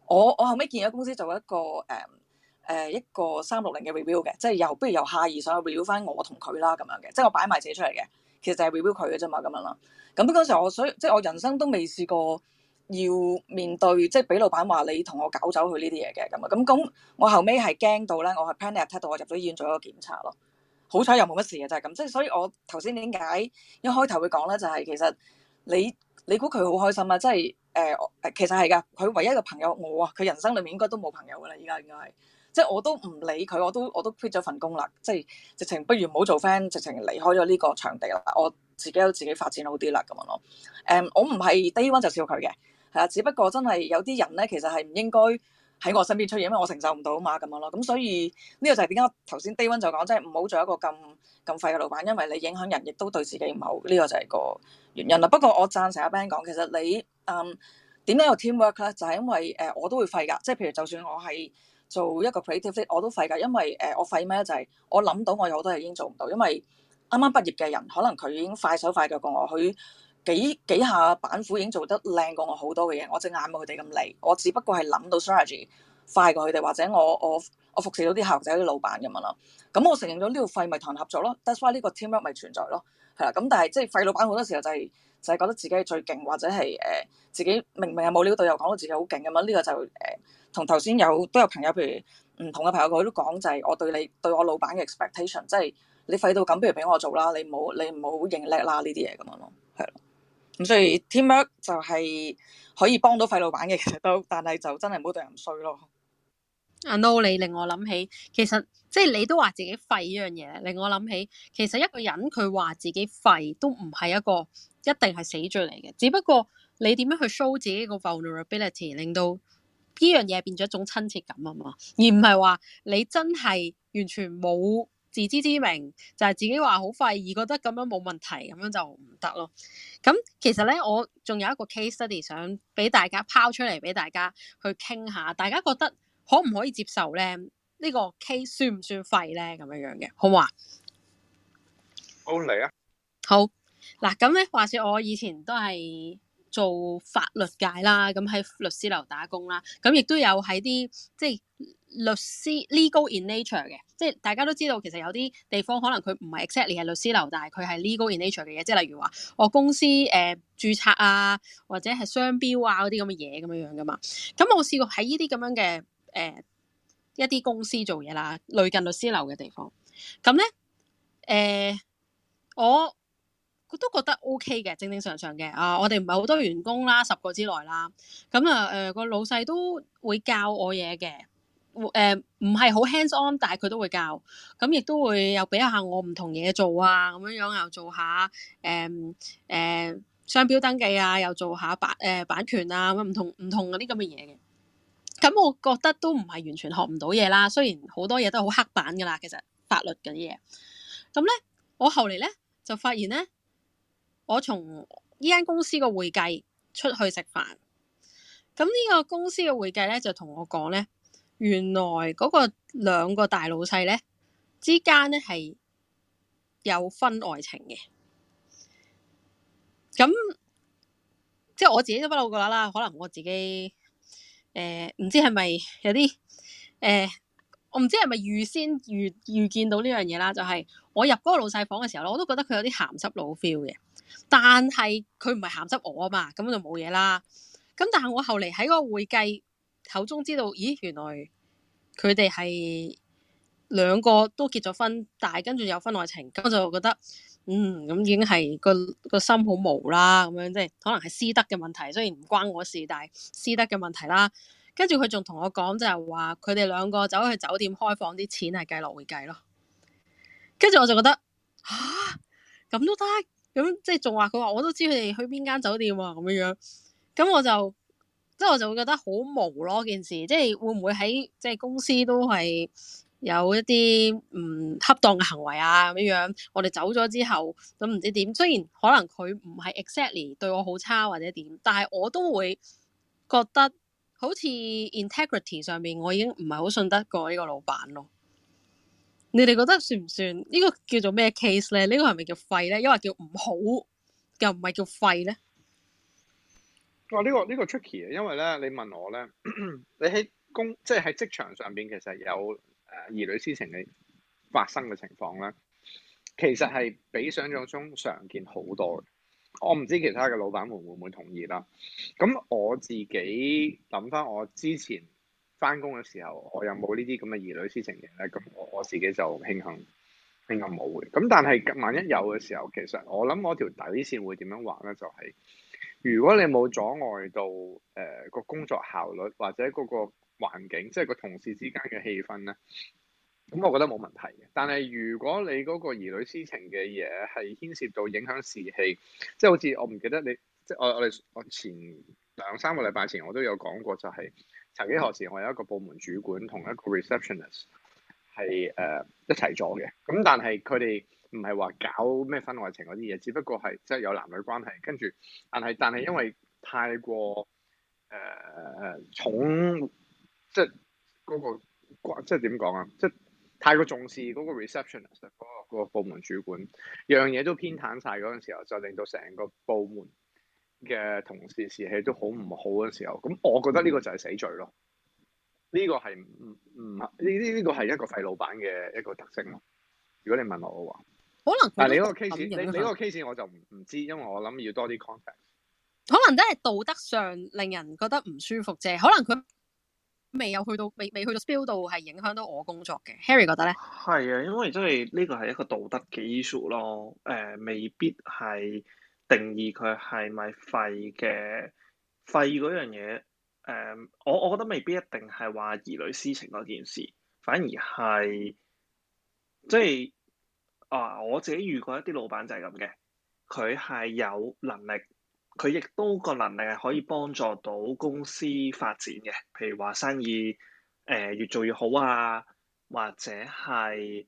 我我後尾見咗公司做一個誒。嗯誒、呃、一個三六零嘅 review 嘅，即係由不如由下而上去 review 翻我同佢啦，咁樣嘅，即係我擺埋自己出嚟嘅，其實就係 review 佢嘅啫嘛，咁樣啦。咁嗰陣時我，我所以即係我人生都未試過要面對，即係俾老闆話你同我搞走佢呢啲嘢嘅咁啊。咁咁，我後尾係驚到咧，我係 panic attack 到我入咗醫院做一個檢查咯。好彩又冇乜事嘅，就係咁。即係所以我頭先點解一開頭會講咧，就係、是、其實你你估佢好開心啊？即係誒、呃，其實係噶。佢唯一,一個朋友我啊，佢人生裡面應該都冇朋友噶啦。依家應該係。即係我都唔理佢，我都我都 quit 咗份工啦。即係直情，不如唔好做 friend，直情離開咗呢個場地啦。我自己都自己發展好啲啦，咁樣咯。誒、um，我唔係 day one 就笑佢嘅係啊，只不過真係有啲人咧，其實係唔應該喺我身邊出現啊。因為我承受唔到嘛，咁樣咯。咁所以呢、這個就係點解頭先 day one 就講，即係唔好做一個咁咁廢嘅老闆，因為你影響人，亦都對自己唔好。呢、這個就係個原因啦。不過我贊成阿 Ben 講，其實你誒點解有 teamwork 咧，就係、是、因為誒、呃、我都會廢㗎。即係譬如，就算我係。做一個 creative lead，我都廢噶，因為誒、呃、我廢咩就係、是、我諗到我有好多嘢已經做唔到，因為啱啱畢業嘅人可能佢已經快手快腳過我，佢幾幾下板斧已經做得靚過我好多嘅嘢，我隻眼冇佢哋咁利，我只不過係諗到 strategy 快過佢哋，或者我我我服侍到啲客仔啲老闆咁樣咯。咁我承認咗呢個廢咪同、就是、人合作咯，that's why 呢個 teamwork 咪存在咯，係 啦樂。咁但係即係廢老闆好多時候就係、是、就係、是、覺得自己最勁，或者係誒、呃、自己明明係冇料到又講到自己好勁咁樣，呢個就誒、是。呃同頭先有都有朋友，譬如唔同嘅朋友佢都講就係我對你對我老闆嘅 expectation，即係你廢到咁，不如俾我做啦。你唔好你唔好認叻啦呢啲嘢咁樣咯，係咯。咁所以 teamwork 就係可以幫到廢老闆嘅，其實都，但係就真係唔好對人衰咯。啊，No！你令我諗起其實即係你都話自己廢呢樣嘢，令我諗起其實一個人佢話自己廢都唔係一個一定係死罪嚟嘅，只不過你點樣去 show 自己個 vulnerability，令到。呢樣嘢變咗一種親切感啊嘛，而唔係話你真係完全冇自知之明，就係自己話好廢而覺得咁樣冇問題，咁樣就唔得咯。咁其實咧，我仲有一個 case study 想俾大家拋出嚟俾大家去傾下，大家覺得可唔可以接受咧？呢個 case 算唔算廢咧？咁樣樣嘅，好唔好？好嚟啊！好嗱，咁咧，話說我以前都係。做法律界啦，咁喺律師樓打工啦，咁亦都有喺啲即係律師 legal in nature 嘅，即係大家都知道，其實有啲地方可能佢唔係 exactly 係律師樓，但係佢係 legal in nature 嘅嘢，即係例如話我公司誒、呃、註冊啊，或者係商標啊嗰啲咁嘅嘢咁樣樣噶嘛。咁我試過喺呢啲咁樣嘅誒、呃、一啲公司做嘢啦，類近律師樓嘅地方。咁咧誒我。佢都覺得 OK 嘅，正正常常嘅啊！我哋唔係好多員工啦，十個之內啦。咁啊，誒、呃、個老細都會教我嘢嘅，誒、呃、唔係好 hands on，但係佢都會教。咁亦都會又俾下我唔同嘢做啊，咁樣樣又做下誒誒商標登記啊，又做下版誒、呃、版權啊，咁唔同唔同嗰啲咁嘅嘢嘅。咁我覺得都唔係完全學唔到嘢啦。雖然好多嘢都係好黑板㗎喇，其實法律嗰啲嘢。咁咧，我後嚟咧就發現咧。我從呢間公司個會計出去食飯，咁呢個公司嘅會計咧就同我講咧，原來嗰個兩個大老細咧之間咧係有婚外情嘅，咁即係我自己都不嬲㗎啦，可能我自己誒唔、呃、知係咪有啲誒、呃，我唔知係咪預先預預見到呢樣嘢啦，就係、是。我入嗰個老細房嘅時候咧，我都覺得佢有啲鹹濕老 feel 嘅，但係佢唔係鹹濕我啊嘛，咁就冇嘢啦。咁但係我後嚟喺個會計口中知道，咦，原來佢哋係兩個都結咗婚，但係跟住有婚外情，我就覺得嗯，咁已經係個個心好無啦，咁樣即係可能係私德嘅問題，雖然唔關我事，但係私德嘅問題啦。跟住佢仲同我講就係話，佢哋兩個走去酒店開房，啲錢係計落會計咯。跟住我就覺得吓咁都得，咁即係仲話佢話我都知佢哋去邊間酒店啊，咁樣樣。咁我就即係我就會覺得好無咯，件事即係會唔會喺即係公司都係有一啲唔恰當嘅行為啊咁樣樣。我哋走咗之後咁唔知點，雖然可能佢唔係 exactly 對我好差或者點，但係我都會覺得好似 integrity 上面我已經唔係好信得過呢個老闆咯。你哋覺得算唔算呢、呢個叫做咩 case 咧？呢個、係咪呢個係咪叫廢咧？抑或叫唔好？又唔係叫廢咧？哇、哦！呢、呢個呢、呢個 tricky 啊，因為咧，你問我咧，你喺公即係喺職場上邊，其實有誒、呃、兒女私情你發生嘅情況咧，其實係比想象中常見好多。我唔知其他嘅老闆們會唔會同意啦。咁我自己諗翻我之前。翻工嘅時候，我又冇呢啲咁嘅兒女私情嘅咧，咁我自己就慶幸慶幸冇嘅。咁但係萬一有嘅時候，其實我諗我條底線會點樣畫咧？就係如果你冇阻礙到誒個、呃、工作效率或者嗰個環境，即係個同事之間嘅氣氛咧，咁我覺得冇問題嘅。但係如果你嗰個兒女私情嘅嘢係牽涉到影響士氣，即係好似我唔記得你，即係我我哋我前兩三個禮拜前我都有講過，就係。曾幾何時我有一個部門主管同一個 receptionist 係誒、uh, 一齊做嘅，咁但係佢哋唔係話搞咩婚外情嗰啲嘢，只不過係即係有男女關係，跟住但係但係因為太過誒、uh, 重即係嗰、嗰個即係點講啊，即係太過重視嗰個 receptionist 嗰、嗰個嗰個部門主管，樣嘢都偏袒晒嗰陣時候，就令到成個部門。嘅同事士氣都好唔好嘅時候，咁我覺得呢個就係死罪咯。呢、呢個係唔唔呢呢呢個係一個廢老闆嘅一個特性咯。如果你問我嘅話，可能但係你嗰個 case，你你個 case 我就唔唔知，因為我諗要多啲 context。可能都係道德上令人覺得唔舒服啫。可能佢未有去到，未未去到 spill 度，係影響到我工作嘅。Harry 覺得咧？係啊，因為真係呢個係一個道德嘅 issue 咯。誒、呃，未必係。定義佢係咪廢嘅廢嗰樣嘢？誒、嗯，我我覺得未必一定係話兒女私情嗰件事，反而係即係啊！我自己遇過一啲老闆就係咁嘅，佢係有能力，佢亦都個能力係可以幫助到公司發展嘅，譬如話生意誒、呃、越做越好啊，或者係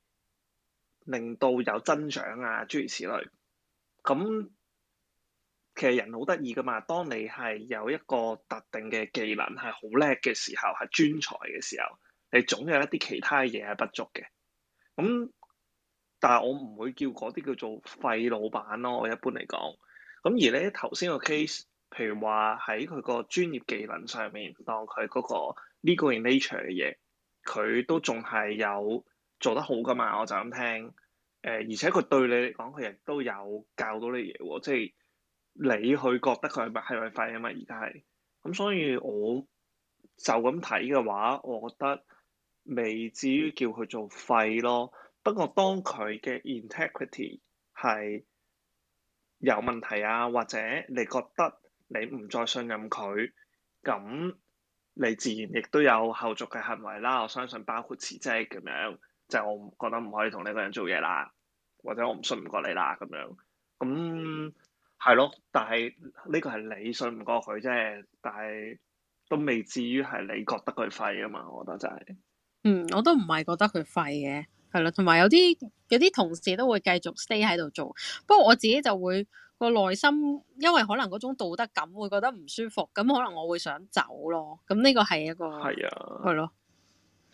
令到有增長啊，諸如此類。咁其實人好得意噶嘛，當你係有一個特定嘅技能係好叻嘅時候，係專才嘅時候，你總有一啲其他嘢係不足嘅。咁，但係我唔會叫嗰啲叫做廢老闆咯。我一般嚟講，咁而咧頭先個 case，譬如話喺佢個專業技能上面，當佢嗰個 legal nature 嘅嘢，佢都仲係有做得好噶嘛。我就咁聽，誒、呃，而且佢對你嚟講，佢亦都有教到你嘢喎，即係。你去覺得佢係咪係咪廢啊？嘛而家係，咁所以我就咁睇嘅話，我覺得未至於叫佢做廢咯。不過當佢嘅 integrity 係有問題啊，或者你覺得你唔再信任佢，咁你自然亦都有後續嘅行為啦。我相信包括辭職咁樣，就係、我唔覺得唔可以同呢個人做嘢啦，或者我唔信唔過你啦咁樣，咁。係咯，但係呢個係你信唔過佢啫，但係都未至於係你覺得佢廢啊嘛，我覺得真係。嗯，我都唔係覺得佢廢嘅，係啦，同埋有啲有啲同事都會繼續 stay 喺度做，不過我自己就會個內心，因為可能嗰種道德感會覺得唔舒服，咁可能我會想走咯。咁呢個係一個係啊，係咯。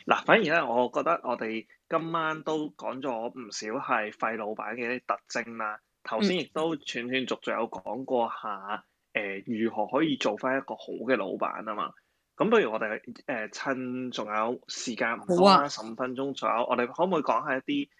嗱，反而咧，我覺得我哋今晚都講咗唔少係廢老闆嘅啲特徵啦。頭先亦都斷斷續續有講過下，誒、嗯呃、如何可以做翻一個好嘅老闆啊嘛？咁不如我哋誒、呃、趁仲有時間唔多啦，十五、啊、分鐘左右，我哋可唔可以講下一啲誒、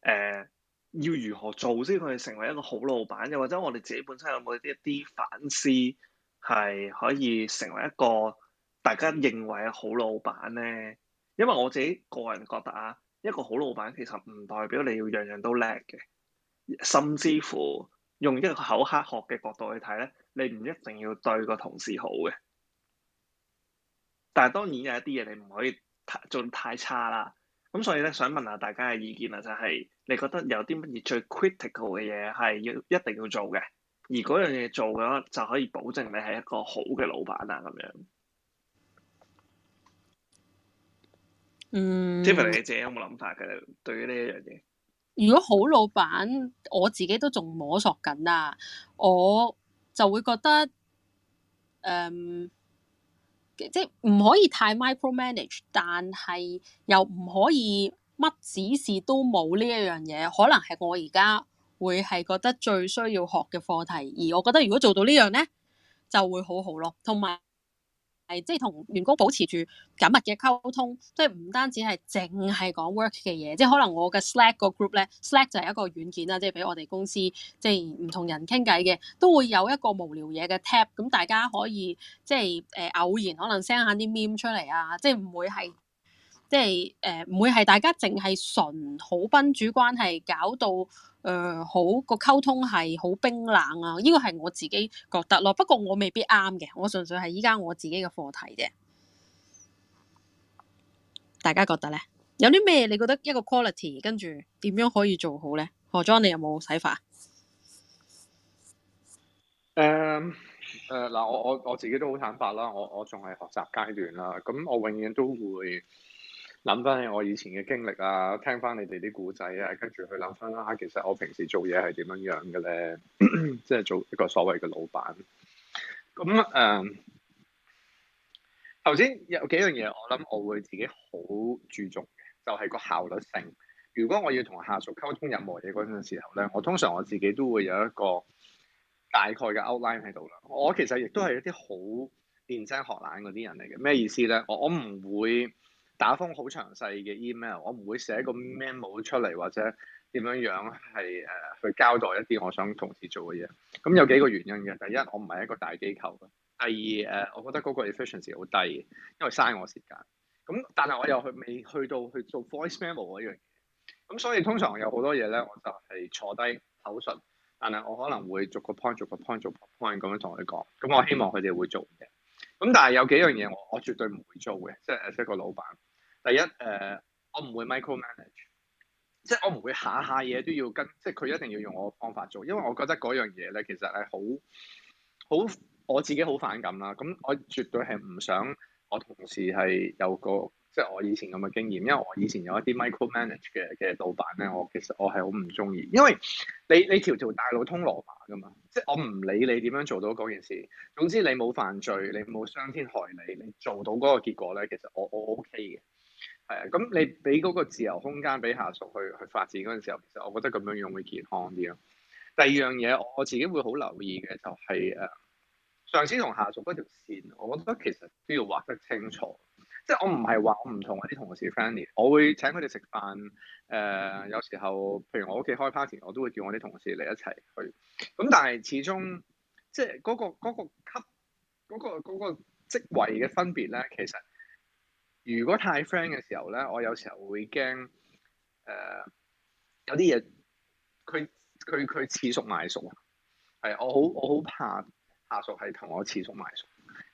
呃、要如何做先去成為一個好老闆？又或者我哋自己本身有冇一啲反思係可以成為一個大家認為嘅好老闆咧？因為我自己個人覺得啊，一個好老闆其實唔代表你要樣樣都叻嘅。甚至乎用一個口黑學嘅角度去睇咧，你唔一定要對個同事好嘅，但係當然有一啲嘢你唔可以做得太差啦。咁所以咧，想問下大家嘅意見啊，就係、是、你覺得有啲乜嘢最 critical 嘅嘢係要一定要做嘅，而嗰樣嘢做嘅話就可以保證你係一個好嘅老闆啊咁樣。嗯，Tiffany 你自己有冇諗法嘅？對於呢一樣嘢？如果好老闆，我自己都仲摸索緊啦，我就會覺得，誒、呃、即係唔可以太 micro manage，但係又唔可以乜指示都冇呢一樣嘢，可能係我而家會係覺得最需要學嘅課題，而我覺得如果做到呢樣咧，就會好好咯，同埋。即係同員工保持住緊密嘅溝通，即係唔單止係淨係講 work 嘅嘢，即係可能我嘅 Slack 個 group 咧，Slack 就係一個軟件啦，即係俾我哋公司即係唔同人傾偈嘅，都會有一個無聊嘢嘅 tap，咁大家可以即係誒、呃、偶然可能 send 下啲 meme 出嚟啊，即係唔會係即係誒唔會係大家淨係純好賓主關係搞到。誒、呃、好、個溝通係好冰冷啊！呢個係我自己覺得咯，不過我未必啱嘅，我純粹係依家我自己嘅課題啫。大家覺得呢？有啲咩你覺得一個 quality，跟住點樣可以做好呢？何莊，你有冇睇法？誒誒、um, uh,，嗱，我我我自己都好坦白啦，我我仲係學習階段啦，咁我永遠都會。諗翻起我以前嘅經歷啊，聽翻你哋啲故仔啊，跟住去諗翻啦。其實我平時做嘢係點樣樣嘅咧？即係、 就是、做一個所謂嘅老闆。咁誒，頭、呃、先有幾樣嘢，我諗我會自己好注重嘅，就係、是、個效率性。如果我要同下屬溝通任何嘢嗰陣時候咧，我通常我自己都會有一個大概嘅 outline 喺度啦。我其實亦都係一啲好練聲學懶嗰啲人嚟嘅。咩意思咧？我我唔會。打封好詳細嘅 email，我唔會寫個 memo 出嚟或者點樣樣係誒去交代一啲我想同事做嘅嘢。咁有幾個原因嘅，第一我唔係一個大機構，第二誒我覺得嗰個 efficiency 好低，因為嘥我時間。咁但係我又去未去到去做 voice memo 嗰樣嘢，咁所以通常有好多嘢咧，我就係坐低口述，但係我可能會逐個 point 逐個 point 逐個 point 咁樣同佢講，咁我希望佢哋會做嘅。咁、嗯、但係有幾樣嘢我我絕對唔會做嘅，即係作為一個老闆，第一誒、呃，我唔會 micro manage，即係我唔會下下嘢都要跟，即係佢一定要用我嘅方法做，因為我覺得嗰樣嘢咧其實係好好我自己好反感啦。咁、嗯、我絕對係唔想我同事係有個。即係我以前咁嘅經驗，因為我以前有一啲 micro manage 嘅嘅老闆咧，我其實我係好唔中意，因為你你條條大路通羅馬噶嘛，即係我唔理你點樣做到嗰件事，總之你冇犯罪，你冇傷天害理，你做到嗰個結果咧，其實我我 OK 嘅，係啊，咁你俾嗰個自由空間俾下屬去去發展嗰陣時候，其實我覺得咁樣樣會健康啲咯。第二樣嘢，我自己會好留意嘅就係誒，上司同下屬嗰條線，我覺得其實都要畫得清楚。即係我唔係話我唔同我啲同事 friendly，我會請佢哋食飯，誒、呃、有時候，譬如我屋企開 party，我都會叫我啲同事嚟一齊去。咁但係始終即係、嗰、嗰個嗰、嗰個級，嗰、嗰個嗰、嗰個職位嘅分別咧，其實如果太 friend 嘅時候咧，我有時候會驚誒、呃、有啲嘢佢佢佢次數埋熟啊。係我好我好怕下屬係同我次數埋熟。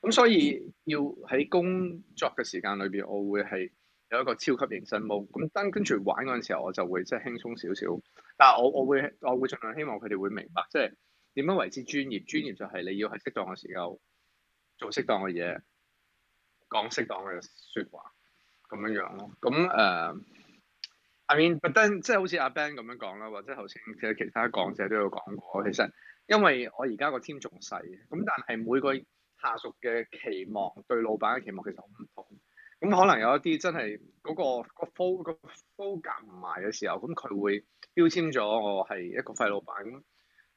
咁所以要喺工作嘅時間裏邊，我會係有一個超級認真模。咁但跟住玩嗰陣時候，我就會即係輕鬆少少。但係我我會我會盡量希望佢哋會明白，即係點樣維持專業。專業就係你要喺適當嘅時候做適當嘅嘢，講適當嘅説話咁樣樣咯。咁誒、uh，I mean but then 即係好似阿 Ben 咁樣講啦，或者頭先嘅其他講者都有講過。其實因為我而家個 team 仲細，咁但係每個。下屬嘅期望對老闆嘅期望其實好唔同，咁可能有一啲真係嗰、嗰個、嗰個 feel 個 feel 夾唔埋嘅時候，咁佢會標籤咗我係一個廢老闆，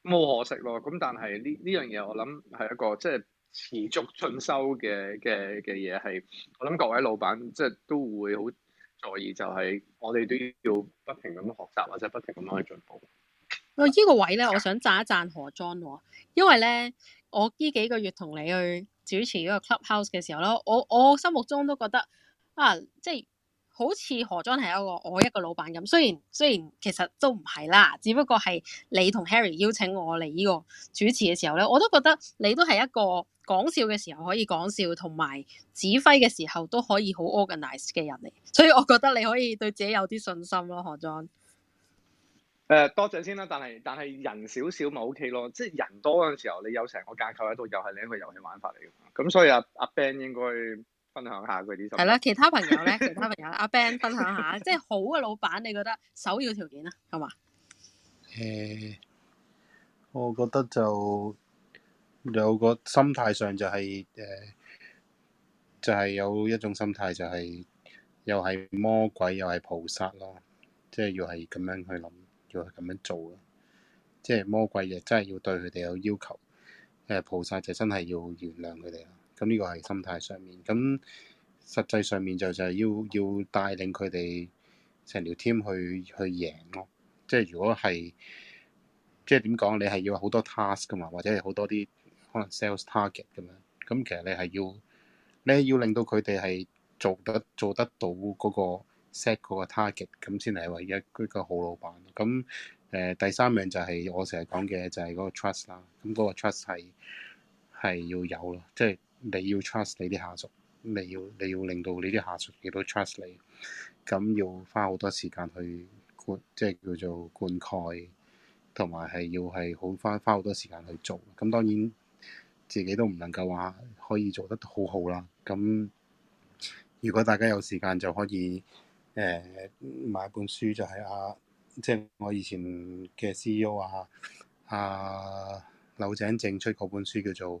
咁好可惜咯。咁但係呢呢樣嘢我諗係一個即係、即係、持續進修嘅嘅嘅嘢係，我諗各位老闆即係、即係、都會好在意，就係我哋都要不停咁樣學習或者不停咁樣去進步。嗯。我呢個位咧，我想贊一贊何莊，因為咧，我呢幾個月同你去主持呢個 clubhouse 嘅時候咧，我我心目中都覺得啊，即係好似何莊係一個我一個老闆咁，雖然雖然其實都唔係啦，只不過係你同 Harry 邀請我嚟呢個主持嘅時候咧，我都覺得你都係一個講笑嘅時候可以講笑，同埋指揮嘅時候都可以好 organize 嘅人嚟，所以我覺得你可以對自己有啲信心咯，何莊。誒、uh, 多謝先啦，但係但係人少少咪 O K 咯，即係人多嗰陣時候，你有成個架構喺度，又係另一個遊戲玩法嚟嘅。咁所以阿、啊、阿、啊、Ben 應該分享下佢啲心態。係啦，其他朋友咧，其他朋友阿、 啊、Ben 分享下， 即係好嘅老闆，你覺得首要條件咧好嘛？誒，uh, 我覺得就有個心態上就係、是、誒，uh, 就係有一種心態就係、是、又係魔鬼又係菩薩咯，即、就、係、是、要係咁樣去諗。就係咁樣做咯，即係魔鬼就真係要對佢哋有要求，誒，菩薩就真係要原諒佢哋啦，咁呢個係心態上面，咁實際上面就就係要要帶領佢哋成條 team 去去贏咯。即係如果係即係點講，你係要好多 task 噶嘛，或者係好多啲可能 sales target 咁樣，咁其實你係要你要令到佢哋係做得做得到嗰個，Set 嗰個 target 咁先嚟為一個一個好老闆。咁誒、呃、第三樣就係、是、我成日講嘅就係嗰個 trust 啦 tr。咁嗰個 trust 係係要有咯，即、就、係、是、你要 trust 你啲下屬，你要你要令到你啲下屬亦都 trust 你。咁要花好多時間去灌，即、就、係、是、叫做灌溉，同埋係要係好花花好多時間去做。咁當然自己都唔能夠話可以做得好好啦。咁如果大家有時間就可以。誒、嗯、買本書就係阿、啊，即係我以前嘅 CEO 啊，阿、啊、柳井正出嗰本書叫做《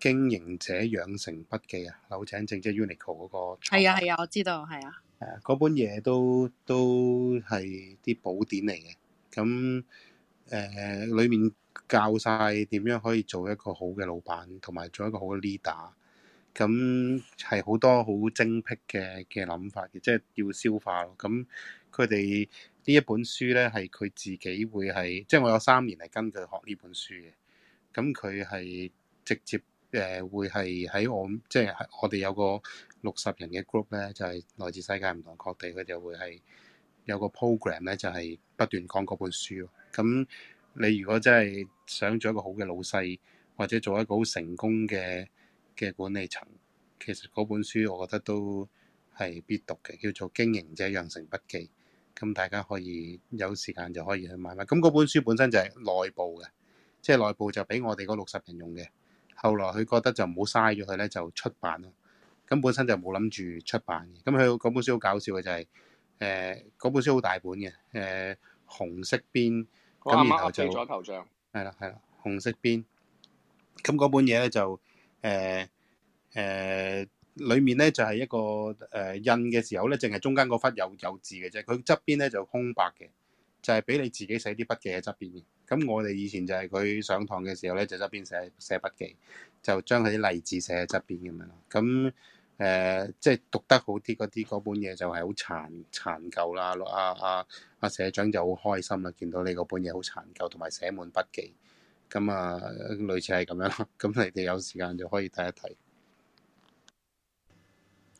經營者養成筆記》啊，柳井正即係 Uniqlo 嗰個。係啊係啊，我知道係啊。誒嗰本嘢都都係啲寶典嚟嘅，咁誒裏面教晒點樣可以做一個好嘅老闆，同埋做一個好嘅 leader。咁係好多好精闢嘅嘅諗法嘅，即係要消化咯。咁佢哋呢一本書咧，係佢自己會係，即係我有三年嚟跟佢學呢本書嘅。咁佢係直接誒、呃、會係喺我，即係我哋有個六十人嘅 group 咧，就係、是、來自世界唔同各地，佢哋會係有個 program 咧，就係、是、不斷講嗰本書咯。咁你如果真係想做一個好嘅老細，或者做一個好成功嘅，嘅管理層其實嗰本書，我覺得都係必讀嘅，叫做《經營者養成筆記》。咁、嗯、大家可以有時間就可以去買啦。咁、嗯、嗰本書本身就係內部嘅，即、就、係、係、內部就俾我哋嗰六十人用嘅。後來佢覺得就唔好嘥咗佢咧，就出版啦。咁、嗯、本身就冇諗住出版嘅。咁佢嗰本書好搞笑嘅就係誒，嗰本書好大本嘅，誒、呃、紅色邊咁，哦、然後就係啦係啦，紅色邊咁嗰本嘢咧就。誒誒，裏、呃呃、面咧就係、是、一個誒、呃、印嘅時候咧，淨係中間嗰忽有有字嘅啫，佢側邊咧就空白嘅，就係、是、俾你自己寫啲筆記喺側邊嘅。咁我哋以前就係佢上堂嘅時候咧，就側邊寫寫筆記，就將佢啲例子寫喺側邊咁樣咯。咁誒，即、呃、係、就是、讀得好啲嗰啲嗰本嘢就係好殘殘舊啦，阿阿阿社長就好開心啦，見到你嗰本嘢好殘舊同埋寫滿筆記。咁啊，類似係咁樣啦。咁你哋有時間就可以睇一睇。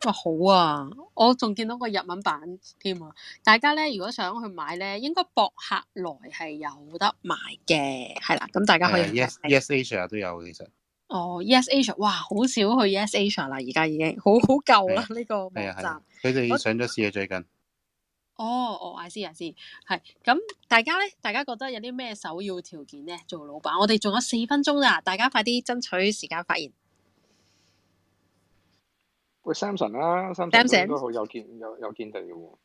哇，好啊！我仲見到個日文版添啊。大家咧，如果想去買咧，應該博客來係有得買嘅。係啦，咁大家可以。Yes, yes Asia 都有其實。哦，Yes Asia，哇，好少去 Yes Asia 啦，而家已經好好舊啦呢個網站。佢哋上咗市啊，最近。哦，我 I see，I see，係咁，大家咧，大家覺得有啲咩首要條件咧，做老闆？我哋仲有四分鐘啊，大家快啲爭取時間發言。喂，Samson 啦、啊、Samson 應該好 Samson 有見有有見地嘅喎，哦。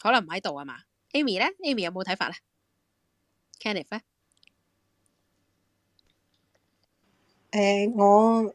可能唔喺度啊嘛？Amy 咧，Amy 有冇睇法啊？Kenneth 咧？誒、欸，我。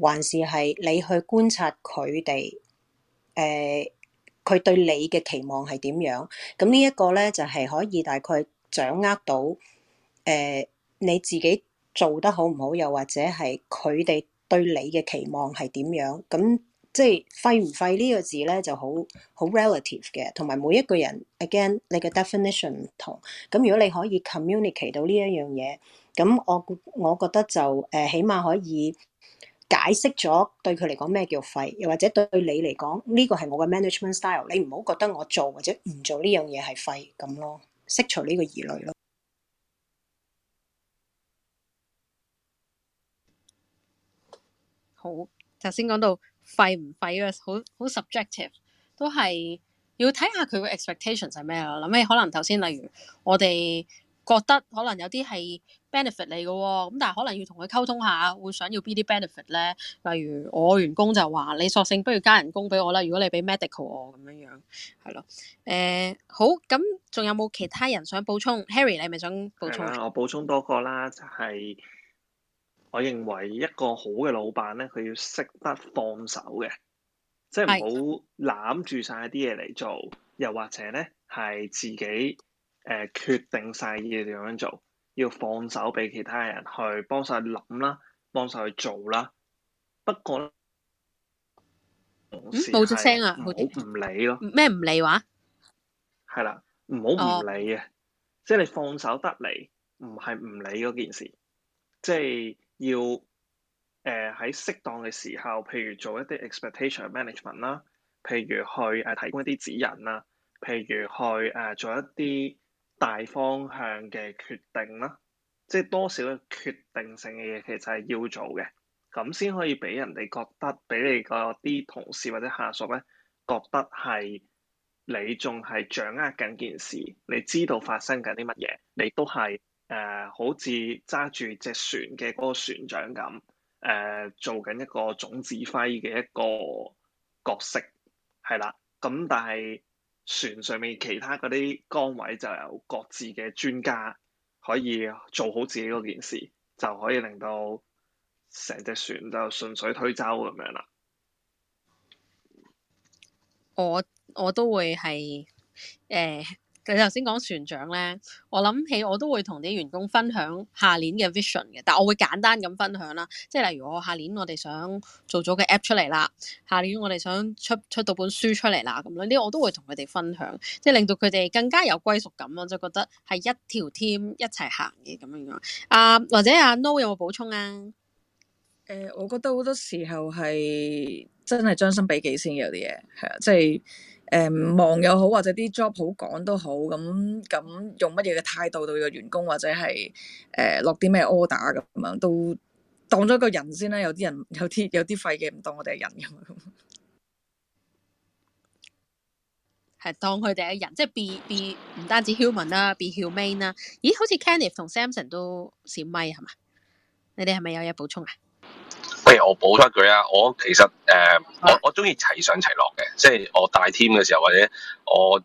還是係你去觀察佢哋，誒、呃、佢對你嘅期望係點樣？咁呢一個咧就係、是、可以大概掌握到誒、呃、你自己做得好唔好，又或者係佢哋對你嘅期望係點樣？咁即係廢唔廢呢個字咧就好好 relative 嘅，同埋每一個人 again 你嘅 definition 唔同。咁如果你可以 communicate 到呢一樣嘢，咁我我覺得就誒、呃，起碼可以。解釋咗對佢嚟講咩叫廢，又或者對你嚟講呢個係我嘅 management style，你唔好覺得我做或者唔做呢樣嘢係廢咁咯，釋除呢個疑慮咯。好，頭先講到廢唔廢啊，好好 subjective，都係要睇下佢個 expectation 係咩咯。諗起可能頭先例如我哋。覺得可能有啲係 benefit 嚟嘅、哦，咁但係可能要同佢溝通下，會想要邊啲 benefit 咧？例如我員工就話：你索性不如加人工俾我啦。如果你俾 medical 我咁樣樣，係咯。誒、呃、好，咁仲有冇其他人想補充？Harry，你係咪想補充、呃？我補充多個啦，就係、是、我認為一個好嘅老闆咧，佢要識得放手嘅，即係唔好攬住晒啲嘢嚟做，的又或者咧係自己。誒、呃，決定晒要點樣做，要放手俾其他人去幫手去諗啦，幫手去做啦。不過咧，冇出聲啊，唔好唔理咯。咩唔理話？係啦，唔好唔理啊，oh. 即係你放手得嚟，唔係唔理嗰件事。即係要誒喺適當嘅時候，譬如做一啲 expectation management 啦，譬如去誒提供一啲指引啦，譬如去誒做一啲。大方向嘅決定啦，即係多少嘅決定性嘅嘢，其實係要做嘅，咁先可以俾人哋覺得，俾你嗰啲同事或者下屬咧覺得係你仲係掌握緊件事，你知道發生緊啲乜嘢，你都係誒、呃、好似揸住隻船嘅嗰個船長咁誒、呃，做緊一個總指揮嘅一個角色，係啦，咁但係。船上面其他嗰啲崗位就有各自嘅專家可以做好自己嗰件事，就可以令到成隻船就順水推舟咁樣啦。我我都會係誒。欸其實頭先講船長咧，我諗起我都會同啲員工分享下年嘅 vision 嘅，但我會簡單咁分享啦。即係例如我下年我哋想做咗個 app 出嚟啦，下年我哋想出出到本書出嚟啦，咁樣呢啲我都會同佢哋分享，即係令到佢哋更加有歸屬感咯，即係覺得係一條 team 一齊行嘅咁樣樣。啊、uh，或者阿、啊、No 有冇補充啊？誒、呃，我覺得好多時候係真係將心比己先有啲嘢係啊，即係。誒忙又好，或者啲 job 好講都好，咁、嗯、咁、嗯、用乜嘢嘅態度對個員工，或者係誒落啲咩 order 咁樣，都當咗個人先啦。有啲人有啲有啲廢嘅，唔當我哋係人咁樣。係當佢哋係人，即係 be 唔單止 human 啦，be humane 啦。咦，好似 Kenneth 同 Samson 都閃咪，係嘛？你哋係咪有嘢補充啊？不如我補出一句啊！我其實誒、uh,，我齊齊，就是，我中意齊上齊落嘅，即係我帶 team 嘅時候，或者我誒、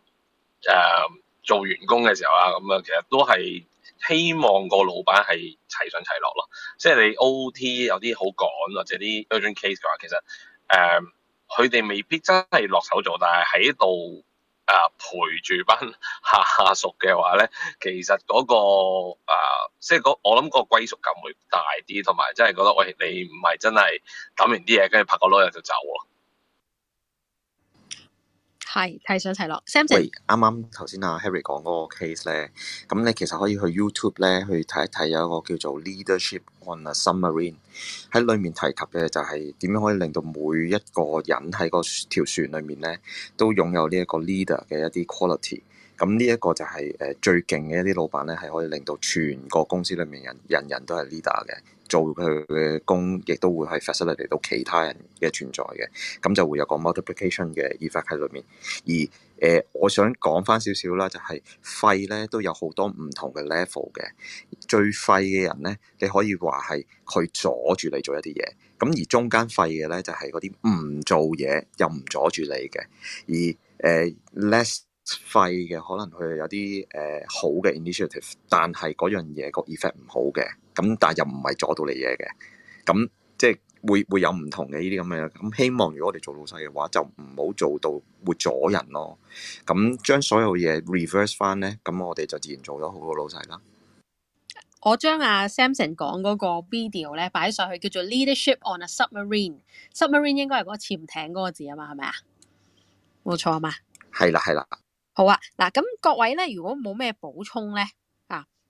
uh, 做員工嘅時候啊，咁、嗯、啊，其實都係希望個老闆係齊上齊落咯。即，就，係，是，你 OT 有啲好趕，或者啲 urgent case 嘅話，其實誒，佢、uh, 哋未必真係落手做，但係喺度。啊，陪住班下下屬嘅話咧，其實嗰、嗰個啊，即、呃、係、就係嗰個、我諗嗰個歸屬感會大啲，同埋真係覺得，喂，你唔係真係揼完啲嘢，跟住拍個籮柚就走喎。係睇上齊落。Sam 喂，啱啱頭先阿 Harry 講嗰個 case 咧，咁你其實可以去 YouTube 咧去睇一睇，有一個叫做 Leadership on a Submarine 喺裏面提及嘅就係點樣可以令到每一個人喺個條船裏面咧都擁有呢一個 leader 嘅一啲 quality。咁呢一個就係、是、誒、呃、最勁嘅一啲老闆咧，係可以令到全個公司裏面人人人都係 leader 嘅。做佢嘅工，亦都會係 facilitate 到其他人嘅存在嘅，咁就會有個 multiplication 嘅 effect 喺裏面。而誒、呃，我想講翻少少啦，就係廢咧都有好多唔同嘅 level 嘅。最廢嘅人咧，你可以話係佢阻住你做一啲嘢。咁而中間廢嘅咧，就係嗰啲唔做嘢又唔阻住你嘅。而誒 less 廢嘅，可能佢有啲誒、呃、好嘅 initiative，但係嗰樣嘢個 effect 唔好嘅。咁但係又唔係阻到你嘢嘅，咁即係會會有唔同嘅呢啲咁嘅，咁希望如果我哋做老細嘅話，就唔好做到會阻人咯、哦。咁將所有嘢 reverse 翻咧，咁我哋就自然做咗好個老細啦。我將阿 Samson 講嗰個 video 咧擺上去，叫做 Leadership on a submarine。submarine 應該係嗰個潛艇嗰個字啊嘛，係咪啊？冇錯啊嘛。係啦係啦。好啊，嗱，咁各位咧，如果冇咩補充咧。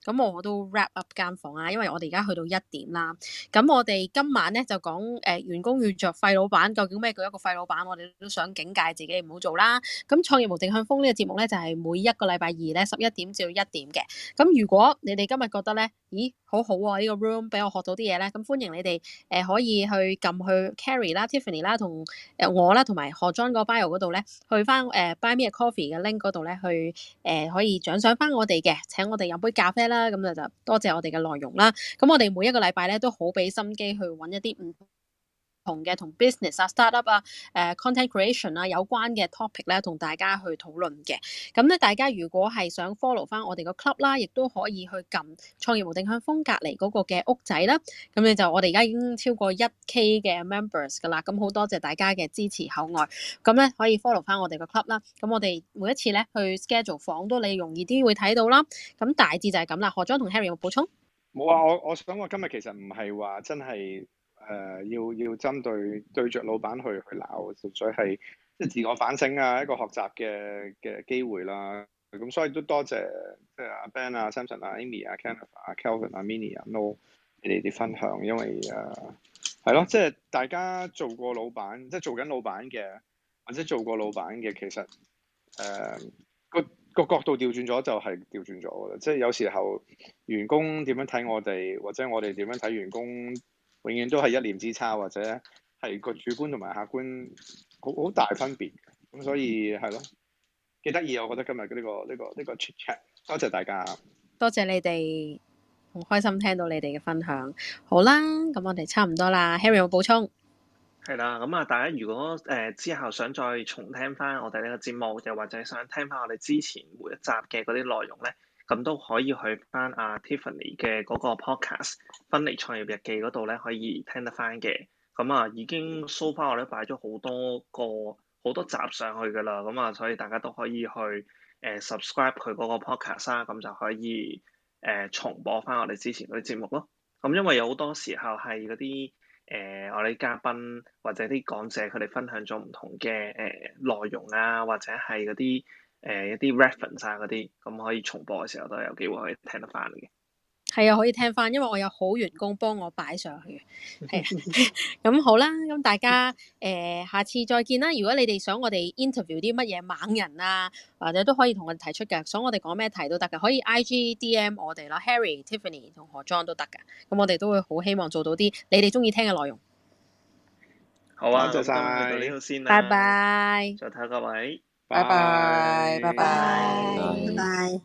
咁我都 wrap up 間房啊，因為我哋而家去到一點啦。咁我哋今晚咧，就講誒，員工遇着廢老闆，究竟咩叫一個廢老闆？我哋都想警戒自己唔好做啦。咁創業無定向瘋呢個節目咧，就係每一個禮拜二咧十一點至到一點嘅。咁如果你哋今日覺得咧，咦，好好啊，呢個 room 俾我學到啲嘢咧，咁歡迎你哋誒，可以去撳去 Carrie 啦、Tiffany 啦同誒我啦，同埋何莊個 bio 度咧，去翻誒 Buy Me A Coffee 嘅 link 度咧，去誒可以獎賞翻我哋嘅，請我哋飲杯咖啡。啦，咁就就多謝我哋嘅內容啦。咁我哋每一個禮拜咧，都好俾心機去揾一啲唔。同嘅同 business 啊 start、startup 啊、uh,、誒 content creation 啊、uh, 有關嘅 topic 咧，同大家去討論嘅。咁咧，大家如果係想 follow 翻我哋個 club 啦，亦都可以去撳創業無定向瘋隔籬嗰個嘅屋仔啦。咁你就我哋而家已經超過一 k 嘅 members 噶啦。咁好多謝大家嘅支持厚愛。咁咧可以 follow 翻我哋個 club 啦。咁我哋每一次咧去 schedule 房都你容易啲會睇到啦。咁大致就係咁啦。何裝同 Harry 有冇補充？冇啊。我我諗我今日其實唔係話真係。誒、呃、要要針對對着老闆去去鬧，實在係即係自我反省啊，一個學習嘅嘅機會啦。咁所以都多謝即係阿 Ben 啊、Samson 啊、Amy 啊、Catherine 啊、Calvin 啊、Minnie、啊、你哋啲分享，因為誒係咯，即係、就是、大家做過老闆，即、就、係、是、做緊老闆嘅，或者做過老闆嘅，其實誒、呃、個個角度調轉咗就係調轉咗嘅。即、就、係、是、有時候員工點樣睇我哋，或者我哋點樣睇員工。永遠都係一念之差，或者係個主觀同埋客觀好好大分別，咁所以係咯幾得意。我覺得今日嗰啲個呢、呢個呢、呢個 chat chat，多謝大家，多謝你哋，好開心聽到你哋嘅分享。好啦，咁我哋差唔多啦，Harry 有補充。係啦，咁啊，大家如果誒、呃、之後想再重聽翻我哋呢個節目，又或者想聽翻我哋之前每一集嘅嗰啲內容咧？咁都可以去翻阿 Tiffany 嘅嗰個 podcast《芬尼創業日記》嗰度咧，可以聽得翻嘅。咁啊，已經 so far，我哋擺咗好多個好多集上去噶啦。咁啊，所以大家都可以去誒 subscribe 佢嗰個 podcast 啦、啊，咁就可以誒、呃、重播翻我哋之前嗰啲節目咯。咁、嗯、因為有好多時候係嗰啲誒我哋嘉賓或者啲講者佢哋分享咗唔同嘅誒、呃、內容啊，或者係嗰啲。誒，一啲 reference 啊，嗰啲咁，可以重播嘅時候都係有機會可以聽得翻嘅。係啊，可以聽翻，因為我有好員工幫我擺上去嘅。係啊，咁好啦，咁大家誒，下次再見啦。如果你哋想我哋 interview 啲乜嘢猛人啊，或者都可以同我哋提出嘅。想我哋講咩題都得嘅，可以 I G D M 我哋啦，Harry、Tiffany 同何 John 都得嘅。咁我哋都會好希望做到啲你哋中意聽嘅內容。好啊，多謝晒，到呢度先啦。拜拜，再睇各位。拜拜，拜拜，拜拜。